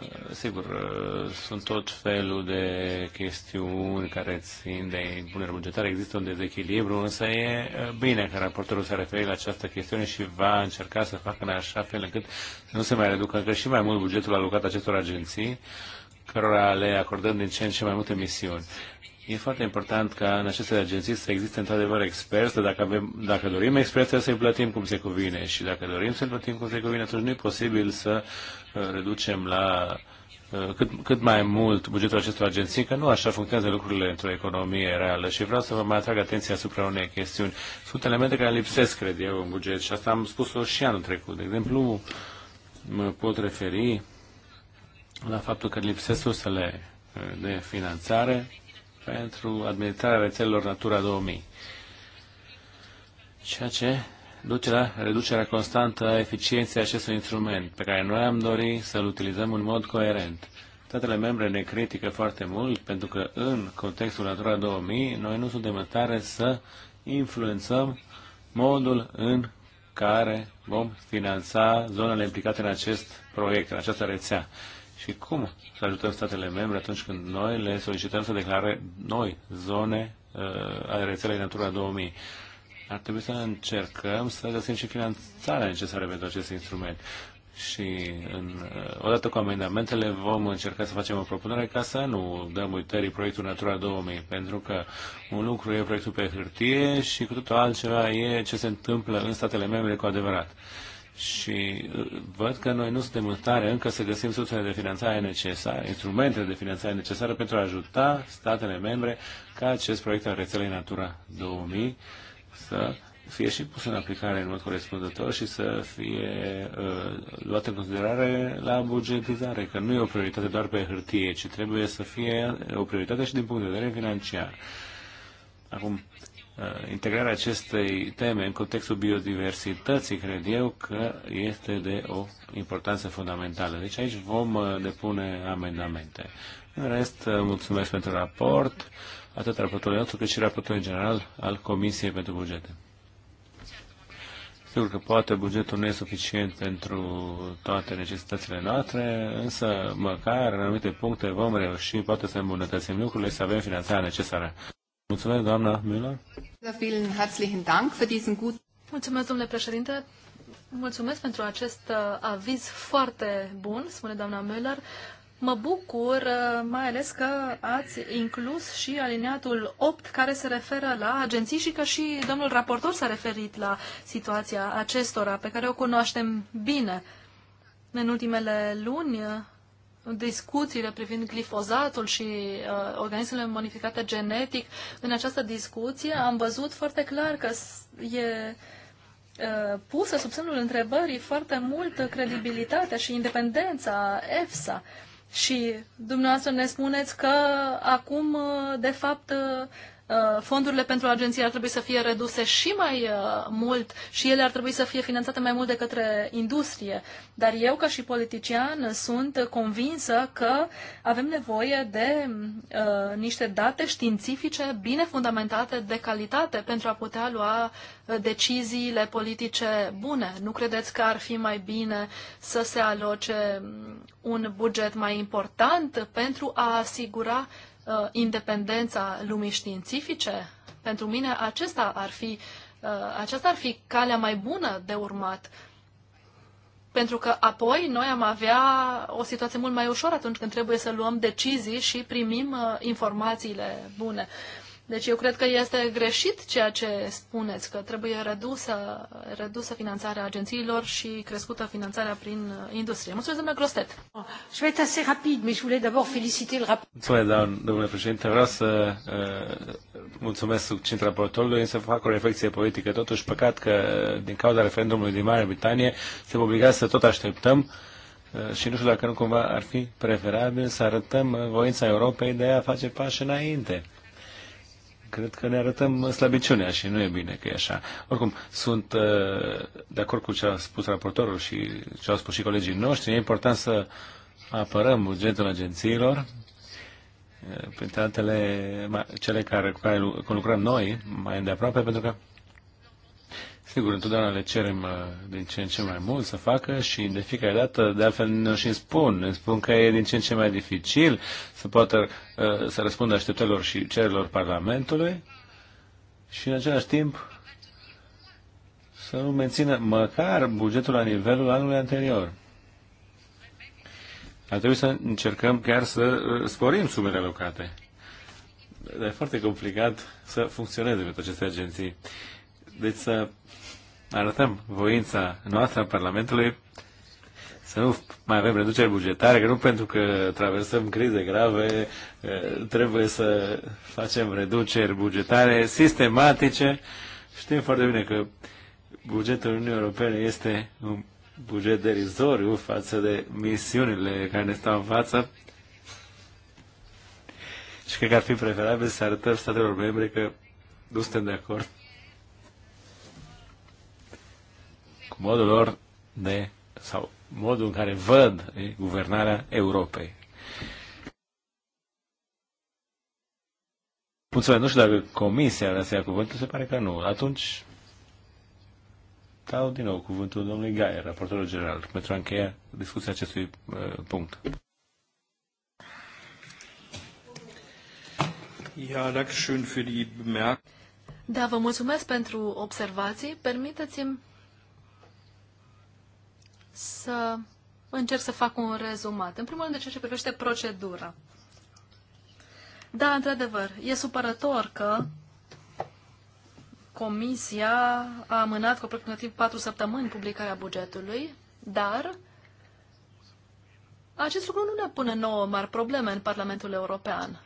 uh, sigur, uh, sunt tot felul de chestiuni care țin de impunere bugetară, există un dezechilibru, însă e bine că raportorul s-a referit la această chestiune și va încerca să facă în așa fel încât să nu se mai reducă încă și mai mult bugetul alocat acestor agenții cărora le acordăm din ce în ce mai multe misiuni. E foarte important ca în aceste agenții să existe într-adevăr experți, dar dacă, avem, dacă dorim experți, să-i plătim cum se cuvine și dacă dorim să-i plătim cum se cuvine, atunci nu e posibil să uh, reducem la uh, cât, cât mai mult bugetul acestor agenții, că nu așa funcționează lucrurile într-o economie reală. Și vreau să vă mai atrag atenția asupra unei chestiuni. Sunt elemente care lipsesc, cred eu, în buget și asta am spus-o și anul trecut. De exemplu, mă pot referi la faptul că lipsesc sursele uh, de finanțare pentru administrarea rețelelor Natura 2000, ceea ce duce la reducerea constantă a eficienței acestui instrument, pe care noi am dorit să-l utilizăm în mod coerent. Statele membre ne critică foarte mult pentru că în contextul Natura 2000 noi nu suntem în stare să influențăm modul în care vom finanța zonele implicate în acest proiect, în această rețea și cum să ajutăm statele membre atunci când noi le solicităm să declare noi zone uh, ale rețelei Natura 2000. Ar trebui să încercăm să găsim și finanțarea necesară pentru acest instrument. Și în, uh, odată cu amendamentele vom încerca să facem o propunere ca să nu dăm uitării proiectul Natura 2000, pentru că un lucru e proiectul pe hârtie și cu totul altceva e ce se întâmplă în statele membre cu adevărat și uh, văd că noi nu suntem în stare încă să găsim sursele de finanțare necesare, instrumentele de finanțare necesare pentru a ajuta statele membre ca acest proiect al rețelei Natura 2000 să fie și pus în aplicare în mod corespunzător și să fie uh, luat în considerare la bugetizare, că nu e o prioritate doar pe hârtie, ci trebuie să fie o prioritate și din punct de vedere financiar. Acum, Uh, integrarea acestei teme în contextul biodiversității, cred eu că este de o importanță fundamentală. Deci aici vom uh, depune amendamente. În rest, uh, mulțumesc pentru raport, atât raportul nostru cât și raportul în general al Comisiei pentru Bugete. Sigur că poate bugetul nu e suficient pentru toate necesitățile noastre, însă măcar în anumite puncte vom reuși, poate să îmbunătățim lucrurile, să avem finanțarea necesară. Mulțumesc, doamna Müller. Mulțumesc, domnule președinte. Mulțumesc pentru acest uh, aviz foarte bun, spune doamna Müller. Mă bucur uh, mai ales că ați inclus și aliniatul 8 care se referă la agenții și că și domnul raportor s-a referit la situația acestora pe care o cunoaștem bine. În ultimele luni discuțiile privind glifozatul și uh, organismele modificate genetic, în această discuție am văzut foarte clar că e uh, pusă sub semnul întrebării foarte mult credibilitatea și independența EFSA. Și dumneavoastră ne spuneți că acum, uh, de fapt, uh, Uh, fondurile pentru agenții ar trebui să fie reduse și mai uh, mult și ele ar trebui să fie finanțate mai mult de către industrie. Dar eu, ca și politician, sunt convinsă că avem nevoie de uh, niște date științifice bine fundamentate de calitate pentru a putea lua uh, deciziile politice bune. Nu credeți că ar fi mai bine să se aloce um, un buget mai important pentru a asigura Uh, independența lumii științifice? Pentru mine acesta ar fi, uh, aceasta ar fi calea mai bună de urmat. Pentru că apoi noi am avea o situație mult mai ușoară atunci când trebuie să luăm decizii și primim uh, informațiile bune. Uh, deci eu cred că este greșit ceea ce spuneți, că trebuie redusă, redusă finanțarea agențiilor și crescută finanțarea prin uh, industrie. Mulțumesc, domnule Grostet. Mulțumesc, domnule președinte. Vreau să uh, mulțumesc succint raportorului, însă fac o reflexie politică. Totuși, păcat că din cauza referendumului din Marea Britanie se obliga să tot așteptăm uh, și nu știu dacă nu cumva ar fi preferabil să arătăm uh, voința Europei de a face pași înainte cred că ne arătăm slăbiciunea și nu e bine că e așa. Oricum, sunt uh, de acord cu ce a spus raportorul și ce au spus și colegii noștri. E important să apărăm bugetul agențiilor, uh, printre altele cele care, cu care lucrăm noi mai îndeaproape, pentru că Sigur, întotdeauna le cerem uh, din ce în ce mai mult să facă și de fiecare dată, de altfel, ne și spun. Ne spun că e din ce în ce mai dificil să poată uh, să răspundă așteptărilor și cererilor Parlamentului și, în același timp, să nu mențină măcar bugetul la nivelul anului anterior. Ar trebui să încercăm chiar să uh, sporim sumele alocate. Dar e foarte complicat să funcționeze pe aceste agenții. Deci să arătăm voința noastră a Parlamentului să nu mai avem reduceri bugetare, că nu pentru că traversăm crize grave trebuie să facem reduceri bugetare sistematice. Știm foarte bine că bugetul Uniunii Europene este un buget derizoriu față de misiunile care ne stau în față și cred că ar fi preferabil să arătăm statelor membre că nu suntem de acord modul lor de, sau modul în care văd e, guvernarea Europei. Mulțumesc, nu știu dacă comisia a lăsat cuvântul, se pare că nu. Atunci, dau din nou cuvântul domnului Gaier, raportorul general, pentru a încheia discuția acestui uh, punct. Ja, Da, vă mulțumesc pentru observații. Permiteți-mi să încerc să fac un rezumat. În primul rând, de ceea ce privește procedura. Da, într-adevăr, e supărător că Comisia a amânat cu aproximativ patru săptămâni publicarea bugetului, dar acest lucru nu ne pune nouă mari probleme în Parlamentul European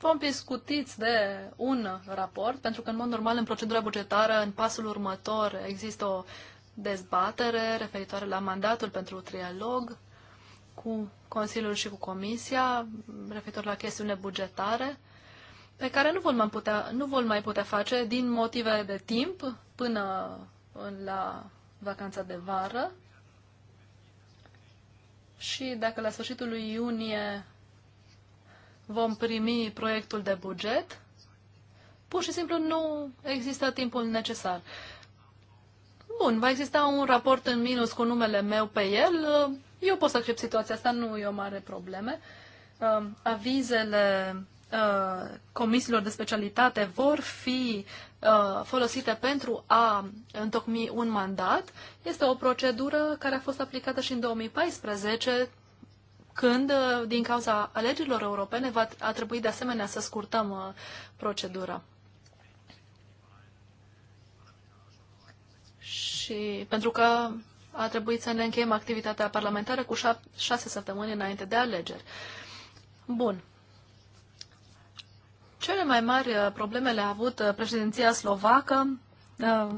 vom fi scutiți de un raport, pentru că, în mod normal, în procedura bugetară, în pasul următor, există o dezbatere referitoare la mandatul pentru trialog cu Consiliul și cu Comisia, referitor la chestiune bugetare, pe care nu vom mai putea, nu vom mai putea face din motive de timp până în la vacanța de vară. Și dacă la sfârșitul lui iunie vom primi proiectul de buget, pur și simplu nu există timpul necesar. Bun, va exista un raport în minus cu numele meu pe el. Eu pot să accept situația asta, nu e o mare probleme. Um, avizele uh, comisiilor de specialitate vor fi uh, folosite pentru a întocmi un mandat. Este o procedură care a fost aplicată și în 2014 când, uh, din cauza alegerilor europene, va a trebui de asemenea să scurtăm uh, procedura. Și pentru că a trebuit să ne încheiem activitatea parlamentară cu șase săptămâni înainte de alegeri. Bun. Cele mai mari uh, probleme le-a avut președinția slovacă,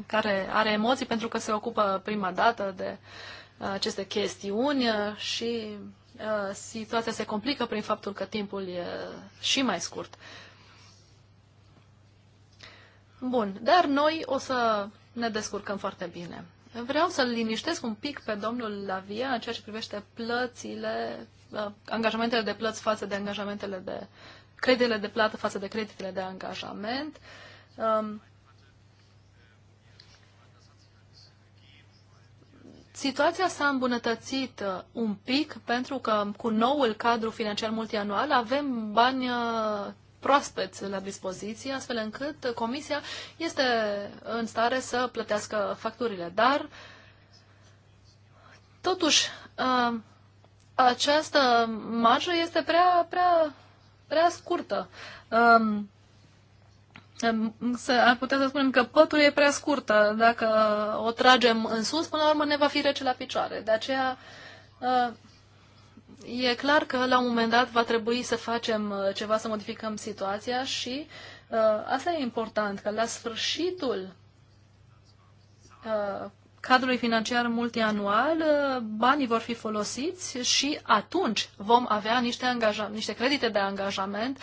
care are emoții pentru că se ocupă prima dată de aceste chestiuni și Uh, situația se complică prin faptul că timpul e și mai scurt. Bun, dar noi o să ne descurcăm foarte bine. Vreau să-l liniștesc un pic pe domnul Lavia în ceea ce privește plățile, uh, angajamentele de plăți față de angajamentele de creditele de plată față de creditele de angajament. Um, Situația s-a îmbunătățit uh, un pic pentru că cu noul cadru financiar multianual avem bani uh, proaspeți la dispoziție, astfel încât comisia este în stare să plătească facturile. Dar, totuși, uh, această marjă este prea, prea, prea scurtă. Um, să, ar putea să spunem că pătul e prea scurtă. Dacă o tragem în sus, până la urmă ne va fi rece la picioare. De aceea uh, e clar că la un moment dat va trebui să facem uh, ceva, să modificăm situația și uh, asta e important, că la sfârșitul cadrului financiar multianual, banii vor fi folosiți și atunci vom avea niște, angaja- niște credite de angajament uh,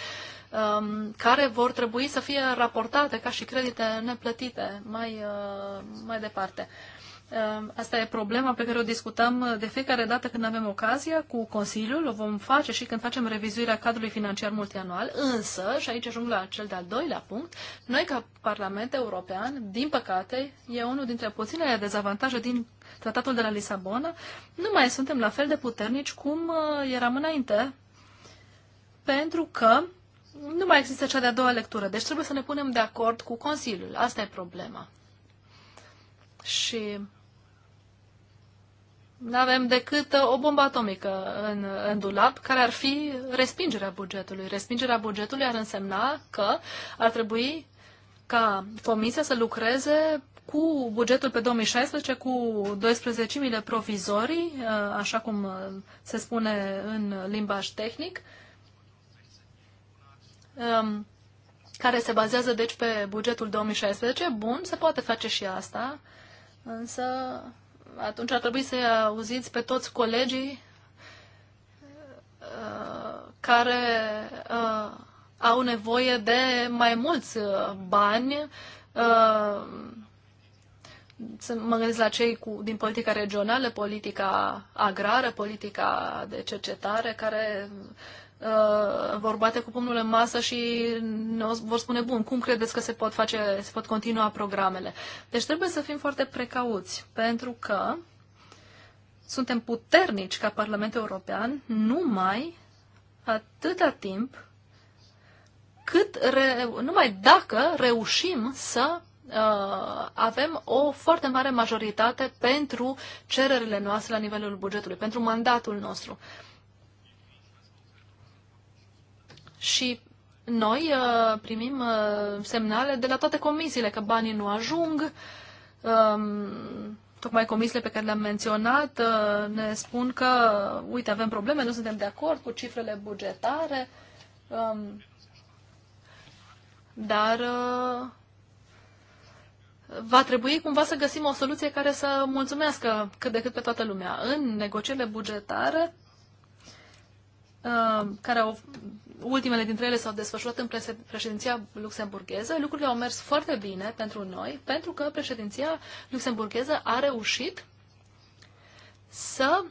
Um, care vor trebui să fie raportate ca și credite neplătite mai, uh, mai departe. Um, asta e problema pe care o discutăm de fiecare dată când avem ocazia cu Consiliul, o vom face și când facem revizuirea cadrului financiar multianual, însă, și aici ajung la cel de-al doilea punct, noi ca Parlament European, din păcate, e unul dintre puținele dezavantaje din Tratatul de la Lisabona, nu mai suntem la fel de puternici cum uh, eram înainte, pentru că nu mai există cea de-a doua lectură, deci trebuie să ne punem de acord cu Consiliul. Asta e problema. Și nu avem decât uh, o bombă atomică în, în dulap, care ar fi respingerea bugetului. Respingerea bugetului ar însemna că ar trebui ca Comisia să lucreze cu bugetul pe 2016, cu 12 mile provizorii, uh, așa cum uh, se spune în limbaj tehnic, um, care se bazează deci pe bugetul 2016. Bun, se poate face și asta, însă atunci ar trebui să-i auziți pe toți colegii uh, care uh, au nevoie de mai mulți uh, bani. Uh, mă gândesc la cei cu, din politica regională, politica agrară, politica de cercetare, care uh, vor bate cu pumnul în masă și vor spune, bun, cum credeți că se pot face, se pot continua programele? Deci trebuie să fim foarte precauți, pentru că suntem puternici ca Parlamentul European numai atâta timp cât re, numai dacă reușim să uh, avem o foarte mare majoritate pentru cererile noastre la nivelul bugetului, pentru mandatul nostru. Uh, Și noi uh, primim uh, semnale de la toate comisiile că banii nu ajung. Um, tocmai comisiile pe care le-am menționat uh, ne spun că, uite, avem probleme, nu suntem de acord cu cifrele bugetare. Um, dar va trebui cumva să găsim o soluție care să mulțumească cât de cât pe toată lumea. În negocierile bugetare Uh, care au, ultimele dintre ele s-au desfășurat în președinția luxemburgheză. Lucrurile au mers foarte bine pentru noi, pentru că președinția luxemburgheză a reușit să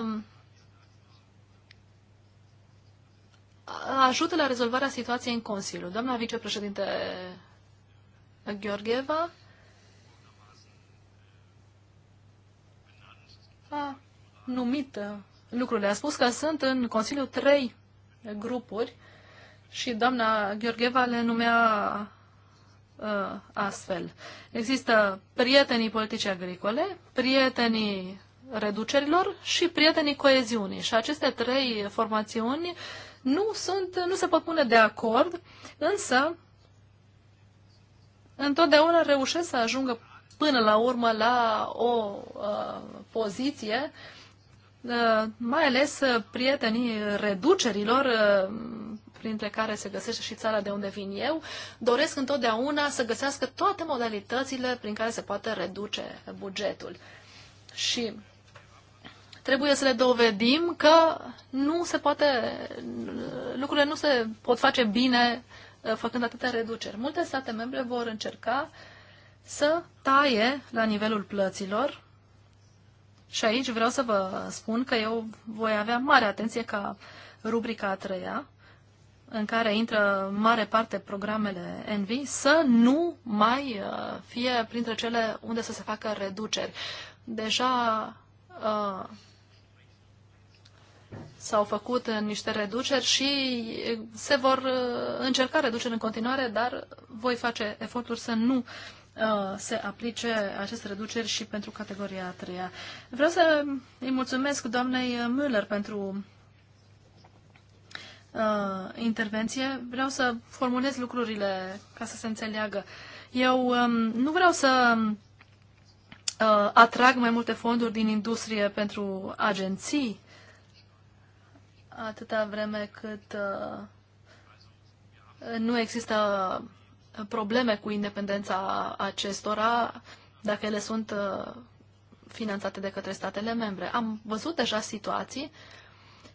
um, ajute la rezolvarea situației în Consiliu. Doamna vicepreședinte Gheorgheva a numit uh, lucrurile. A spus că sunt în Consiliu trei grupuri și doamna Gheorgheva le numea uh, astfel. Există prietenii politice agricole, prietenii reducerilor și prietenii coeziunii. Și aceste trei formațiuni nu, sunt, nu se pot pune de acord, însă întotdeauna reușesc să ajungă până la urmă la o uh, poziție uh, da, mai ales uh, prietenii reducerilor, uh, printre care se găsește și țara de unde vin eu, doresc întotdeauna să găsească toate modalitățile prin care se poate reduce bugetul. Și trebuie să le dovedim că nu se poate, lucrurile nu se pot face bine uh, făcând atâtea reduceri. Multe state membre vor încerca să taie la nivelul plăților și aici vreau să vă spun că eu voi avea mare atenție ca rubrica a treia, în care intră mare parte programele Envy, să nu mai uh, fie printre cele unde să se facă reduceri. Deja uh, s-au făcut niște reduceri și se vor uh, încerca reduceri în continuare, dar voi face eforturi să nu uh, Uh, se aplice aceste reduceri și pentru categoria a treia. Vreau să îi mulțumesc doamnei Müller pentru uh, intervenție. Vreau să formulez lucrurile ca să se înțeleagă. Eu um, nu vreau să uh, atrag mai multe fonduri din industrie pentru agenții atâta vreme cât uh, nu există probleme cu independența acestora dacă ele sunt uh, finanțate de către statele membre. Am văzut deja situații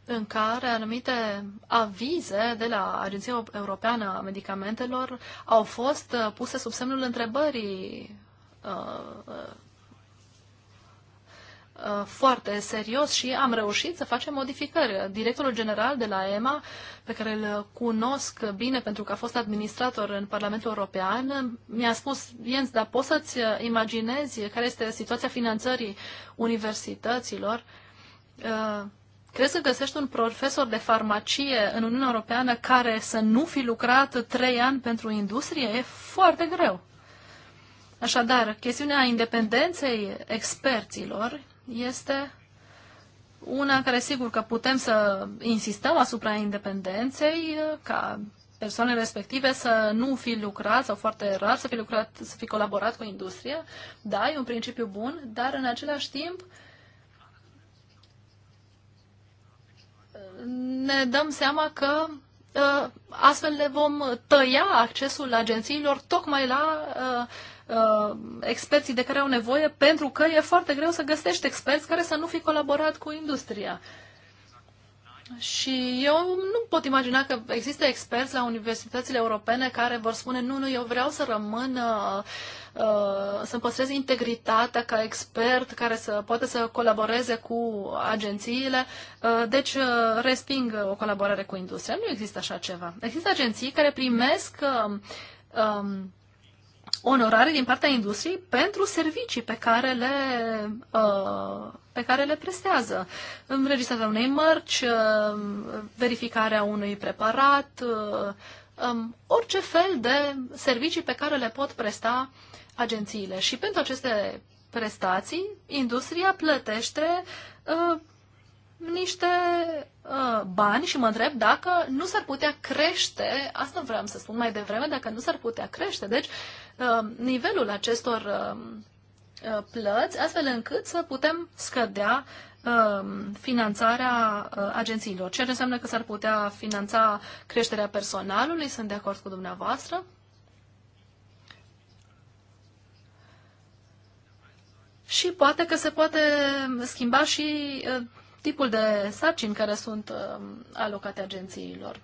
în care anumite avize de la Agenția Europeană a Medicamentelor au fost uh, puse sub semnul întrebării uh, Uh, foarte serios și am reușit să facem modificări. Directorul general de la EMA, pe care îl cunosc bine pentru că a fost administrator în Parlamentul European, mi-a spus, Jens, dar poți să-ți uh, imaginezi care este situația finanțării universităților? Uh, crezi că găsești un profesor de farmacie în Uniunea Europeană care să nu fi lucrat trei ani pentru industrie? E foarte greu. Așadar, chestiunea independenței experților este una care sigur că putem să insistăm asupra independenței ca persoanele respective să nu fi lucrat sau foarte rar să fi lucrat, să fi colaborat cu industria. Da, e un principiu bun, dar în același timp ne dăm seama că ă, astfel le vom tăia accesul agențiilor tocmai la uh, uh, experții de care au nevoie, pentru că e foarte greu să găsești experți care să nu fi colaborat cu industria. Și eu nu pot imagina că există experți la universitățile europene care vor spune nu, nu, eu vreau să rămân, uh, uh, să-mi păstrez integritatea ca expert care să poate să colaboreze cu agențiile, uh, deci resping o colaborare cu industria. Nu există așa ceva. Există agenții care primesc um, onorare din partea industriei pentru servicii pe care le, uh, pe care le prestează. Înregistrarea unei mărci, uh, verificarea unui preparat, uh, um, orice fel de servicii pe care le pot presta agențiile. Și pentru aceste prestații, industria plătește uh, niște uh, bani și mă întreb dacă nu s-ar putea crește, asta vreau să spun mai devreme, dacă nu s-ar putea crește, deci Um, nivelul acestor um, uh, plăți, astfel încât să putem scădea um, finanțarea uh, agențiilor. ce înseamnă că s-ar putea finanța creșterea personalului, sunt de acord cu dumneavoastră. Și poate că se poate schimba și uh, tipul de sarcini care sunt alocate agențiilor.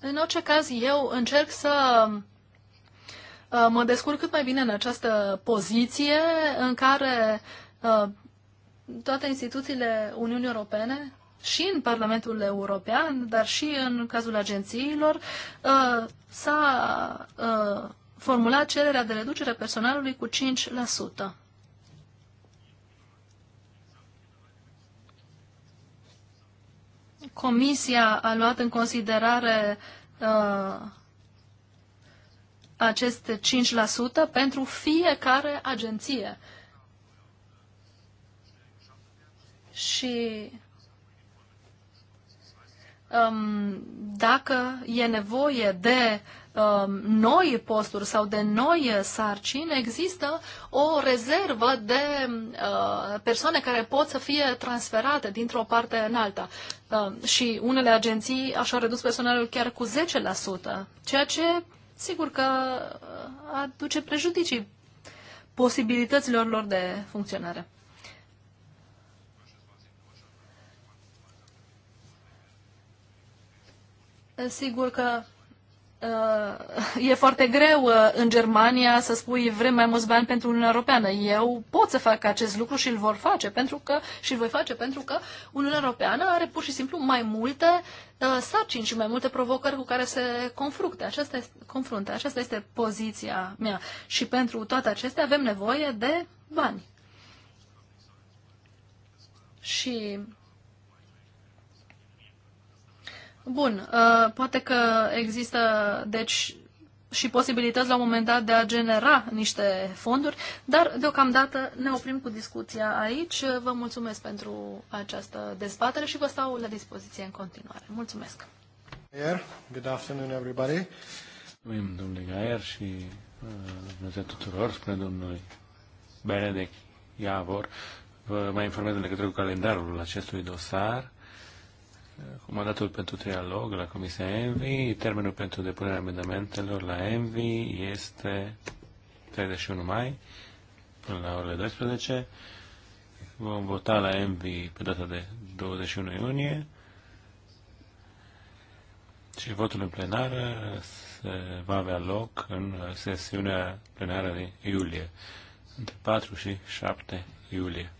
În orice caz, eu încerc să uh, mă descurc cât mai bine în această poziție în care uh, toate instituțiile Uniunii Europene și în Parlamentul European, dar și în cazul agențiilor, uh, s-a formulat cererea de reducere personalului cu 5%. Comisia a luat în considerare uh, aceste 5% pentru fiecare agenție. Și Um, dacă e nevoie de um, noi posturi sau de noi sarcini, există o rezervă de uh, persoane care pot să fie transferate dintr-o parte în alta. Um, și unele agenții așa au redus personalul chiar cu 10%, ceea ce sigur că uh, aduce prejudicii posibilităților lor de funcționare. Sigur că uh, [laughs] e foarte greu uh, în Germania să spui vrem mai mulți bani pentru Uniunea Europeană. Eu pot să fac acest lucru și îl vor face pentru că și îl voi face pentru că Uniunea Europeană are pur și simplu mai multe uh, sarcini și mai multe provocări cu care se confrunte. Aceasta este, confrunte. Aceasta este poziția mea. Și pentru toate acestea avem nevoie de bani. Și Bun, uh, poate că există, deci, și posibilități la un moment dat de a genera niște fonduri, dar deocamdată ne oprim cu discuția aici. Vă mulțumesc pentru această dezbatere și vă stau la dispoziție în continuare. Mulțumesc! Gaier, good afternoon everybody! Mulțumim, domnule Gaier și uh, tuturor, spre domnului Benedict Iavor. Vă mai informez în legătură cu calendarul acestui dosar mandatul pentru trialog la Comisia ENVI, termenul pentru depunerea amendamentelor la ENVI este 31 mai până la orele 12. Vom vota la ENVI pe data de 21 iunie și votul în plenară se va avea loc în sesiunea plenară de iulie, între 4 și 7 iulie.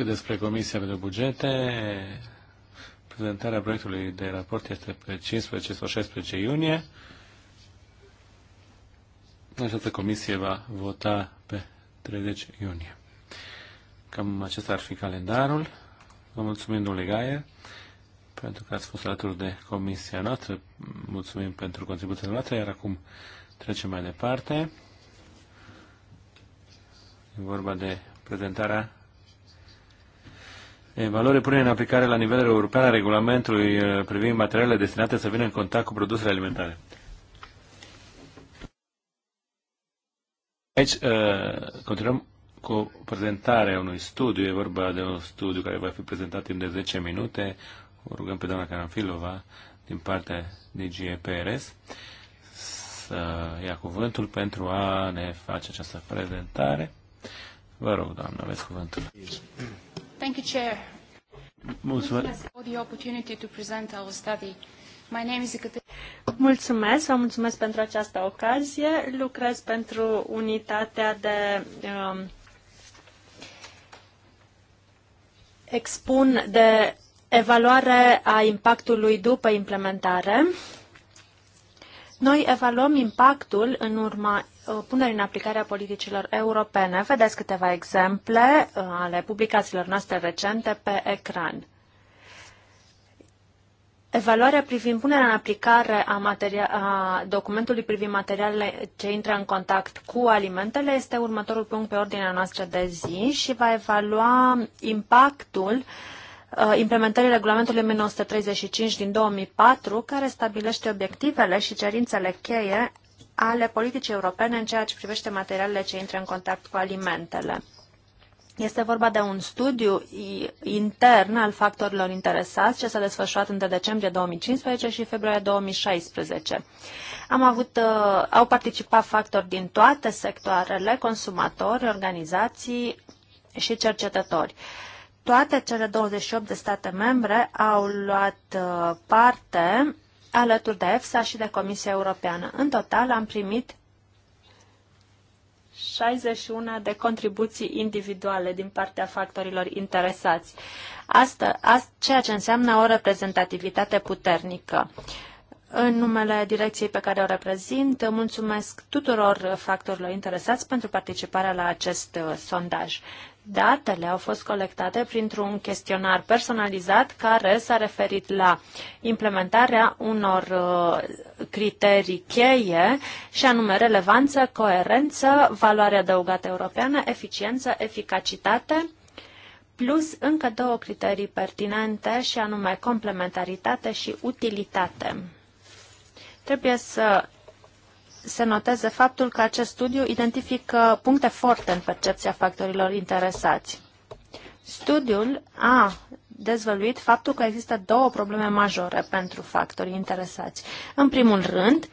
Cât despre Comisia pentru Bugete, prezentarea proiectului de raport este pe 15 sau 16 iunie. Această comisie va vota pe 30 iunie. Cam acesta ar fi calendarul. Vă mulțumim, domnule Gaie, pentru că ați fost alături de comisia noastră. Mulțumim pentru contribuția noastră, iar acum trecem mai departe. E vorba de prezentarea Valoare pune în aplicare la nivel european a regulamentului privind materialele destinate să vină în contact cu produsele alimentare. Aici uh, continuăm cu prezentarea unui studiu. E vorba de un studiu care va fi prezentat timp de 10 minute. O rugăm pe doamna Caranfilova din partea DGPRS să ia cuvântul pentru a ne face această prezentare. Vă rog, doamnă, aveți cuvântul. Thank you, Chair. Mulțumesc. Mulțumesc, vă mulțumesc pentru această ocazie. Lucrez pentru unitatea de um, expun de evaluare a impactului după implementare. Noi evaluăm impactul în urma Uh, punerii în aplicare a politicilor europene. Vedeți câteva exemple uh, ale publicațiilor noastre recente pe ecran. Evaluarea privind punerea în aplicare a, materia- a documentului privind materialele ce intră în contact cu alimentele este următorul punct pe ordinea noastră de zi și va evalua impactul uh, implementării regulamentului 1935 din 2004, care stabilește obiectivele și cerințele cheie ale politicii europene în ceea ce privește materialele ce intră în contact cu alimentele. Este vorba de un studiu intern al factorilor interesați ce s-a desfășurat între decembrie 2015 și februarie 2016. Am avut, uh, au participat factori din toate sectoarele, consumatori, organizații și cercetători. Toate cele 28 de state membre au luat uh, parte alături de EFSA și de Comisia Europeană. În total am primit 61 de contribuții individuale din partea factorilor interesați. Asta, asta, ceea ce înseamnă o reprezentativitate puternică. În numele direcției pe care o reprezint, mulțumesc tuturor factorilor interesați pentru participarea la acest uh, sondaj. Datele au fost colectate printr-un chestionar personalizat care s-a referit la implementarea unor uh, criterii cheie și anume relevanță, coerență, valoare adăugată europeană, eficiență, eficacitate, plus încă două criterii pertinente și anume complementaritate și utilitate. Trebuie să se noteze faptul că acest studiu identifică puncte forte în percepția factorilor interesați. Studiul a dezvăluit faptul că există două probleme majore pentru factorii interesați. În primul rând,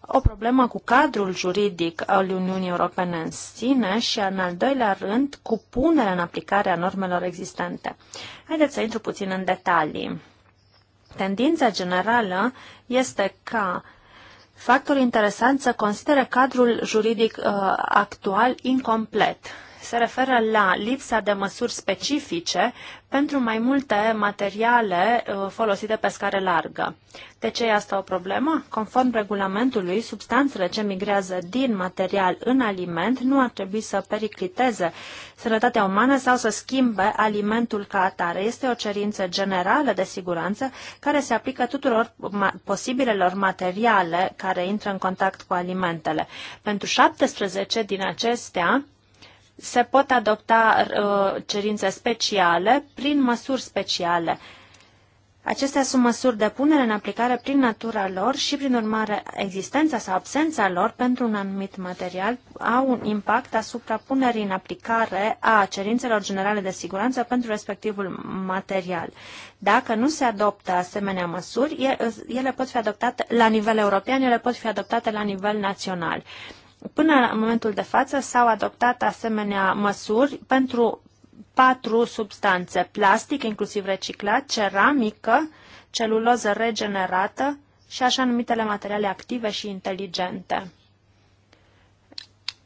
o problemă cu cadrul juridic al Uniunii Europene în sine și, în al doilea rând, cu punerea în aplicare a normelor existente. Haideți să intru puțin în detalii. Tendința generală este ca Factor interesant să considere cadrul juridic uh, actual incomplet se referă la lipsa de măsuri specifice pentru mai multe materiale uh, folosite pe scară largă. De ce e asta o problemă? Conform regulamentului, substanțele ce migrează din material în aliment nu ar trebui să pericliteze sănătatea umană sau să schimbe alimentul ca atare. Este o cerință generală de siguranță care se aplică tuturor posibilelor materiale care intră în contact cu alimentele. Pentru 17 din acestea, se pot adopta uh, cerințe speciale prin măsuri speciale. Acestea sunt măsuri de punere în aplicare prin natura lor și, prin urmare, existența sau absența lor pentru un anumit material au un impact asupra punerii în aplicare a cerințelor generale de siguranță pentru respectivul material. Dacă nu se adoptă asemenea măsuri, ele pot fi adoptate la nivel european, ele pot fi adoptate la nivel național. Uh, Până în momentul de față s-au adoptat asemenea măsuri pentru patru substanțe, plastic, inclusiv reciclat, ceramică, celuloză regenerată și așa numitele materiale active și inteligente.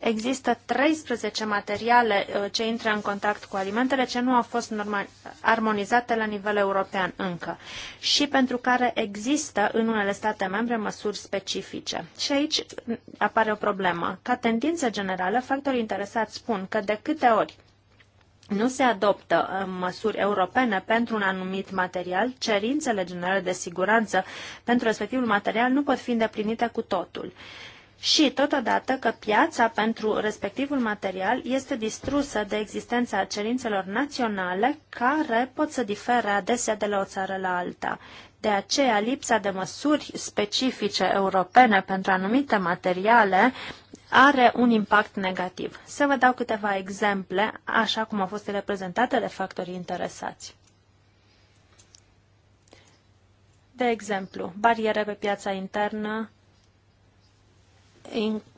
Există 13 materiale uh, ce intră în contact cu alimentele ce nu au fost armonizate la nivel european încă și pentru care există în unele state membre măsuri specifice. Și aici mm, apare o problemă. Ca tendință generală, factorii interesați spun că de câte ori nu se adoptă uh, măsuri europene pentru un anumit material, cerințele generale de siguranță pentru respectivul material nu pot fi îndeplinite cu totul și, totodată, că piața pentru respectivul material este distrusă de existența cerințelor naționale, care pot să difere adesea de la o țară la alta. De aceea, lipsa de măsuri specifice europene pentru anumite materiale are un impact negativ. Să vă dau câteva exemple, așa cum au fost reprezentate de factorii interesați. De exemplu, bariere pe piața internă,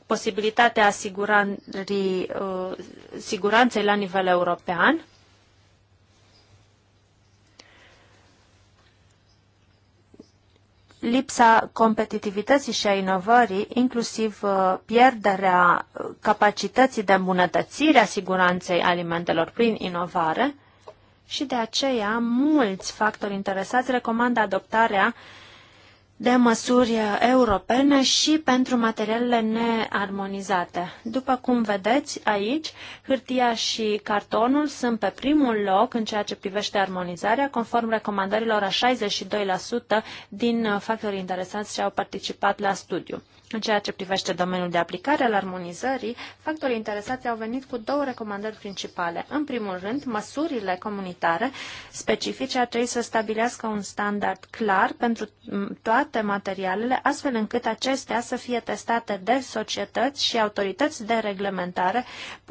posibilitatea asigurării uh, siguranței la nivel european. lipsa competitivității și a inovării, inclusiv uh, pierderea capacității de îmbunătățire a siguranței alimentelor prin inovare și de aceea mulți factori interesați recomandă adoptarea uh, de măsuri europene și pentru materialele nearmonizate. După cum vedeți aici, hârtia și cartonul sunt pe primul loc în ceea ce privește armonizarea, conform recomandărilor a 62% din factorii interesați ce au participat la studiu. În ceea ce privește domeniul de aplicare al armonizării, factorii interesați au venit cu două recomandări principale. În primul rând, măsurile comunitare specifice ar trebui să stabilească un standard clar pentru toate materialele, astfel încât acestea să fie testate de societăți și autorități de reglementare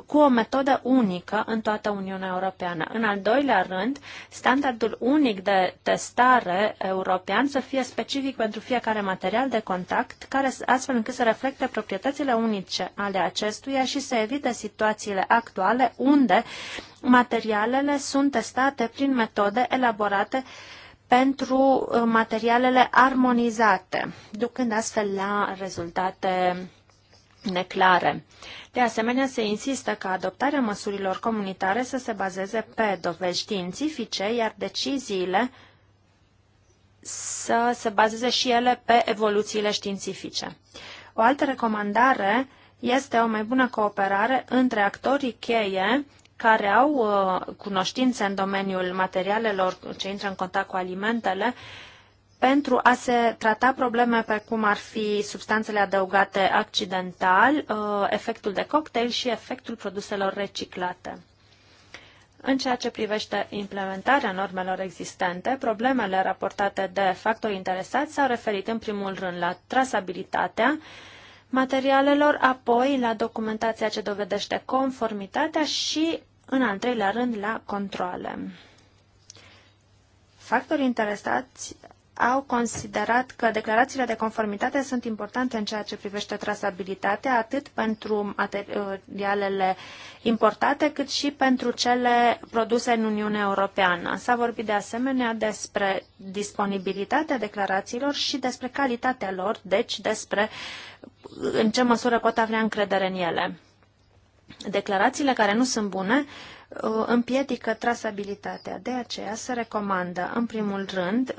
cu o metodă unică în toată Uniunea Europeană. În al doilea rând, standardul unic de testare european să fie specific pentru fiecare material de contact, care astfel astfel încât să reflecte proprietățile unice ale acestuia și să evite situațiile actuale unde materialele sunt testate prin metode elaborate pentru uh, materialele armonizate, ducând astfel la rezultate neclare. De asemenea, se insistă ca adoptarea măsurilor comunitare să se bazeze pe dovezi științifice, iar deciziile să se bazeze și ele pe evoluțiile științifice. O altă recomandare este o mai bună cooperare între actorii cheie care au uh, cunoștințe în domeniul materialelor ce intră în contact cu alimentele pentru a se trata probleme pe cum ar fi substanțele adăugate accidental, uh, efectul de cocktail și efectul produselor reciclate. În ceea ce privește implementarea normelor existente, problemele raportate de factori interesați s-au referit în primul rând la trasabilitatea materialelor, apoi la documentația ce dovedește conformitatea și, în al treilea rând, la controle. Factorii interesați au considerat că declarațiile de conformitate sunt importante în ceea ce privește trasabilitatea, atât pentru materialele importate, cât și pentru cele produse în Uniunea Europeană. S-a vorbit de asemenea despre disponibilitatea declarațiilor și despre calitatea lor, deci despre în ce măsură pot avea încredere în ele. Declarațiile care nu sunt bune Uh, împiedică trasabilitatea. De aceea se recomandă, în primul rând,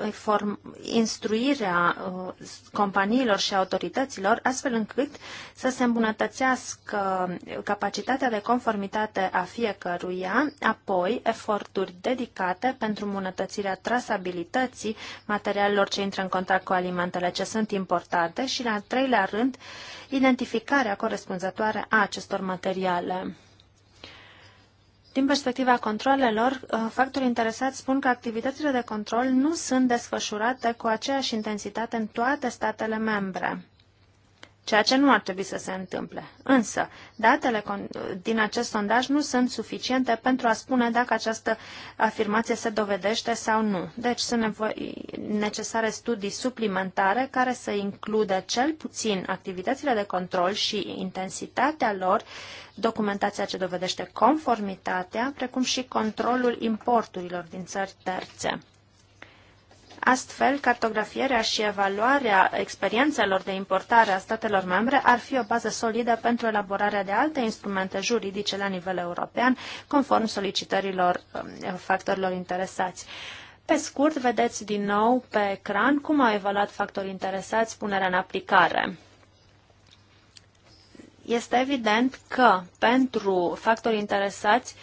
instruirea uh, companiilor și autorităților, astfel încât să se îmbunătățească capacitatea de conformitate a fiecăruia, apoi eforturi dedicate pentru îmbunătățirea trasabilității materialelor ce intră în contact cu alimentele ce sunt importate și, la treilea rând, identificarea corespunzătoare a acestor materiale. Din perspectiva controlelor, uh, factorii interesați spun că activitățile de control nu sunt desfășurate cu aceeași intensitate în toate statele membre ceea ce nu ar trebui să se întâmple. Însă, datele din acest sondaj nu sunt suficiente pentru a spune dacă această afirmație se dovedește sau nu. Deci sunt necesare studii suplimentare care să includă cel puțin activitățile de control și intensitatea lor, documentația ce dovedește conformitatea, precum și controlul importurilor din țări terțe. Astfel, cartografierea și evaluarea experiențelor de importare a statelor membre ar fi o bază solidă pentru elaborarea de alte instrumente juridice la nivel european, conform solicitărilor um, factorilor interesați. Pe scurt, vedeți din nou pe ecran cum au evaluat factorii interesați punerea în aplicare. Este evident că pentru factorii interesați uh,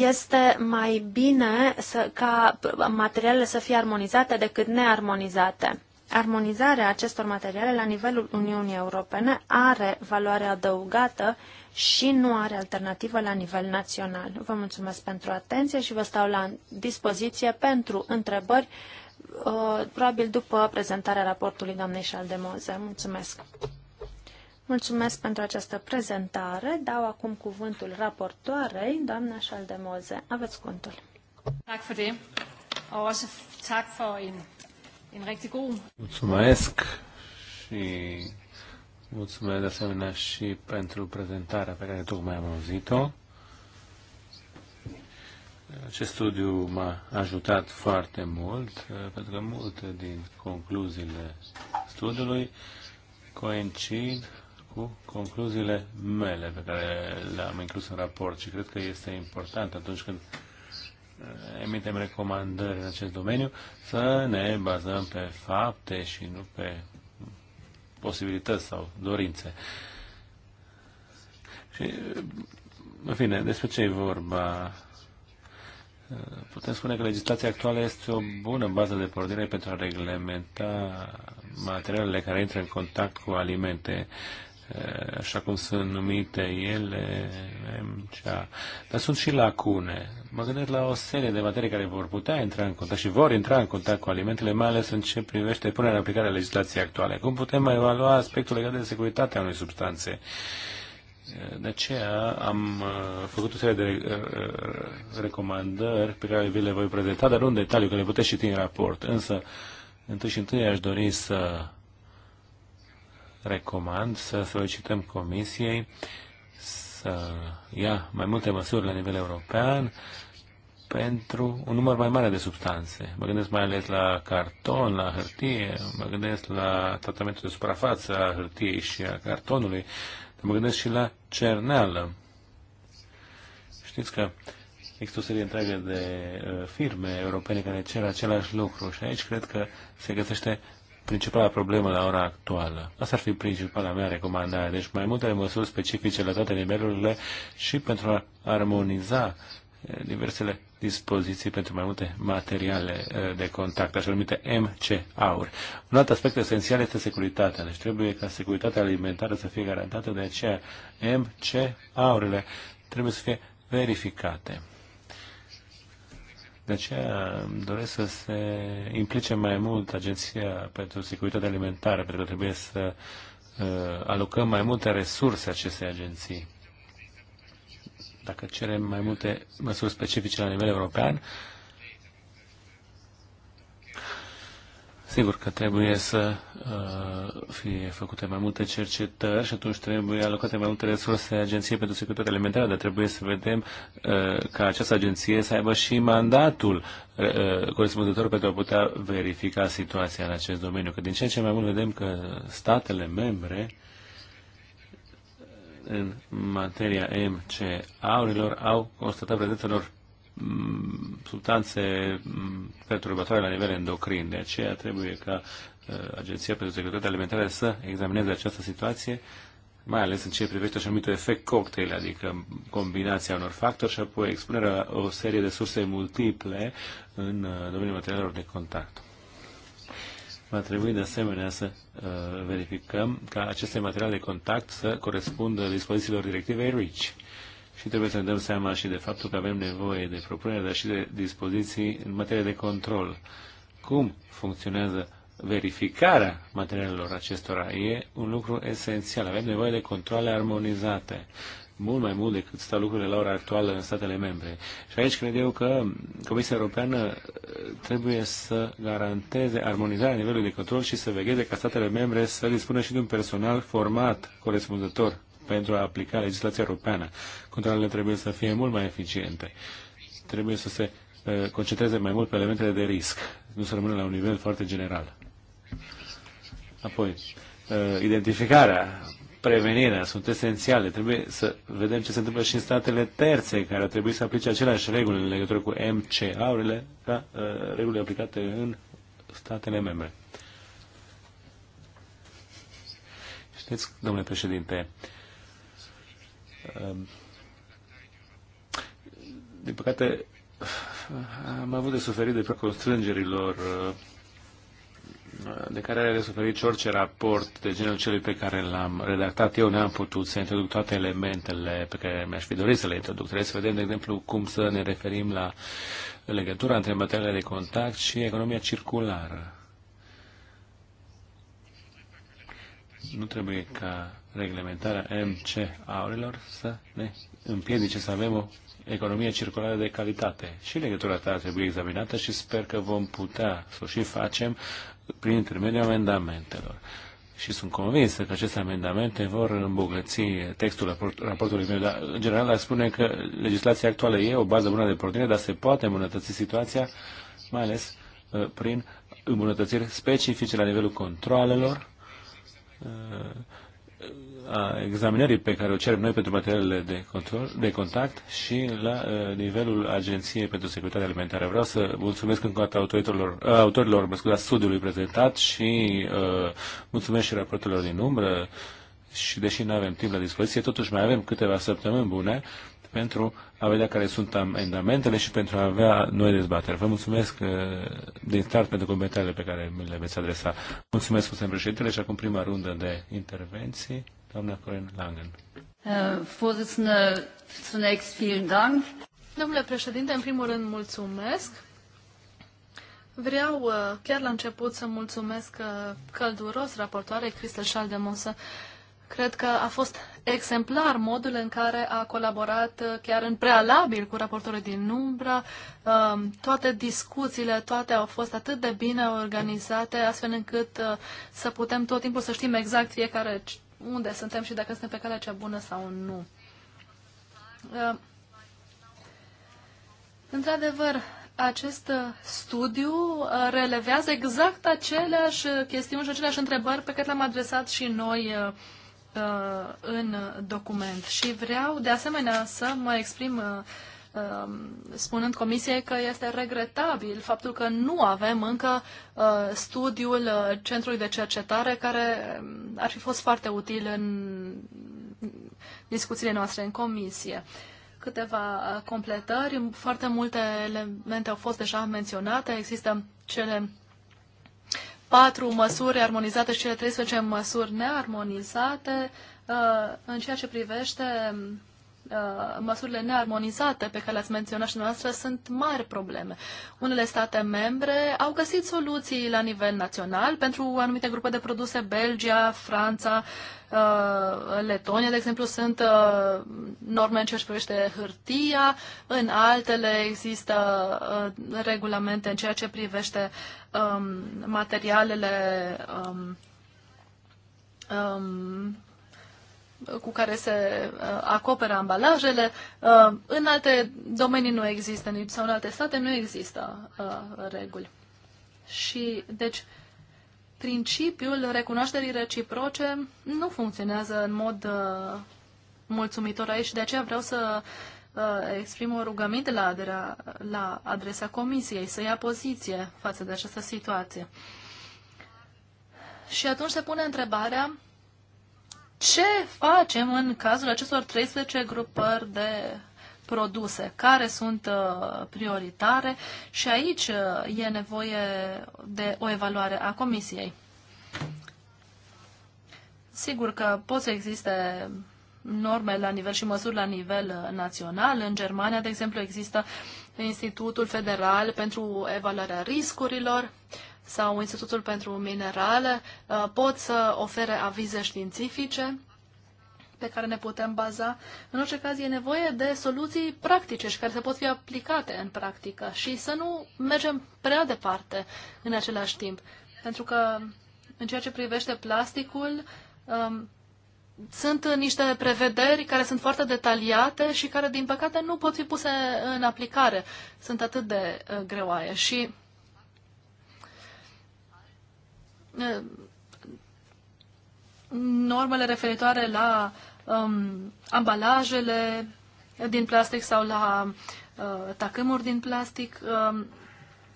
este mai bine să, ca materialele să fie armonizate decât nearmonizate. Armonizarea acestor materiale la nivelul Uniunii Europene are valoare adăugată și nu are alternativă la nivel național. Vă mulțumesc pentru atenție și vă stau la dispoziție pentru întrebări, uh, probabil după prezentarea raportului doamnei Șaldemoze. Mulțumesc! Mulțumesc pentru această prezentare. Dau acum cuvântul raportoarei, doamna Șaldemoze. Aveți cuvântul. Mulțumesc și mulțumesc de asemenea și pentru prezentarea pe care tocmai am auzit-o. Acest studiu m-a ajutat foarte mult, pentru că multe din concluziile studiului coincid cu concluziile mele pe care le-am inclus în raport și cred că este important atunci când uh, emitem recomandări în acest domeniu să ne bazăm pe fapte și nu pe posibilități sau dorințe. Și, uh, în fine, despre ce e vorba? Uh, putem spune că legislația actuală este o bună bază de pornire pentru a reglementa materialele care intră în contact cu alimente. Eh, așa cum sunt numite ele, MCA. Dar sunt și lacune. Mă gândesc la o serie de materii care vor putea intra în contact și vor intra în contact cu alimentele, mai ales în ce privește punerea în aplicare a legislației actuale. Cum putem evalua aspectul legat de securitatea unei substanțe? Eh, de aceea am eh, făcut o serie de recomandări pe care vi le voi prezenta, dar nu în detaliu, că le puteți citi în raport. Însă, întâi și întâi aș dori să recomand să solicităm Comisiei să ia mai multe măsuri la nivel european pentru un număr mai mare de substanțe. Mă gândesc mai ales la carton, la hârtie, mă gândesc la tratamentul de suprafață a hârtiei și a cartonului, dar mă gândesc și la cerneală. Știți că există o serie întreagă de uh, firme europene care cer același lucru și aici cred că se găsește principala problemă la ora actuală. Asta ar fi principala mea recomandare. Deci mai multe măsuri specifice la toate nivelurile și pentru a armoniza eh, diversele dispoziții pentru mai multe materiale eh, de contact, așa numite MC-auri. Un alt aspect esențial este securitatea, deci trebuie ca securitatea alimentară să fie garantată, de aceea MC-aurile trebuie să fie verificate. De aceea doresc să se implice mai mult Agenția pentru Securitate Alimentară, pentru că trebuie să uh, alocăm mai multe resurse acestei agenții. Dacă cerem mai multe măsuri specifice la nivel european, uh, Sigur că trebuie să uh, fie făcute mai multe cercetări și atunci trebuie alocate mai multe resurse agenției pentru securitate alimentară, dar trebuie să vedem uh, ca această agenție să aibă și mandatul uh, corespunzător pentru a putea verifica situația în acest domeniu. Că din ce în ce mai mult vedem că statele membre în materia MCA-urilor au constatat prezența lor Mm, substanțe mm, perturbatoare la nivel endocrin. De aceea trebuie ca uh, Agenția pentru Securitatea Alimentară să examineze această situație, mai ales în ce privește așa numitul efect cocktail, adică combinația unor factori și apoi expunerea la o serie de surse multiple în uh, domeniul materialelor de contact. Va trebui de asemenea să uh, verificăm ca aceste materiale de contact să corespundă dispozițiilor directivei REACH și trebuie să ne dăm seama și de faptul că avem nevoie de propuneri, dar și de dispoziții în materie de control. Cum funcționează verificarea materialelor acestora e un lucru esențial. Avem nevoie de controle armonizate, mult mai mult decât stau lucrurile la ora actuală în statele membre. Și aici cred eu că Comisia Europeană uh, trebuie să garanteze armonizarea nivelului de control și să vegheze ca statele membre să dispună și de un personal format corespunzător pentru a aplica legislația europeană. Controlele trebuie să fie mult mai eficiente. Trebuie să se uh, concentreze mai mult pe elementele de risc, nu să rămână la un nivel foarte general. Apoi, uh, identificarea, prevenirea sunt esențiale. Trebuie să vedem ce se întâmplă și în statele terțe care ar trebui să aplice aceleași reguli în legătură cu MCA-urile ca uh, regulile aplicate în statele membre. Știți, domnule președinte, uh, Ehm, din păcate, am avut de suferit de pe constrângerilor ehm, de care are de suferit și orice raport de genul celui pe care l-am redactat eu, n-am putut să introduc toate elementele pe care mi-aș fi dorit să le introduc. Trebuie să vedem, de exemplu, cum să ne referim la legătura între materiale de contact și economia circulară. Nu trebuie ca reglementarea MCA-urilor să ne împiedice să avem o economie circulară de calitate. Și legătura ta trebuie examinată și sper că vom putea să o și facem prin intermediul amendamentelor. Și sunt convins că aceste amendamente vor îmbogăți textul raportului meu, dar în general aș spune că legislația actuală e o bază bună de pornire, dar se poate îmbunătăți situația, mai ales uh, prin îmbunătățiri specifice la nivelul controlelor uh, a examinării pe care o cerem noi pentru materialele de, control, de contact și la uh, nivelul Agenției pentru securitate Alimentară. Vreau să mulțumesc încă o dată autorilor, uh, autorilor mă scuza, studiului prezentat și uh, mulțumesc și raportelor din umbră și deși nu avem timp la dispoziție, totuși mai avem câteva săptămâni bune pentru a vedea care sunt amendamentele și pentru a avea noi dezbateri. Vă mulțumesc uh, din start pentru comentariile pe care mi le veți adresa. Mulțumesc, Hussein președintele, și acum prima rundă de intervenții. Doamna Corin Langen. Uh, Domnule președinte, în primul rând mulțumesc. Vreau uh, chiar la început să mulțumesc uh, călduros raportoare Cristel Șaldemosă. Cred că a fost exemplar modul în care a colaborat chiar în prealabil cu raportorul din umbră. Toate discuțiile, toate au fost atât de bine organizate, astfel încât să putem tot timpul să știm exact fiecare unde suntem și dacă suntem pe calea cea bună sau nu. Uh, într-adevăr, acest studiu uh, relevează exact aceleași chestiuni și aceleași întrebări pe care le-am adresat și noi uh, în document. Și vreau, de asemenea, să mă exprim Um, spunând Comisiei că este regretabil faptul că nu avem încă uh, studiul uh, centrului de cercetare care um, ar fi fost foarte util în discuțiile noastre în Comisie câteva uh, completări. Foarte multe elemente au fost deja menționate. Există cele patru măsuri armonizate și cele 13 măsuri nearmonizate în ceea ce privește um, Uh, măsurile nearmonizate pe care le-ați menționat și dumneavoastră sunt mari probleme. Unele state membre au găsit soluții la nivel național pentru anumite grupe de produse, Belgia, Franța, uh, Letonia, de exemplu, sunt uh, norme în ceea ce privește hârtia, în altele există regulamente în ceea ce privește um, materialele um, um, cu care se uh, acoperă ambalajele. Uh, în alte domenii nu există, sau în alte state nu există uh, reguli. Și, deci, principiul recunoașterii reciproce nu funcționează în mod mulțumitor aici, de aceea vreau să exprim o rugăminte la, aderea, la adresa Comisiei să ia poziție față de această situație. Și atunci se pune întrebarea ce facem în cazul acestor 13 grupări de produse, care sunt uh, prioritare și aici uh, e nevoie de o evaluare a comisiei. Sigur că pot să existe norme la nivel și măsuri la nivel uh, național. În Germania, de exemplu, există Institutul Federal pentru Evaluarea Riscurilor. Uh, sau Institutul pentru Minerale uh, pot să ofere avize științifice pe care ne putem baza. În orice caz, e nevoie de soluții practice și care se pot fi aplicate în practică și să nu mergem prea departe în același timp. Pentru că, în ceea ce privește plasticul, um, sunt niște prevederi care sunt foarte detaliate și care, din păcate, nu pot fi puse în aplicare. Sunt atât de uh, greoaie și normele referitoare la um, ambalajele din plastic sau la uh, tacâmuri din plastic um,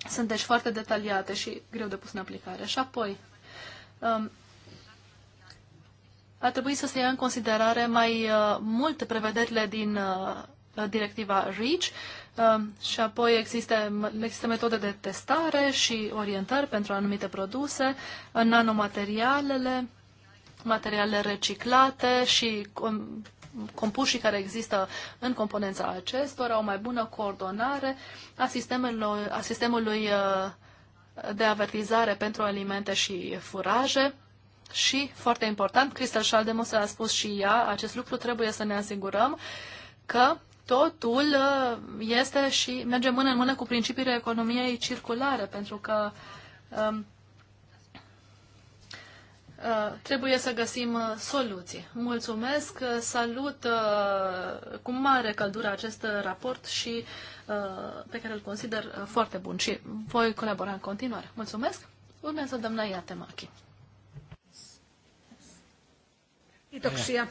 sunt deci foarte detaliate și greu de pus în aplicare. Și apoi, um, ar trebui să se ia în considerare mai uh, multe prevederile din uh, directiva REACH Um, și apoi există, există metode de testare și orientări pentru anumite produse, nanomaterialele, materiale reciclate și compușii care există în componența acestora, o mai bună coordonare a sistemului, a sistemului uh, de avertizare pentru alimente și furaje. Și, foarte important, Cristel Schaldemus a spus și ea, acest lucru trebuie să ne asigurăm că totul uh, este și merge mână în mână cu principiile economiei circulare, pentru că um, uh, trebuie să găsim uh, soluții. Mulțumesc, salut cu mare căldură acest raport și pe care îl consider foarte bun și voi colabora în continuare. Mulțumesc. Urmează doamna Iatemachi. Kiitoksia.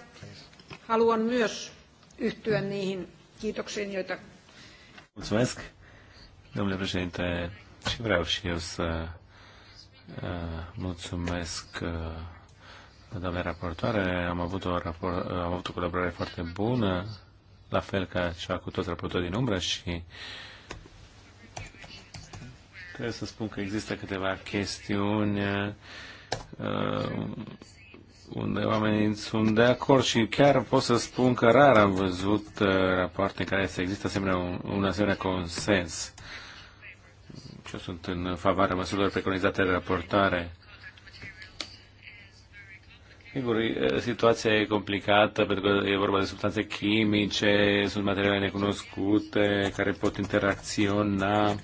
Haluan myös yhtyä niihin Mulțumesc, domnule președinte, și vreau și eu să uh, mulțumesc uh, doamne raportoare. Am avut, o rapor, uh, am avut o colaborare foarte bună, la fel ca cea cu toți raportorii din umbră și trebuie să spun că există câteva chestiuni uh, unde oamenii sunt de acord și chiar pot să spun că rar am văzut uh, rapoarte în care să există asemenea un, un asemenea consens. Eu sunt în favoarea măsurilor preconizate de raportare. Sigur, situația e complicată pentru că e vorba de substanțe chimice, sunt materiale necunoscute care pot interacționa.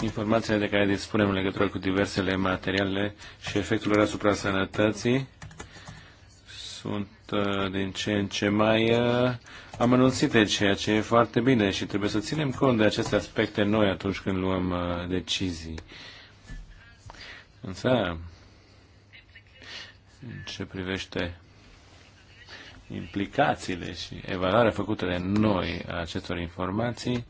Informațiile de care dispunem în legătură cu diversele materiale și efectul lor asupra sănătății sunt uh, din ce în ce mai uh, amănunțite, ceea ce e foarte bine și trebuie să ținem cont de aceste aspecte noi atunci când luăm uh, decizii. Însă, în ce privește implicațiile și evaluarea făcută de noi a acestor informații,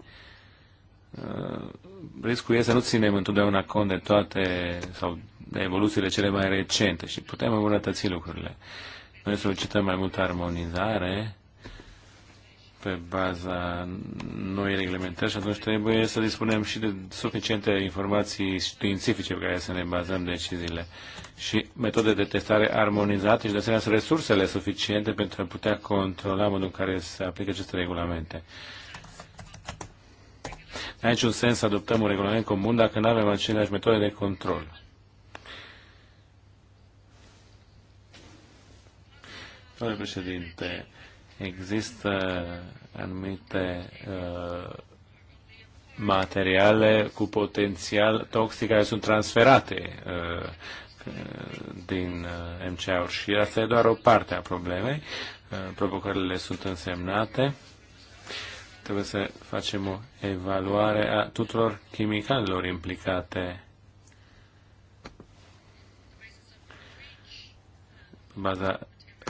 riscul e să nu ținem întotdeauna cont de toate sau de evoluțiile cele mai recente și putem îmbunătăți lucrurile. Noi solicităm mai multă armonizare pe baza noi reglementări și atunci trebuie să dispunem și de suficiente informații științifice pe care să ne bazăm deciziile și metode de testare armonizate și de asemenea resursele suficiente pentru a putea controla modul în care se aplică aceste regulamente. n în niciun sens să adoptăm un regulament comun dacă nu avem aceleași metode de control. Domnule președinte, există anumite uh, materiale cu potențial toxic care sunt transferate uh, din uh, MCA-uri și asta e doar o parte a problemei. Uh, provocările sunt însemnate. Trebuie să facem o evaluare a tuturor chimicalilor implicate baza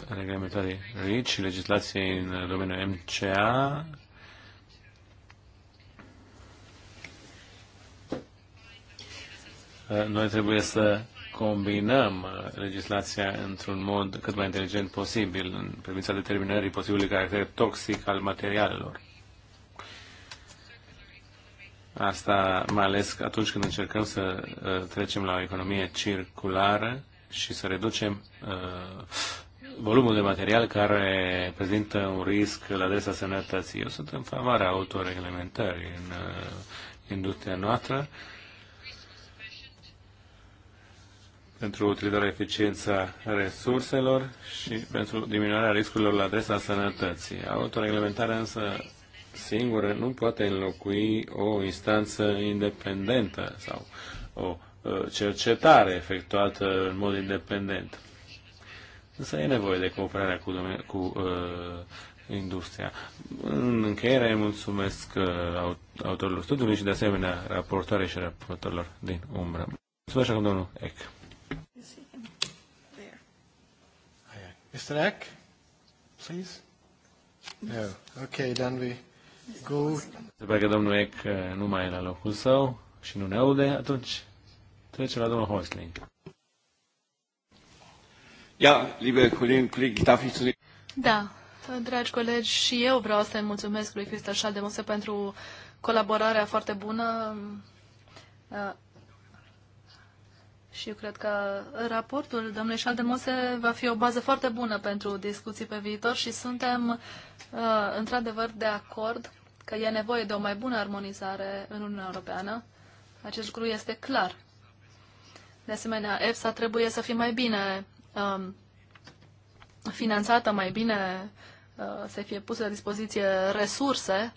reglementării RIC și legislației în domeniul MCA. Noi trebuie să combinăm legislația într-un mod cât mai inteligent posibil în privința determinării posibilului caracter toxic al materialelor. Asta mai ales atunci când încercăm să uh, trecem la o economie circulară și să reducem uh, volumul de material care prezintă un risc la adresa sănătății. Eu sunt în favoarea autoreglementării în uh, industria noastră pentru utilizarea eficiența resurselor și pentru diminuarea riscurilor la adresa sănătății. Autoreglementarea însă singură nu poate înlocui o instanță independentă sau o uh, cercetare efectuată în mod independent. Însă e nevoie de cooperarea cu, cu uh, industria. În încheiere, mulțumesc uh, autorilor studiului și de asemenea raportoare și raportorilor din umbră. Mulțumesc acum domnul Eck. Mr. Eck, please. No. Okay, then we go. Se pare că domnul Eck uh, nu mai e la locul său și nu ne aude, atunci trece la domnul Hosling darf ich zu Da, dragi colegi, și eu vreau să-i mulțumesc lui Cristel Schaldemose pentru colaborarea foarte bună uh, și eu cred că raportul domnului Șaldemose va fi o bază foarte bună pentru discuții pe viitor și suntem uh, într-adevăr de acord că e nevoie de o mai bună armonizare în Uniunea Europeană. Acest lucru este clar. De asemenea, EFSA trebuie să fie mai bine Um, finanțată mai bine, uh, să fie puse la dispoziție resurse,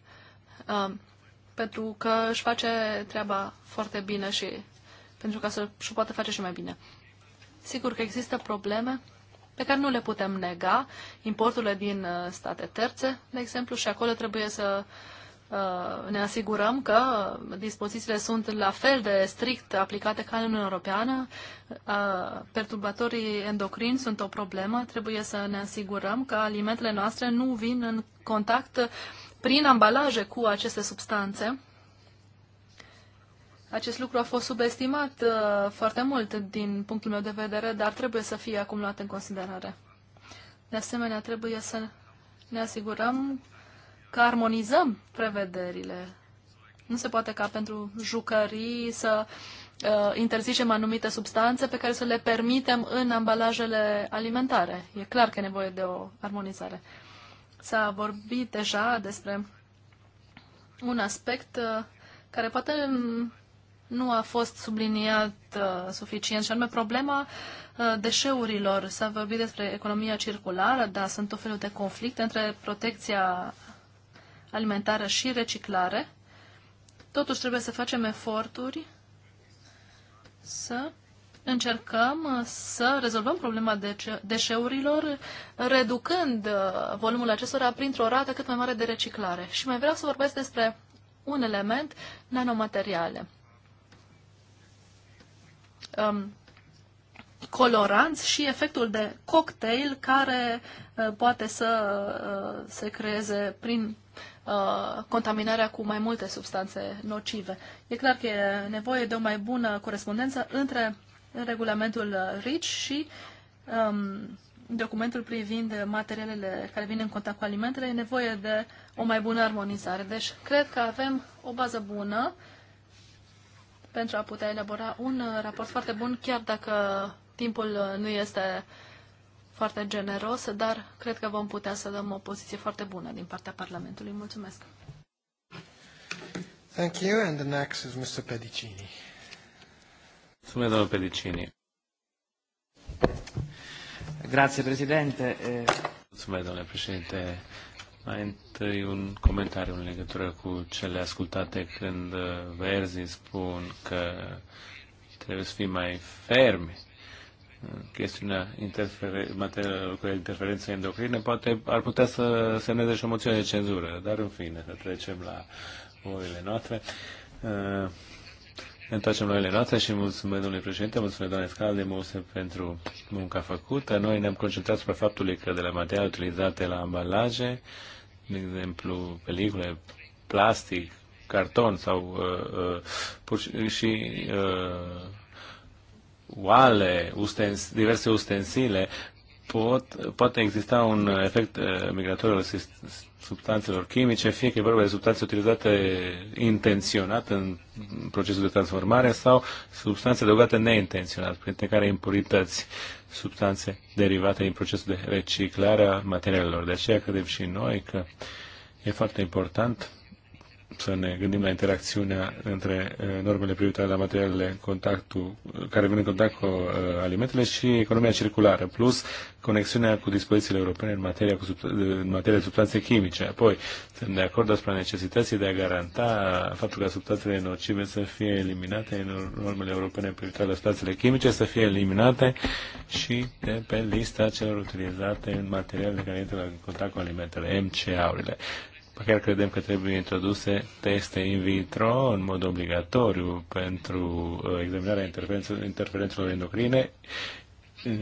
um, pentru că își face treaba foarte bine și pentru ca să și poată face și mai bine. Sigur că există probleme pe care nu le putem nega, importurile din uh, state terțe, de exemplu, și acolo trebuie să uh, Uh, ne asigurăm că dispozițiile sunt la fel de strict aplicate ca în Uniunea Europeană. Uh, perturbatorii endocrini sunt o problemă. Trebuie să ne asigurăm că alimentele noastre nu vin în contact prin ambalaje cu aceste substanțe. Acest lucru a fost subestimat uh, foarte mult din punctul meu de vedere, dar trebuie să fie acum luat în considerare. De asemenea, trebuie să ne asigurăm că armonizăm prevederile. Nu se poate ca pentru jucării să uh, interzicem anumite substanțe pe care să le permitem în ambalajele alimentare. E clar că e nevoie de o armonizare. S-a vorbit deja despre un aspect uh, care poate nu a fost subliniat uh, suficient, și anume problema uh, deșeurilor. S-a vorbit despre economia circulară, dar sunt tot felul de conflicte între protecția alimentară și reciclare, totuși trebuie să facem eforturi să încercăm uh, să rezolvăm problema deșeurilor, reducând uh, volumul acestora printr-o rată cât mai mare de reciclare. Și mai vreau să vorbesc despre un element, nanomateriale. Um, coloranți și efectul de cocktail care uh, poate să uh, se creeze prin Uh, contaminarea cu mai multe substanțe nocive. E clar că e nevoie de o mai bună corespondență între regulamentul RICI și um, documentul privind materialele care vin în contact cu alimentele. E nevoie de o mai bună armonizare. Deci, cred că avem o bază bună pentru a putea elabora un raport foarte bun, chiar dacă timpul nu este uh, foarte generos, dar cred că vom putea să dăm o poziție foarte bună din partea Parlamentului. Mulțumesc! Thank you, and the next is Mr. Pedicini. Mulțumesc, domnul Pedicini. Grazie, Presidente. Eh, Mulțumesc, domnule președinte. Mai întâi un comentariu în legătură cu cele ascultate când eh, verzii spun că trebuie să fim mai fermi chestiunea materialelor cu interferență endocrine, poate ar putea să semneze și o moțiune de cenzură, dar în fine, să trecem la voile noastre. Uh, ne întoarcem la ele noastre și mulțumesc domnule președinte, mulțumesc doamne Scalde, mulțumesc pentru munca făcută. Noi ne-am concentrat pe faptul că de la materiale utilizate la ambalaje, de exemplu pelicule, plastic, carton sau uh, uh, pur și, și uh, oale, ustens, diverse ustensile, pot, poate exista un efect uh, migrator al substanțelor chimice, fie că e vorba de substanțe utilizate intenționat în procesul de transformare sau substanțe adăugate neintenționat, printre care impurități, substanțe derivate din procesul de reciclare a materialelor. De aceea credem și noi că e foarte important să ne gândim la interacțiunea între uh, normele privitoare la materialele contactul, care vin în contact cu uh, alimentele și economia circulară, plus conexiunea cu dispozițiile europene în materie, cu, uh, în materia de substanțe chimice. Apoi, suntem de acord asupra necesității de a garanta faptul că substanțele nocive să fie eliminate în normele europene privitoare la substanțele chimice, să fie eliminate și de pe lista celor utilizate în materialele care intră în contact cu alimentele, MCA-urile chiar credem că trebuie introduse teste in vitro în mod obligatoriu pentru uh, examinarea interferențelor endocrine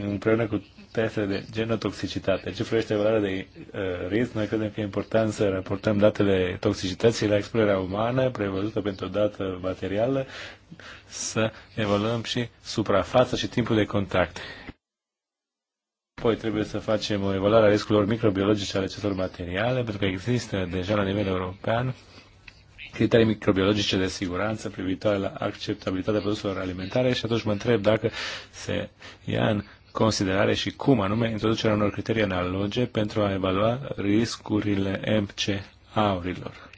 împreună cu teste de genotoxicitate. Ce privește valoarea de uh, risc, noi credem că e important să raportăm datele toxicității la explorarea umană prevăzută pentru o dată materială, să evaluăm și suprafața și timpul de contact. Apoi trebuie să facem o evaluare a riscurilor microbiologice ale acestor materiale, pentru că există deja la nivel european criterii microbiologice de siguranță privitoare la acceptabilitatea produselor alimentare și atunci mă întreb dacă se ia în considerare și cum anume introducerea unor criterii analoge pentru a evalua riscurile MCA-urilor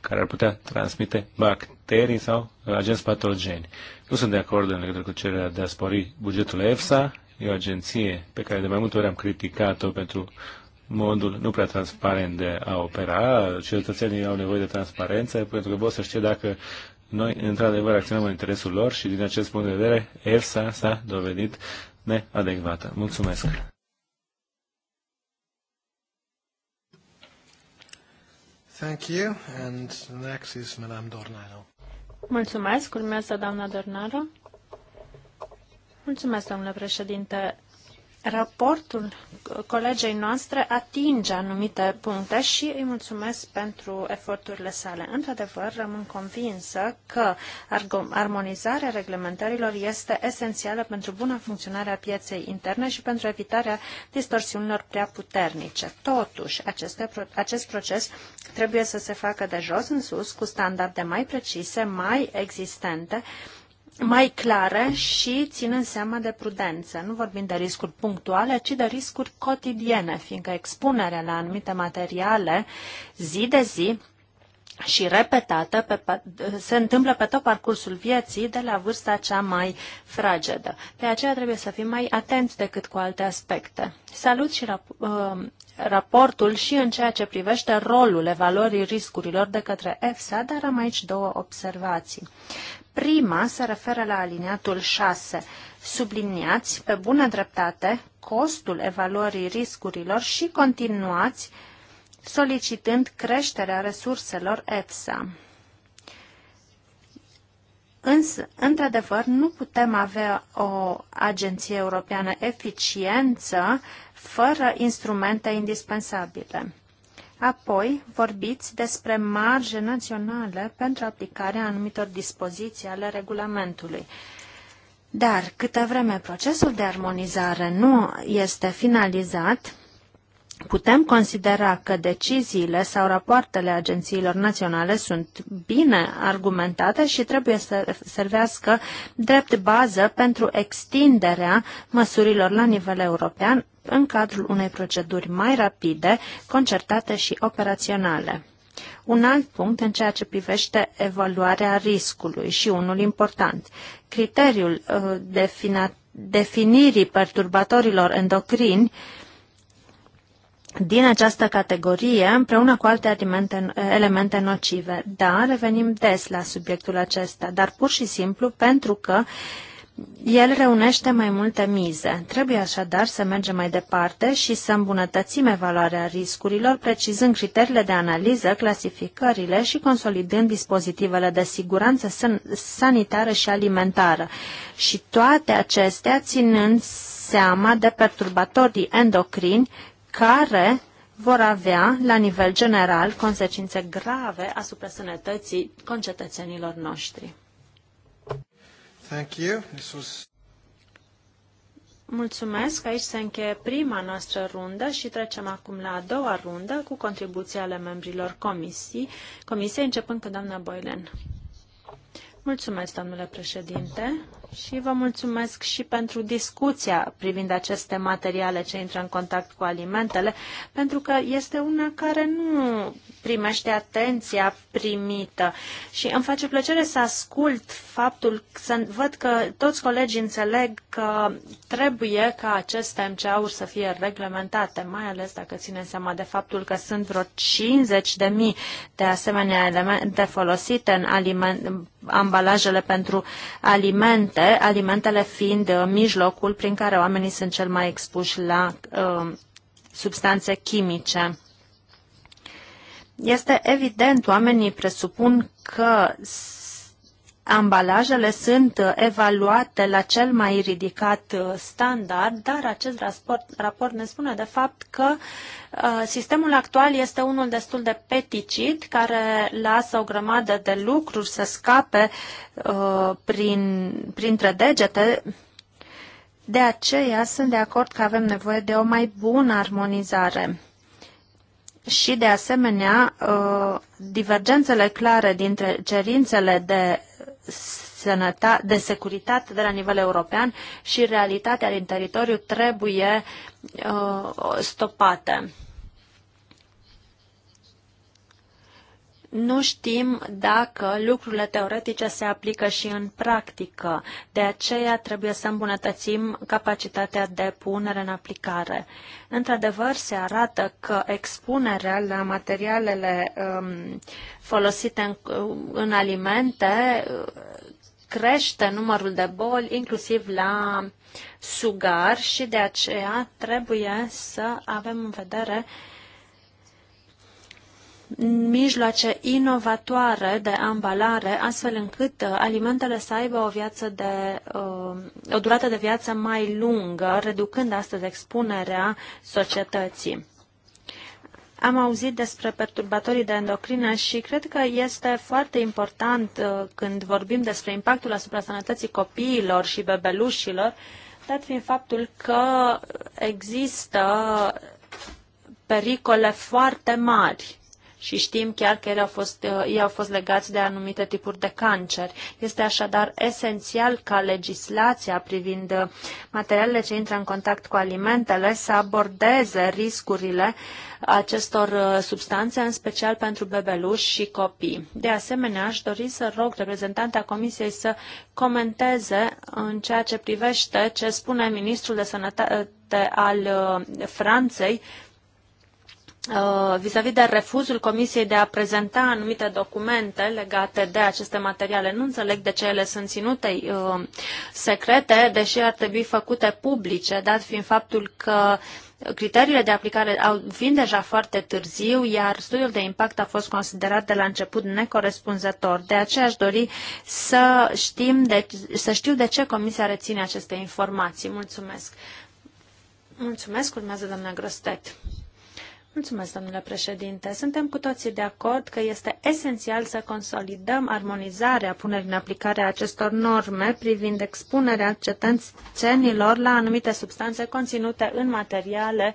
care ar putea transmite bacterii sau agenți patogeni. Nu sunt de acord în legătură cu cererea de a spori bugetul EFSA, E o agenție pe care de mai multe ori am criticat-o pentru modul nu prea transparent de a opera. Cetățenii au nevoie de transparență pentru că vor să știe dacă noi, într-adevăr, acționăm în interesul lor și, din acest punct de vedere, EFSA s-a dovedit neadecvată. Mulțumesc! Thank you. And next is Madame Dornaro. Mulțumesc. Urmează doamna Dornaro. Mulțumesc, domnule președinte. Raportul colegei noastre atinge anumite puncte și îi mulțumesc pentru eforturile sale. Într-adevăr, rămân convinsă că armonizarea reglementărilor este esențială pentru buna funcționare a pieței interne și pentru evitarea distorsiunilor prea puternice. Totuși, aceste, acest proces trebuie să se facă de jos în sus, cu standarde mai precise, mai existente, mai clare și ținând seama de prudență. Nu vorbim de riscuri punctuale, ci de riscuri cotidiene, fiindcă expunerea la anumite materiale zi de zi și repetată pe, se întâmplă pe tot parcursul vieții de la vârsta cea mai fragedă. De aceea trebuie să fim mai atenți decât cu alte aspecte. Salut și rap, uh, raportul și în ceea ce privește rolul evaluării riscurilor de către EFSA, dar am aici două observații. Prima se referă la aliniatul 6. Subliniați, pe bună dreptate, costul evaluării riscurilor și continuați uh, solicitând creșterea resurselor EFSA. Însă, într-adevăr, nu putem avea o agenție europeană eficiență fără instrumente indispensabile. Apoi, vorbiți despre marje naționale pentru aplicarea anumitor dispoziții ale regulamentului. Dar, câtă vreme procesul de armonizare nu este finalizat, Putem considera că deciziile sau rapoartele agențiilor naționale sunt bine argumentate și trebuie să servească drept bază pentru extinderea măsurilor la nivel european în cadrul unei proceduri mai rapide, concertate și operaționale. Un alt punct în ceea ce privește evaluarea riscului și unul important. Criteriul uh, definirii perturbatorilor endocrini uh, din această categorie împreună cu alte alimente, elemente nocive. Da, revenim des la subiectul acesta, dar pur și simplu pentru că el reunește mai multe mize. Trebuie așadar să mergem mai departe și să îmbunătățim evaluarea riscurilor, precizând criteriile de analiză, clasificările și consolidând dispozitivele de siguranță sanitară și alimentară. Și toate acestea ținând seama de perturbatorii endocrini care vor avea, la nivel general, consecințe grave asupra sănătății concetățenilor noștri. Thank you. This was... Mulțumesc. Aici se încheie prima noastră rundă și trecem acum la a doua rundă cu contribuția ale membrilor comisii, comisiei, începând cu doamna Boylen. Mulțumesc, domnule președinte și vă mulțumesc și pentru discuția privind aceste materiale ce intră în contact cu alimentele, pentru că este una care nu primește atenția primită și îmi face plăcere să ascult faptul, să văd că toți colegii înțeleg că trebuie ca aceste MCA-uri să fie reglementate, mai ales dacă ținem seama de faptul că sunt vreo 50 de mii de asemenea elemente folosite în aliment, ambalajele pentru alimente alimentele fiind uh, mijlocul prin care oamenii sunt cel mai expuși la uh, substanțe chimice. Este evident, oamenii presupun că ambalajele sunt uh, evaluate la cel mai ridicat uh, standard, dar acest raport, raport ne spune de fapt că uh, sistemul actual este unul destul de peticit, care lasă o grămadă de lucruri să scape prin, printre degete. De aceea sunt de acord că avem nevoie de o mai bună armonizare și, de asemenea, divergențele clare dintre cerințele de de securitate de la nivel european și realitatea din teritoriu trebuie uh, stopate. nu știm dacă lucrurile teoretice se aplică și în practică. De aceea trebuie să îmbunătățim capacitatea de punere în aplicare. Într-adevăr, se arată că expunerea la materialele um, folosite în, în alimente crește numărul de boli, inclusiv la sugar și de aceea trebuie să avem în vedere uh, mijloace inovatoare de ambalare, astfel încât uh, alimentele să aibă o, viață de, uh, o durată de viață mai lungă, reducând astăzi expunerea societății. Am auzit despre perturbatorii de endocrină și cred că este foarte important uh, când vorbim despre impactul asupra sănătății copiilor și bebelușilor, dat fiind faptul că există pericole foarte mari și știm chiar că ei au fost, uh, ei au fost legați de anumite tipuri de cancer. Este așadar esențial ca legislația privind uh, materialele ce intră în contact cu alimentele să abordeze riscurile acestor uh, substanțe, în special pentru bebeluși și copii. De asemenea, aș dori să rog reprezentanta Comisiei să comenteze în ceea ce privește ce spune Ministrul de Sănătate al Franței Uh, vis-a-vis de refuzul Comisiei de a prezenta anumite documente legate de aceste materiale. Nu înțeleg de ce ele sunt ținute uh, secrete, deși ar trebui făcute publice, dat fiind faptul că criteriile de aplicare au, vin deja foarte târziu, iar studiul de impact a fost considerat de la început necorespunzător. De aceea aș dori să, știm de, să știu de ce Comisia reține aceste informații. Mulțumesc. Mulțumesc. Urmează doamna Grostet. Mulțumesc, domnule președinte. Suntem cu toții de acord că este esențial să consolidăm armonizarea punerii în aplicare a acestor norme privind expunerea cetățenilor la anumite substanțe conținute în materiale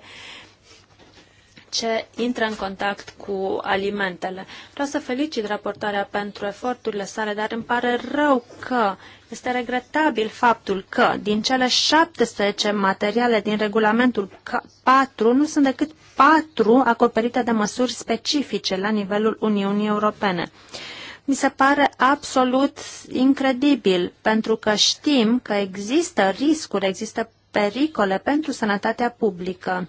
ce intră în contact cu alimentele. Vreau să felicit raportarea pentru eforturile sale, dar îmi pare rău că este regretabil faptul că din cele 17 materiale din regulamentul 4 nu sunt decât 4 acoperite de măsuri specifice la nivelul Uniunii Europene. Mi se pare absolut incredibil, pentru că știm că există riscuri, există pericole pentru sănătatea publică.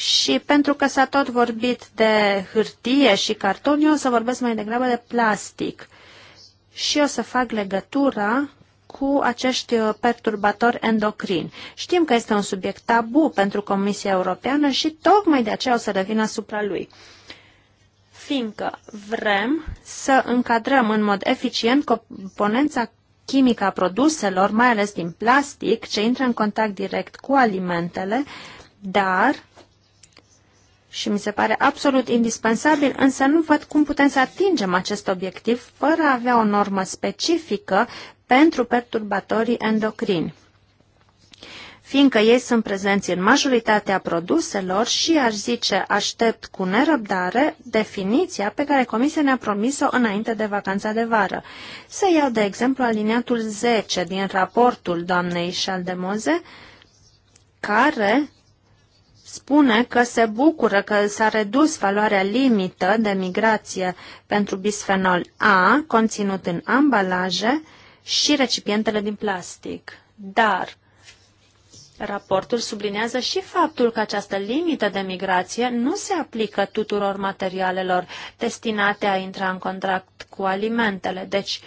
Și pentru că s-a tot vorbit de hârtie și carton, eu o să vorbesc mai degrabă de plastic. Și o să fac legătura cu acești uh, perturbatori endocrini. Știm că este un subiect tabu pentru Comisia Europeană și tocmai de aceea o să revin asupra lui. Fiindcă vrem să încadrăm în mod eficient componența chimică a produselor, mai ales din plastic, ce intră în contact direct cu alimentele, dar și mi se pare absolut indispensabil, însă nu văd cum putem să atingem acest obiectiv fără a avea o normă specifică pentru perturbatorii endocrini fiindcă ei sunt prezenți în majoritatea produselor și, aș zice, aștept cu nerăbdare definiția pe care Comisia ne-a promis-o înainte de vacanța de vară. Să iau, de exemplu, aliniatul 10 din raportul doamnei Schaldemose, care spune că se bucură că s-a redus valoarea limită de migrație pentru bisfenol A conținut în ambalaje și recipientele din plastic. Dar Raportul sublinează și faptul că această limită de migrație nu se aplică tuturor materialelor destinate a intra în contract cu alimentele, deci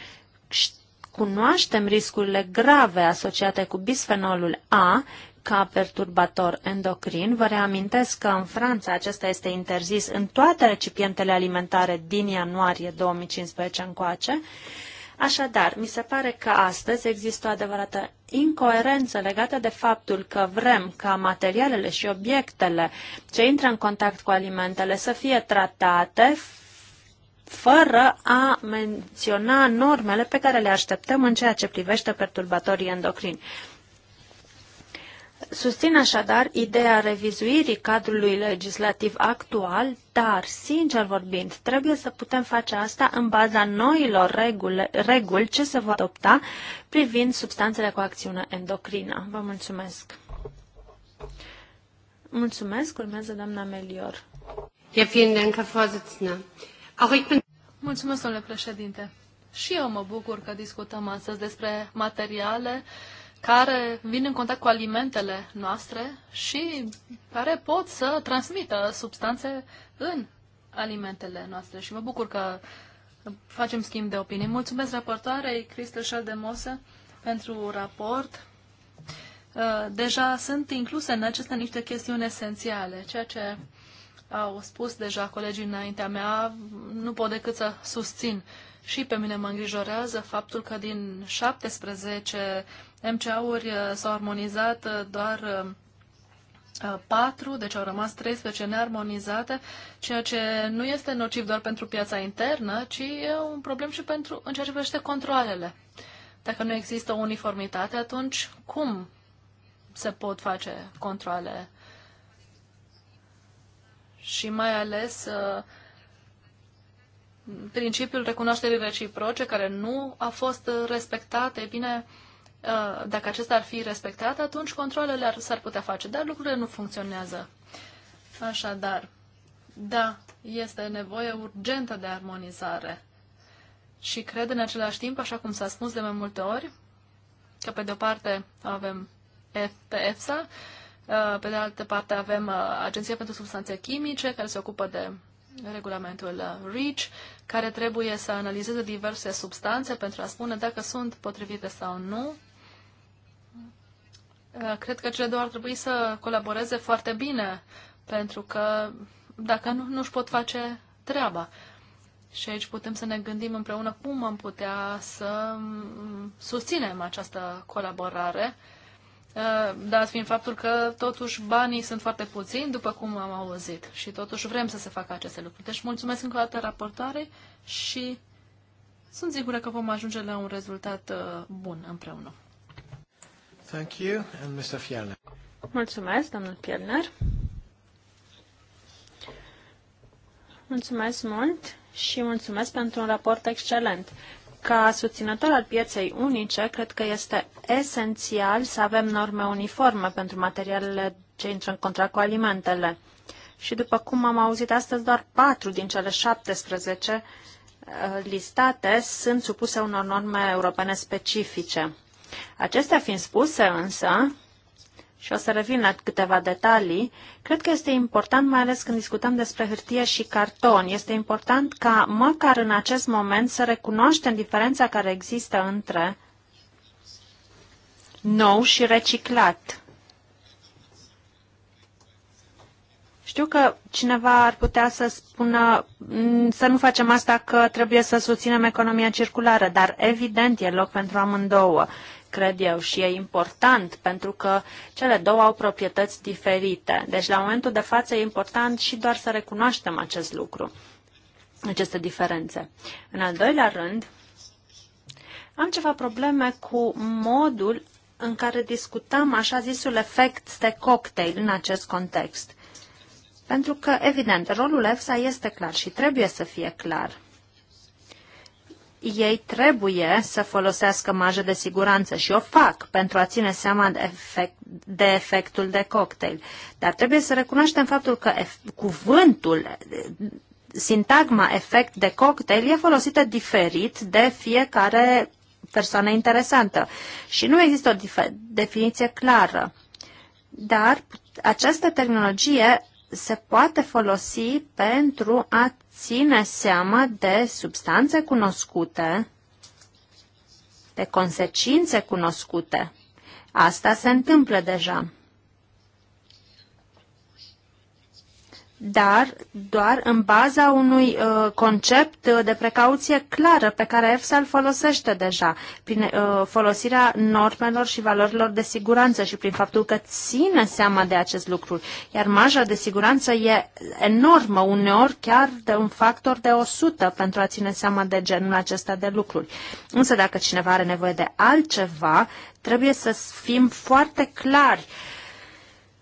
cunoaștem riscurile grave asociate cu bisfenolul A ca perturbator endocrin. Vă reamintesc că în Franța acesta este interzis în toate recipientele alimentare din ianuarie 2015 încoace. Așadar, mi se pare că astăzi există o adevărată incoerență legată de faptul că vrem ca materialele și obiectele ce intră în contact cu alimentele să fie tratate fără a menționa normele pe care le așteptăm în ceea ce privește perturbatorii endocrini. Susțin așadar ideea revizuirii cadrului legislativ actual, dar, sincer vorbind, trebuie să putem face asta în baza noilor reguli, reguli ce se vor adopta privind substanțele cu acțiune endocrină. Vă mulțumesc! Mulțumesc, urmează doamna Melior. Mulțumesc, domnule președinte. Și eu mă bucur că discutăm astăzi despre materiale care vin în contact cu alimentele noastre și care pot să transmită substanțe în alimentele noastre. Și mă bucur că facem schimb de opinii. Mulțumesc raportoarei Cristel Șaldemose pentru raport. Uh, deja sunt incluse în acestea niște chestiuni esențiale, ceea ce au spus deja colegii înaintea mea, nu pot decât să susțin. Și pe mine mă îngrijorează faptul că din 17 MCA-uri uh, s-au armonizat uh, doar 4, uh, deci au rămas 13 nearmonizate, ceea ce nu este nociv doar pentru piața internă, ci e un problem și pentru, în ceea ce privește controlele. Dacă nu există uniformitate, atunci cum se pot face controle? Și mai ales principiul recunoașterii reciproce, care nu a fost respectat, e bine, Uh, dacă acesta ar fi respectat, atunci controlele s-ar putea face, dar lucrurile nu funcționează. Așadar, da, este nevoie urgentă de armonizare. Și cred în același timp, așa cum s-a spus de mai multe ori, că pe de-o parte avem F pe EFSA, uh, pe de altă parte avem uh, Agenția pentru Substanțe Chimice, care se ocupă de regulamentul REACH, care trebuie să analizeze diverse substanțe pentru a spune dacă sunt potrivite sau nu Uh, cred că cele două ar trebui să colaboreze foarte bine, pentru că dacă nu, nu-și pot face treaba. Și aici putem să ne gândim împreună cum am putea să mm, susținem această colaborare, uh, dar fiind faptul că totuși banii sunt foarte puțini, după cum am auzit, și totuși vrem să se facă aceste lucruri. Deci mulțumesc încă o dată raportare și sunt sigură că vom ajunge la un rezultat uh, bun împreună. Thank you. And Mr. Fjellner. Mulțumesc, domnul Fjellner. Mulțumesc mult și mulțumesc pentru un raport excelent. Ca susținător al pieței unice, cred că este esențial să avem norme uniforme pentru materialele ce intră în contract cu alimentele. Și după cum am auzit astăzi, doar patru din cele 17 uh, listate sunt supuse unor norme europene specifice. Acestea fiind spuse însă, și o să revin la câteva detalii, cred că este important, mai ales când discutăm despre hârtie și carton, este important ca măcar în acest moment să recunoaștem diferența care există între nou și reciclat. Știu că cineva ar putea să spună mm, să nu facem asta că trebuie să susținem economia circulară, dar evident e loc pentru amândouă cred eu, și e important pentru că cele două au proprietăți diferite. Deci, la momentul de față, e important și doar să recunoaștem acest lucru, aceste diferențe. În al doilea rând, am ceva probleme cu modul în care discutăm așa zisul efect de cocktail în acest context. Pentru că, evident, rolul EFSA este clar și trebuie să fie clar ei trebuie să folosească marje de siguranță și o fac pentru a ține seama de, efect, de efectul de cocktail. Dar trebuie să recunoaștem faptul că cuvântul, sintagma efect de cocktail e folosită diferit de fiecare persoană interesantă și nu există o definiție clară. Dar această tehnologie se poate folosi pentru a ține seama de substanțe cunoscute, de consecințe cunoscute. Asta se întâmplă deja. dar doar în baza unui uh, concept uh, de precauție clară pe care EFSA îl folosește deja, prin uh, folosirea normelor și valorilor de siguranță și prin faptul că ține seama de acest lucru. Iar marja de siguranță e enormă, uneori chiar de un factor de 100 pentru a ține seama de genul acesta de lucruri. Însă dacă cineva are nevoie de altceva, trebuie să fim foarte clari uh,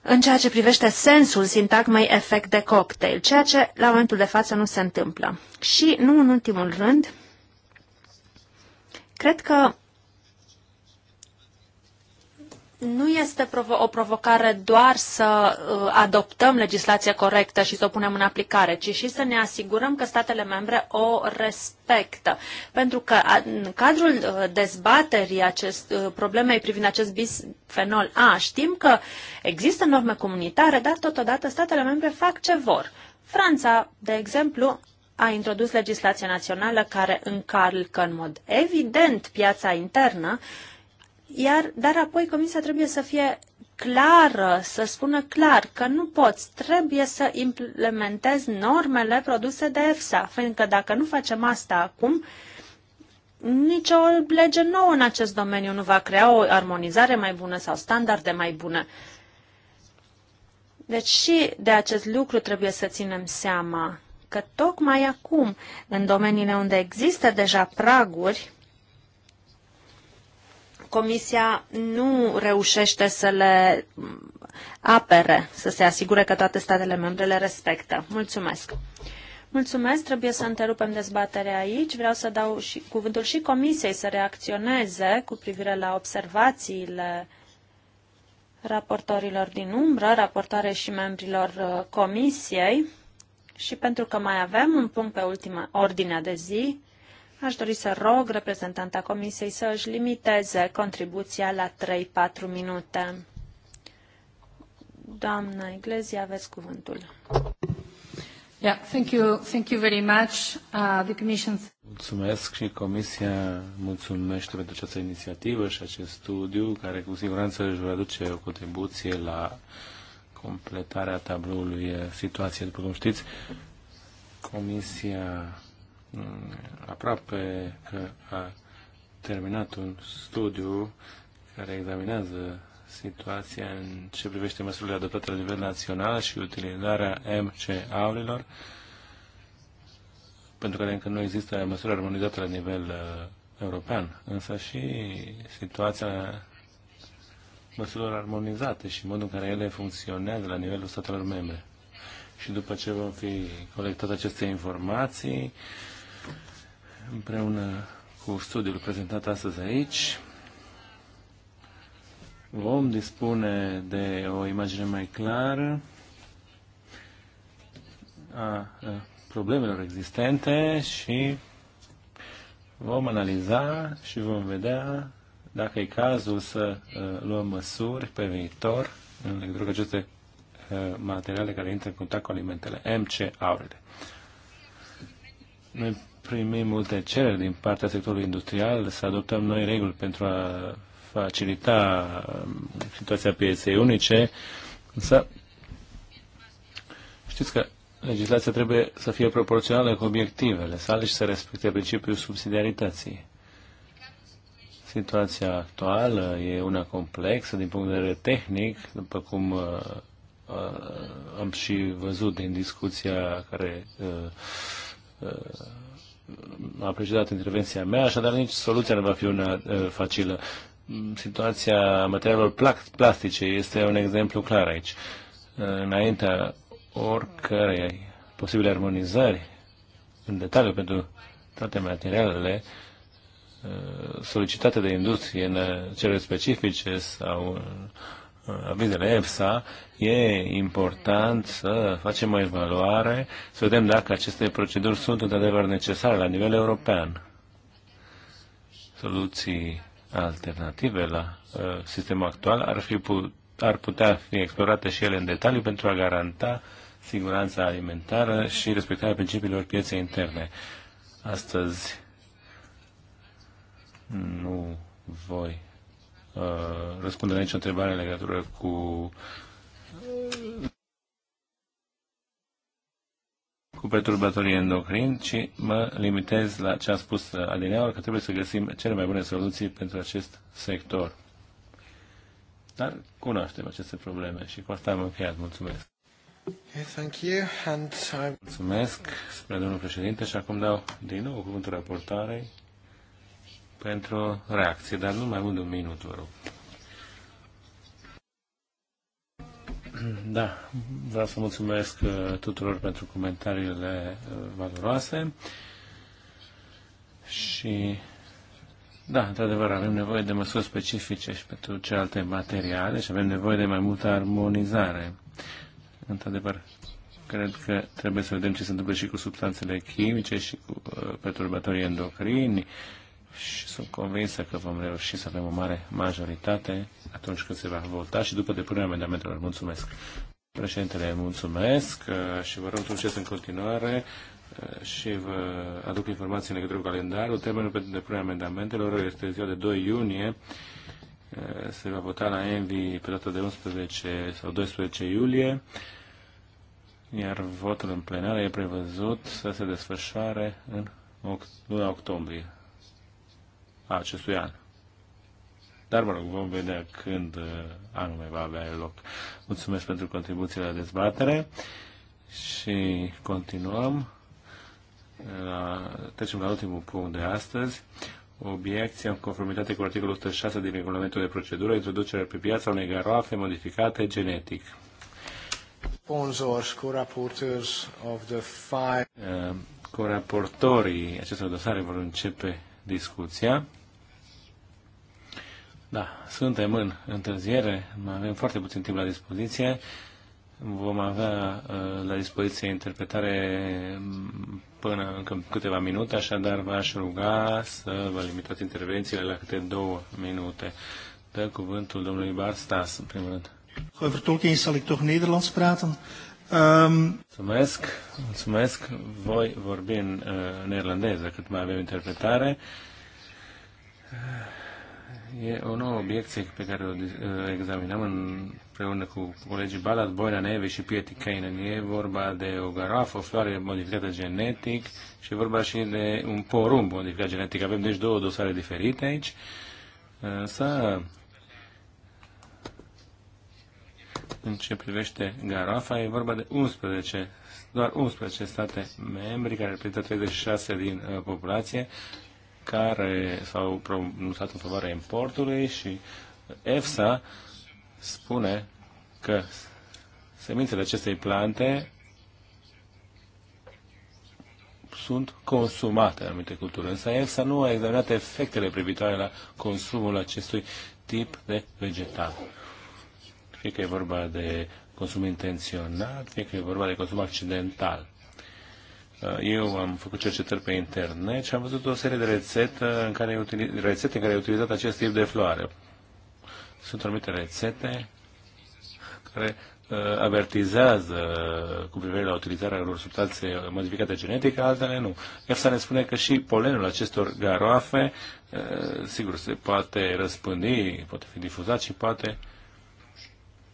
în ceea ce privește sensul sintagmei efect de cocktail, ceea ce la momentul de față nu se întâmplă. Și nu în ultimul rând, cred că nu este provo- o provocare doar să uh, adoptăm legislația corectă și să o punem în aplicare, ci și să ne asigurăm că statele membre o respectă. Pentru că a, în cadrul uh, dezbaterii acest, uh, problemei privind acest bisfenol A, știm că există norme comunitare, dar totodată statele membre fac ce vor. Franța, de exemplu, a introdus legislația națională care încalcă în mod evident piața internă, uh, iar, dar apoi Comisia trebuie să fie clară, să spună clar că nu poți, trebuie să implementezi normele produse de EFSA, fiindcă dacă nu facem asta acum, nicio lege nouă în acest domeniu nu va crea o armonizare mai bună sau standarde mai bune. Deci și de acest lucru trebuie să ținem seama că tocmai acum, în domeniile unde există deja praguri, Comisia nu reușește să le apere, să se asigure că toate statele membre le respectă. Mulțumesc! Mulțumesc, trebuie să întrerupem dezbaterea aici. Vreau să dau și, cuvântul și Comisiei să reacționeze cu privire la observațiile raportorilor din umbră, raportoare și membrilor uh, Comisiei. Și pentru că mai avem un punct pe ultima ordinea de zi, Aș dori să rog reprezentanta Comisiei să își limiteze contribuția la 3-4 minute. Doamna Iglesia, aveți cuvântul. Yeah, thank you, thank you very much. Uh, the commission... Mulțumesc și Comisia mulțumește pentru această inițiativă și acest studiu, care cu siguranță își va aduce o contribuție la completarea tabloului situației. După cum știți, Comisia aproape că a terminat un studiu care examinează situația în ce privește măsurile adoptate la nivel național și utilizarea MCA-urilor, pentru care încă nu există măsuri armonizate la nivel uh, european, însă și situația măsurilor armonizate și modul în care ele funcționează la nivelul statelor membre. Și după ce vom fi colectat aceste informații, uh, împreună cu studiul prezentat astăzi aici, vom dispune de o imagine mai clară a problemelor existente și vom analiza și vom vedea dacă e cazul să luăm măsuri pe viitor în legătură cu aceste materiale care intră în contact cu alimentele, MC-aurile. Noi primi multe cereri din partea sectorului industrial să adoptăm noi reguli pentru a facilita um, situația pieței unice, însă știți că legislația trebuie să fie proporțională cu obiectivele sale și să respecte principiul subsidiarității. Situația actuală e una complexă din punct de vedere tehnic, după cum uh, uh, am și văzut din discuția care uh, a precizat intervenția mea, așadar nici soluția nu va fi una uh, facilă. Mm, situația materialelor plastice este un exemplu clar aici. Uh, înaintea oricărei posibile armonizări în detaliu pentru toate materialele uh, solicitate de industrie în cele specifice sau în avizele EFSA, e important să facem o evaluare, să vedem dacă aceste proceduri sunt într-adevăr necesare la nivel european. Soluții alternative la uh, sistemul actual ar, fi put, ar putea fi explorate și ele în detaliu pentru a garanta siguranța alimentară și respectarea principiilor pieței interne. Astăzi nu voi Uh, răspundem aici întrebare în legătură cu cu perturbatorii endocrini, ci mă limitez la ce a spus Adineau, că trebuie să găsim cele mai bune soluții pentru acest sector. Dar cunoaștem aceste probleme și cu asta am încheiat. Mulțumesc! Okay, thank you, and I... Mulțumesc, spre domnul președinte, și acum dau din nou cuvântul raportarei pentru reacție, dar nu mai mult de un minut, vă rog. Da, vreau să mulțumesc uh, tuturor pentru comentariile uh, valoroase și da, într-adevăr, avem nevoie de măsuri specifice și pentru celelalte materiale și avem nevoie de mai multă armonizare. Într-adevăr, cred că trebuie să vedem ce se întâmplă și cu substanțele chimice și cu uh, perturbatorii endocrini, și sunt convinsă că vom reuși să avem o mare majoritate atunci când se va vota și după depunerea amendamentelor. Mulțumesc! Președintele, mulțumesc uh, și vă rog succes în continuare uh, și vă aduc informații în legătură cu calendarul. Termenul pentru depunerea amendamentelor este ziua de 2 iunie. Uh, se va vota la ENVI pe data de 11 sau 12 iulie, iar votul în plenară e prevăzut să se desfășoare în 2 octombrie a acestui an. Dar, mă rog, vom vedea când uh, anume va avea loc. Mulțumesc pentru contribuțiile la dezbatere și continuăm. La, uh, trecem la ultimul punct de astăzi. Obiecția în conformitate cu articolul 106 din regulamentul de procedură, introducerea pe piață a unei garoafe modificate genetic. Sponsors, uh, Coraportorii acestor dosare vor începe discuția. Da, suntem în întârziere, mai avem foarte puțin timp la dispoziție. Vom avea uh, la dispoziție interpretare mm, până în câteva minute, așadar v-aș ruga să vă limitați intervențiile la câte două minute. Dă cuvântul domnului Barstas, în primul rând. Vertolking zal ik toch Nederlands praten. Ehm, mulțumesc, mulțumesc. Voi vorbi în uh, neerlandeză, cât mai avem interpretare. Uh, E o nouă obiecție pe care o uh, examinăm împreună cu colegii Balat, Boina Neve și Pieti Kainen. E vorba de o garafă, o floare modificată genetic și e vorba și de un porumb modificat genetic. Avem deci două dosare diferite aici. Însă, în ce privește garafa, e vorba de 11, doar 11 state membri, care reprezintă 36 din uh, populație, care s-au pronunțat în favoarea importului și EFSA spune că semințele acestei plante sunt consumate în anumite culturi. Însă EFSA nu a examinat efectele privitoare la consumul acestui tip de vegetal. Fie că e vorba de consum intenționat, fie că e vorba de consum accidental. Uh, eu am făcut cercetări pe internet și am văzut o serie de rețete în care, rețete în care e utilizat acest tip de floare. Sunt anumite rețete care uh, avertizează cu privire la utilizarea unor substanțe modificate genetic, altele nu. EFSA ne spune că și polenul acestor garoafe, uh, sigur, se poate răspândi, poate fi difuzat și poate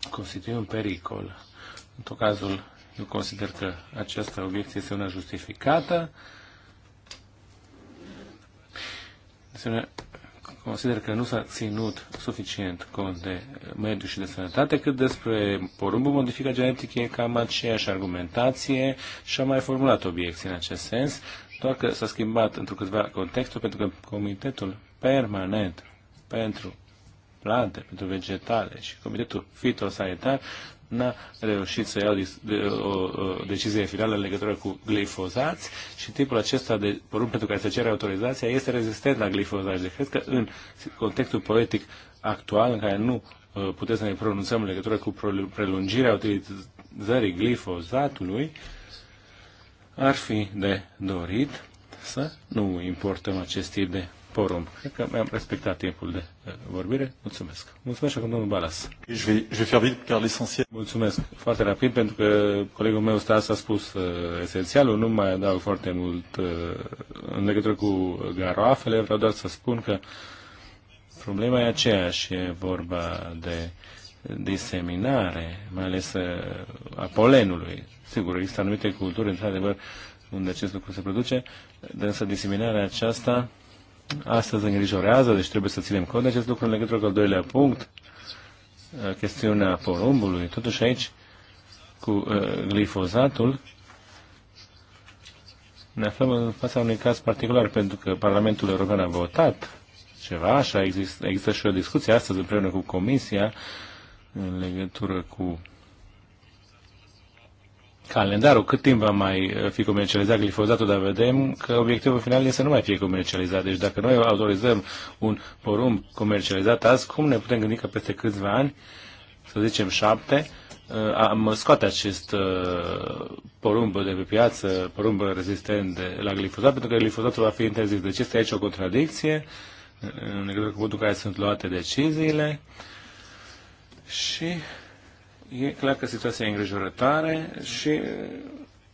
constitui un pericol. În tot cazul, eu consider că această obiecție este una justificată. Asemenea, consider că nu s-a ținut suficient cont de mediu și de sănătate, cât despre porumbul modificat genetic e cam aceeași argumentație și am mai formulat obiecții în acest sens, doar că s-a schimbat într câtva contextul, pentru că Comitetul Permanent pentru plante, pentru vegetale și Comitetul Fitosanitar n-a reușit să ia o, o decizie finală în legătură cu glifozați și tipul acesta de porumb pentru care se cere autorizația este rezistent la glifozați. Deci cred că în contextul politic actual în care nu uh, putem să ne pronunțăm în legătură cu prelungirea utilizării glifozatului, ar fi de dorit să nu importăm acest tip de forum. Cred că mi-am respectat timpul de vorbire. Mulțumesc. Mulțumesc și acum domnul Balas. Mulțumesc. Foarte rapid, pentru că colegul meu Stas a spus uh, esențialul. Nu mai adaug foarte mult uh, în legătură cu garoafele. Vreau doar să spun că problema e și E vorba de diseminare, mai ales uh, a polenului. Sigur, există anumite culturi, într-adevăr, unde acest lucru se produce, însă diseminarea aceasta astăzi îngrijorează, deci trebuie să ținem cont de acest lucru în legătură cu al doilea punct, uh, chestiunea porumbului. Totuși aici, cu uh, glifozatul, ne aflăm în fața unui caz particular, pentru că Parlamentul European a votat ceva așa, există, există și o discuție astăzi împreună cu Comisia în legătură cu calendarul, cât timp va mai uh, fi comercializat glifozatul, dar vedem că obiectivul final este să nu mai fie comercializat. Deci dacă noi autorizăm un porumb comercializat azi, cum ne putem gândi că peste câțiva ani, să zicem șapte, uh, am scoate acest uh, porumb de pe piață, porumb rezistent de, la glifozat, pentru că glifozatul va fi interzis. Deci este aici o contradicție în legătură cu modul în care sunt luate deciziile și E clar că situația e îngrijorătoare și,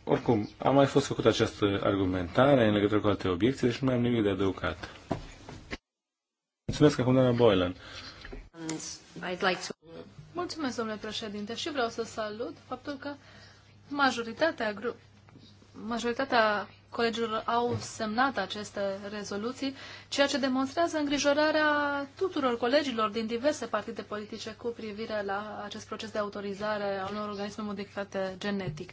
oricum, a mai fost făcută această argumentare în legătură cu alte obiecții, deci nu mai am nimic de adăugat. Mulțumesc acum, doamna Boylan. Mulțumesc, domnule președinte, și vreau să salut faptul că majoritatea, majoritatea colegilor au semnat aceste rezoluții, ceea ce demonstrează îngrijorarea tuturor colegilor din diverse partide politice cu privire la acest proces de autorizare a unor organisme modificate genetic.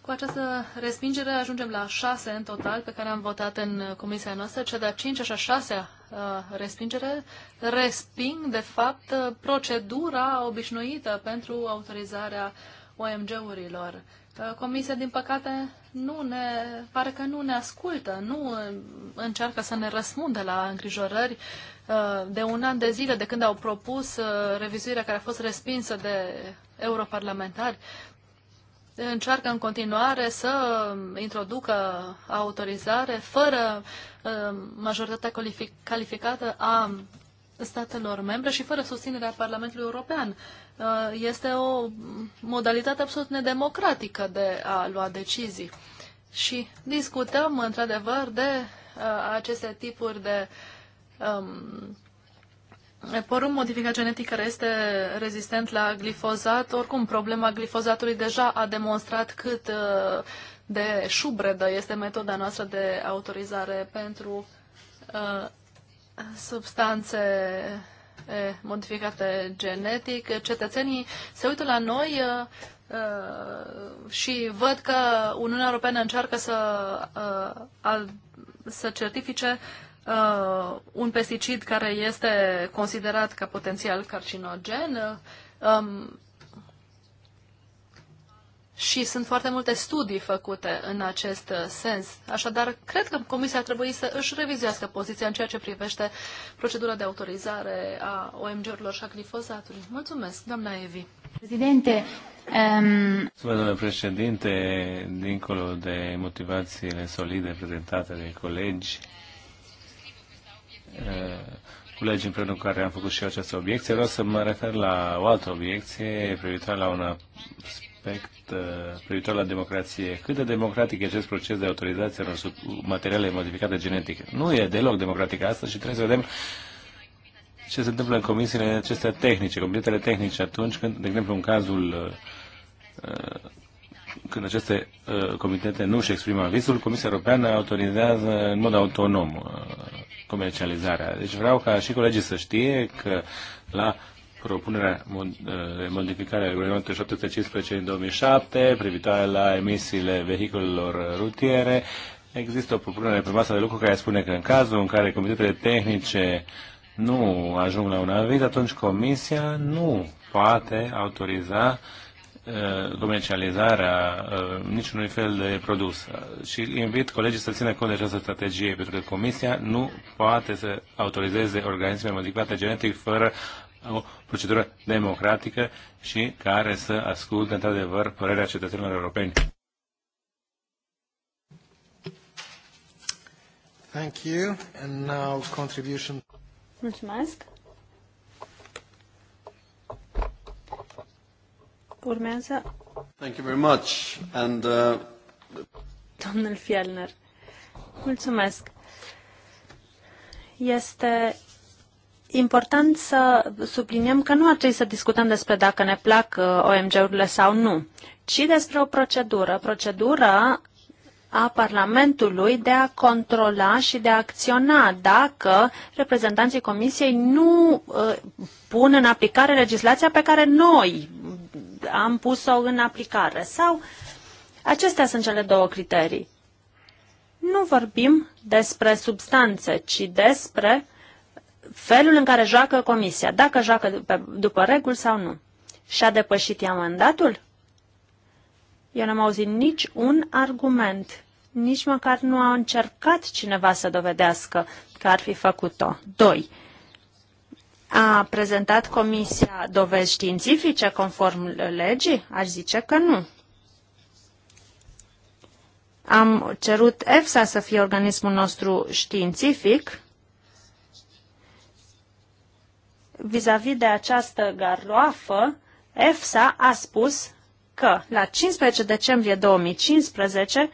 Cu această respingere ajungem la șase în total pe care am votat în comisia noastră, cea de-a cincea și a șasea uh, respingere. Resping, de fapt, procedura obișnuită pentru autorizarea OMG-urilor. Uh, comisia, din păcate, nu ne, pare că nu ne ascultă, nu încearcă să ne răspundă la îngrijorări uh, de un an de zile de când au propus uh, revizuirea care a fost respinsă de europarlamentari. Încearcă în continuare să introducă autorizare fără uh, majoritatea calificată a statelor membre și fără susținerea Parlamentului European. Uh, este o modalitate absolut nedemocratică de a lua decizii. Și discutăm, într-adevăr, de uh, aceste tipuri de um, porumb modificat genetic care este rezistent la glifozat. Oricum, problema glifozatului deja a demonstrat cât uh, de șubredă este metoda noastră de autorizare pentru uh, substanțe modificate genetic, cetățenii se uită la noi și văd că Uniunea Europeană încearcă să, să certifice un pesticid care este considerat ca potențial carcinogen. Um, și sunt foarte multe studii făcute în acest uh, sens. Așadar, cred că Comisia ar trebui să își revizuiască poziția în ceea ce privește procedura de autorizare a OMG-urilor și a glifosatului. Mulțumesc, doamna Evi. Președinte, um... domnule președinte, dincolo de motivațiile solide prezentate de colegi, uh, colegi împreună cu care am făcut și eu această obiecție, vreau să mă refer la o altă obiecție privitoare la un aspect uh, privitor la democrație. Cât de democratic e acest proces de autorizație unor materiale modificate genetic? Nu e deloc democratic asta și trebuie să vedem ce se întâmplă în comisiile acestea tehnice, comitetele tehnice atunci când, de exemplu, în cazul uh, uh, când aceste comitete nu își exprimă avizul, Comisia Europeană autorizează în mod autonom comercializarea. Deci vreau ca și colegii să știe că la propunerea de modificare a regulamentului 715 din 2007 privitoare la emisiile vehiculelor rutiere. Există o propunere pe masa de lucru care spune că în cazul în care comitetele tehnice nu ajung la un aviz, atunci Comisia nu poate autoriza uh, comercializarea uh, niciunui fel de produs. Și invit colegii să țină cont de această strategie, pentru că Comisia nu poate să autorizeze organisme modificate genetic fără o procedură democratică și care să asculte într-adevăr părerea cetățenilor europeni. Thank you. And now contribution. Mulțumesc. Urmează. Thank you very much. And, uh... Domnul Fielner. Mulțumesc. Este important să subliniem că nu ar trebui să discutăm despre dacă ne plac uh, OMG-urile sau nu, ci despre o procedură. Procedura a Parlamentului de a controla și de a acționa dacă reprezentanții Comisiei nu uh, pun în aplicare legislația pe care noi am pus-o în aplicare. Sau acestea sunt cele două criterii. Nu vorbim despre substanțe, ci despre felul în care joacă comisia, dacă joacă după, după reguli sau nu. Și-a depășit ea mandatul? Eu n-am auzit nici un argument. Nici măcar nu a încercat cineva să dovedească că ar fi făcut-o. 2. A prezentat comisia dovezi științifice conform legii? Aș zice că nu. Am cerut EFSA să fie organismul nostru științific vis-a-vis -vis de această garloafă, EFSA a spus că la 15 decembrie 2015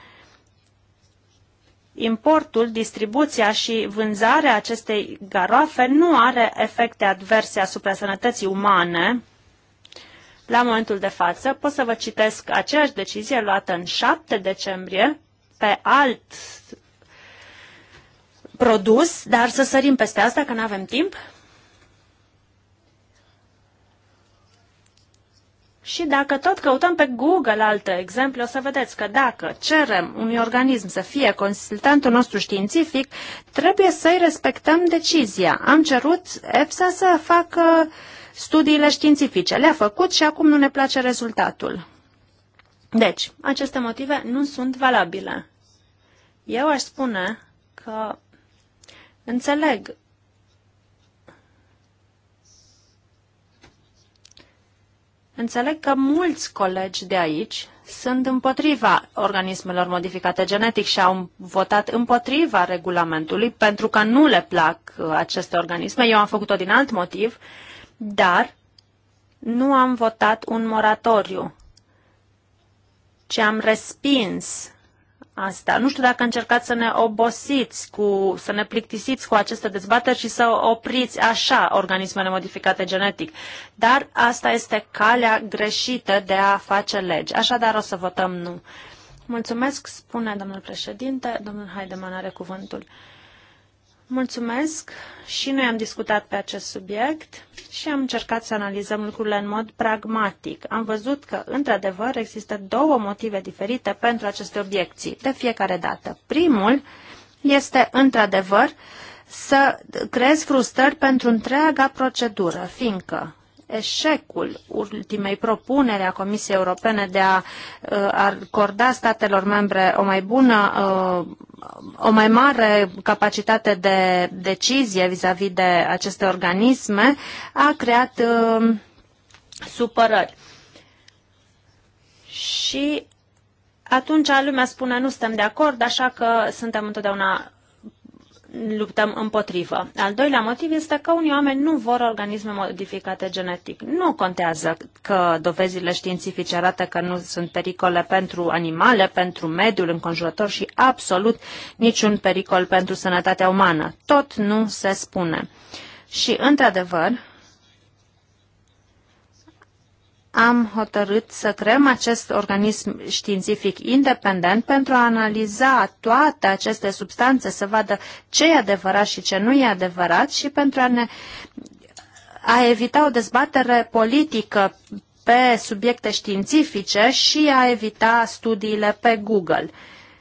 importul, distribuția și vânzarea acestei garoafe nu are efecte adverse asupra sănătății umane. La momentul de față pot să vă citesc aceeași decizie luată în 7 decembrie pe alt produs, dar să sărim peste asta că nu avem timp. Și dacă tot căutăm pe Google alte exemple, o să vedeți că dacă cerem unui organism să fie consultantul nostru științific, trebuie să-i respectăm decizia. Am cerut Epsa să facă studiile științifice. Le-a făcut și acum nu ne place rezultatul. Deci, aceste motive nu sunt valabile. Eu aș spune că înțeleg Înțeleg că mulți colegi de aici sunt împotriva organismelor modificate genetic și au votat împotriva regulamentului pentru că nu le plac uh, aceste organisme. Eu am făcut-o din alt motiv, dar nu am votat un moratoriu, ci am respins asta. Nu știu dacă încercați să ne obosiți, cu, să ne plictisiți cu aceste dezbateri și să opriți așa organismele modificate genetic. Dar asta este calea greșită de a face legi. Așadar o să votăm nu. Mulțumesc, spune domnul președinte. Domnul Haideman are cuvântul. Mulțumesc și noi am discutat pe acest subiect și am încercat să analizăm lucrurile în mod pragmatic. Am văzut că, într-adevăr, există două motive diferite pentru aceste obiecții, de fiecare dată. Primul este, într-adevăr, să creezi frustrări pentru întreaga procedură, fiindcă eșecul ultimei propuneri a Comisiei Europene de a uh, acorda statelor membre o mai bună, uh, o mai mare capacitate de decizie vis-a-vis de aceste organisme, a creat uh, supărări. Și atunci lumea spune nu suntem de acord, așa că suntem întotdeauna luptăm împotrivă. Al doilea motiv este că unii oameni nu vor organisme modificate genetic. Nu contează că dovezile științifice arată că nu sunt pericole pentru animale, pentru mediul înconjurător și absolut niciun pericol pentru sănătatea umană. Tot nu se spune. Și, într-adevăr, am hotărât să creăm acest organism științific independent pentru a analiza toate aceste substanțe, să vadă ce e adevărat și ce nu e adevărat și pentru a ne a evita o dezbatere politică pe subiecte științifice și a evita studiile pe Google.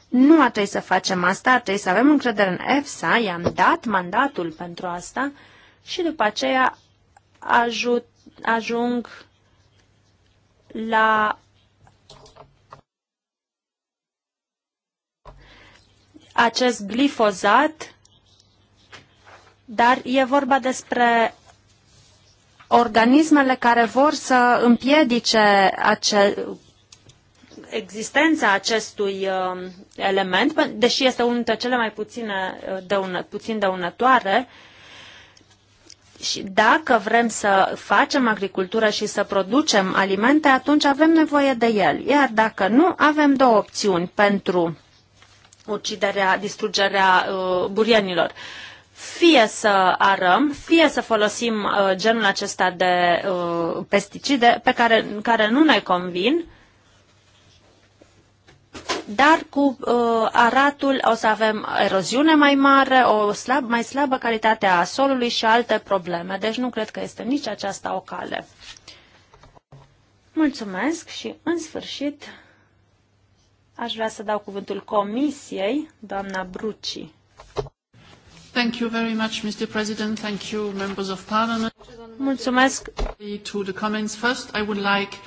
Nu ar trebui să facem asta, ar trebui să avem încredere în EFSA, i-am dat mandatul pentru asta și după aceea ajut, ajung la acest glifozat, dar e vorba despre organismele care vor să împiedice ace existența acestui uh, element, deși este unul dintre cele mai puține, uh, dăună, puțin dăunătoare, și dacă vrem să facem agricultură și să producem alimente, atunci avem nevoie de el. Iar dacă nu, avem două opțiuni pentru uciderea, distrugerea uh, burienilor. Fie să arăm, fie să folosim uh, genul acesta de uh, pesticide pe care, care nu ne convin dar cu uh, aratul o să avem eroziune mai mare, o slab, mai slabă calitate a solului și alte probleme. Deci nu cred că este nici aceasta o cale. Mulțumesc și, în sfârșit, aș vrea să dau cuvântul Comisiei, doamna Bruci. Thank you very much, Mr. President. Thank you, members of Parliament. Mulțumesc. To the comments first, I would like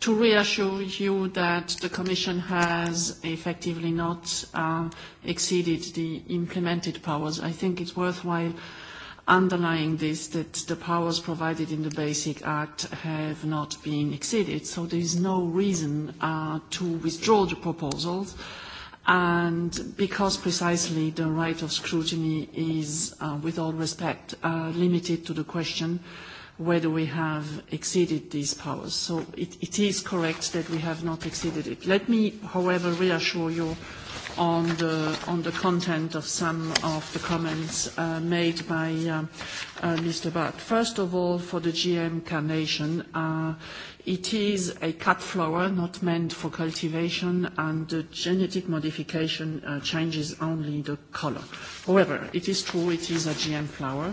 to reassure you that the Commission has effectively not uh, exceeded the implemented powers. I think it's worthwhile underlying this, that the powers provided in the Basic Act have not been exceeded, so there is no reason uh, to withdraw the proposals. And because precisely the right of scrutiny is, uh, with all respect, uh, limited to the question whether we have exceeded these powers. So it, it is correct that we have not exceeded it. Let me, however, reassure you on the, on the content of some of the comments uh, made by uh, uh, Mr. Butt. First of all, for the GM carnation, uh, it is a cut flower not meant for cultivation and the genetic modification uh, changes only the color. However, it is true it is a GM flower. Uh,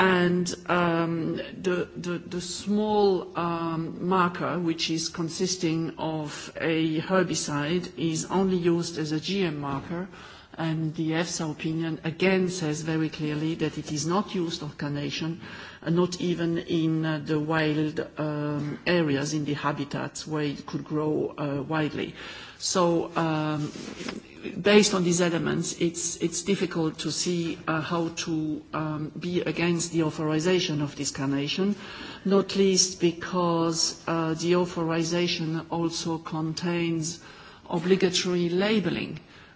and um, the, the, the small um, marker, which is consisting of a herbicide, is only used as a GM marker, and the EFSA opinion again says very clearly that it is not used on carnation, uh, not even in uh, the wild um, areas, in the habitats where it could grow uh, widely. Uh, So um, based on these elements, it's, it's difficult to see uh, how to um, be against the authorization of this carnation, not least because uh, the authorization also contains obligatory labeling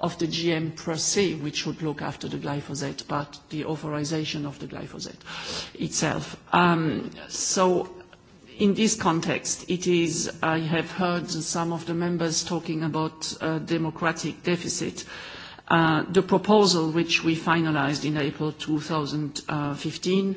of the GM per se, which would look after the glyphosate, but the authorization of the glyphosate itself. Um, so in this context, it is, I have heard some of the members talking about a democratic deficit. Uh, the proposal which we finalized in April 2015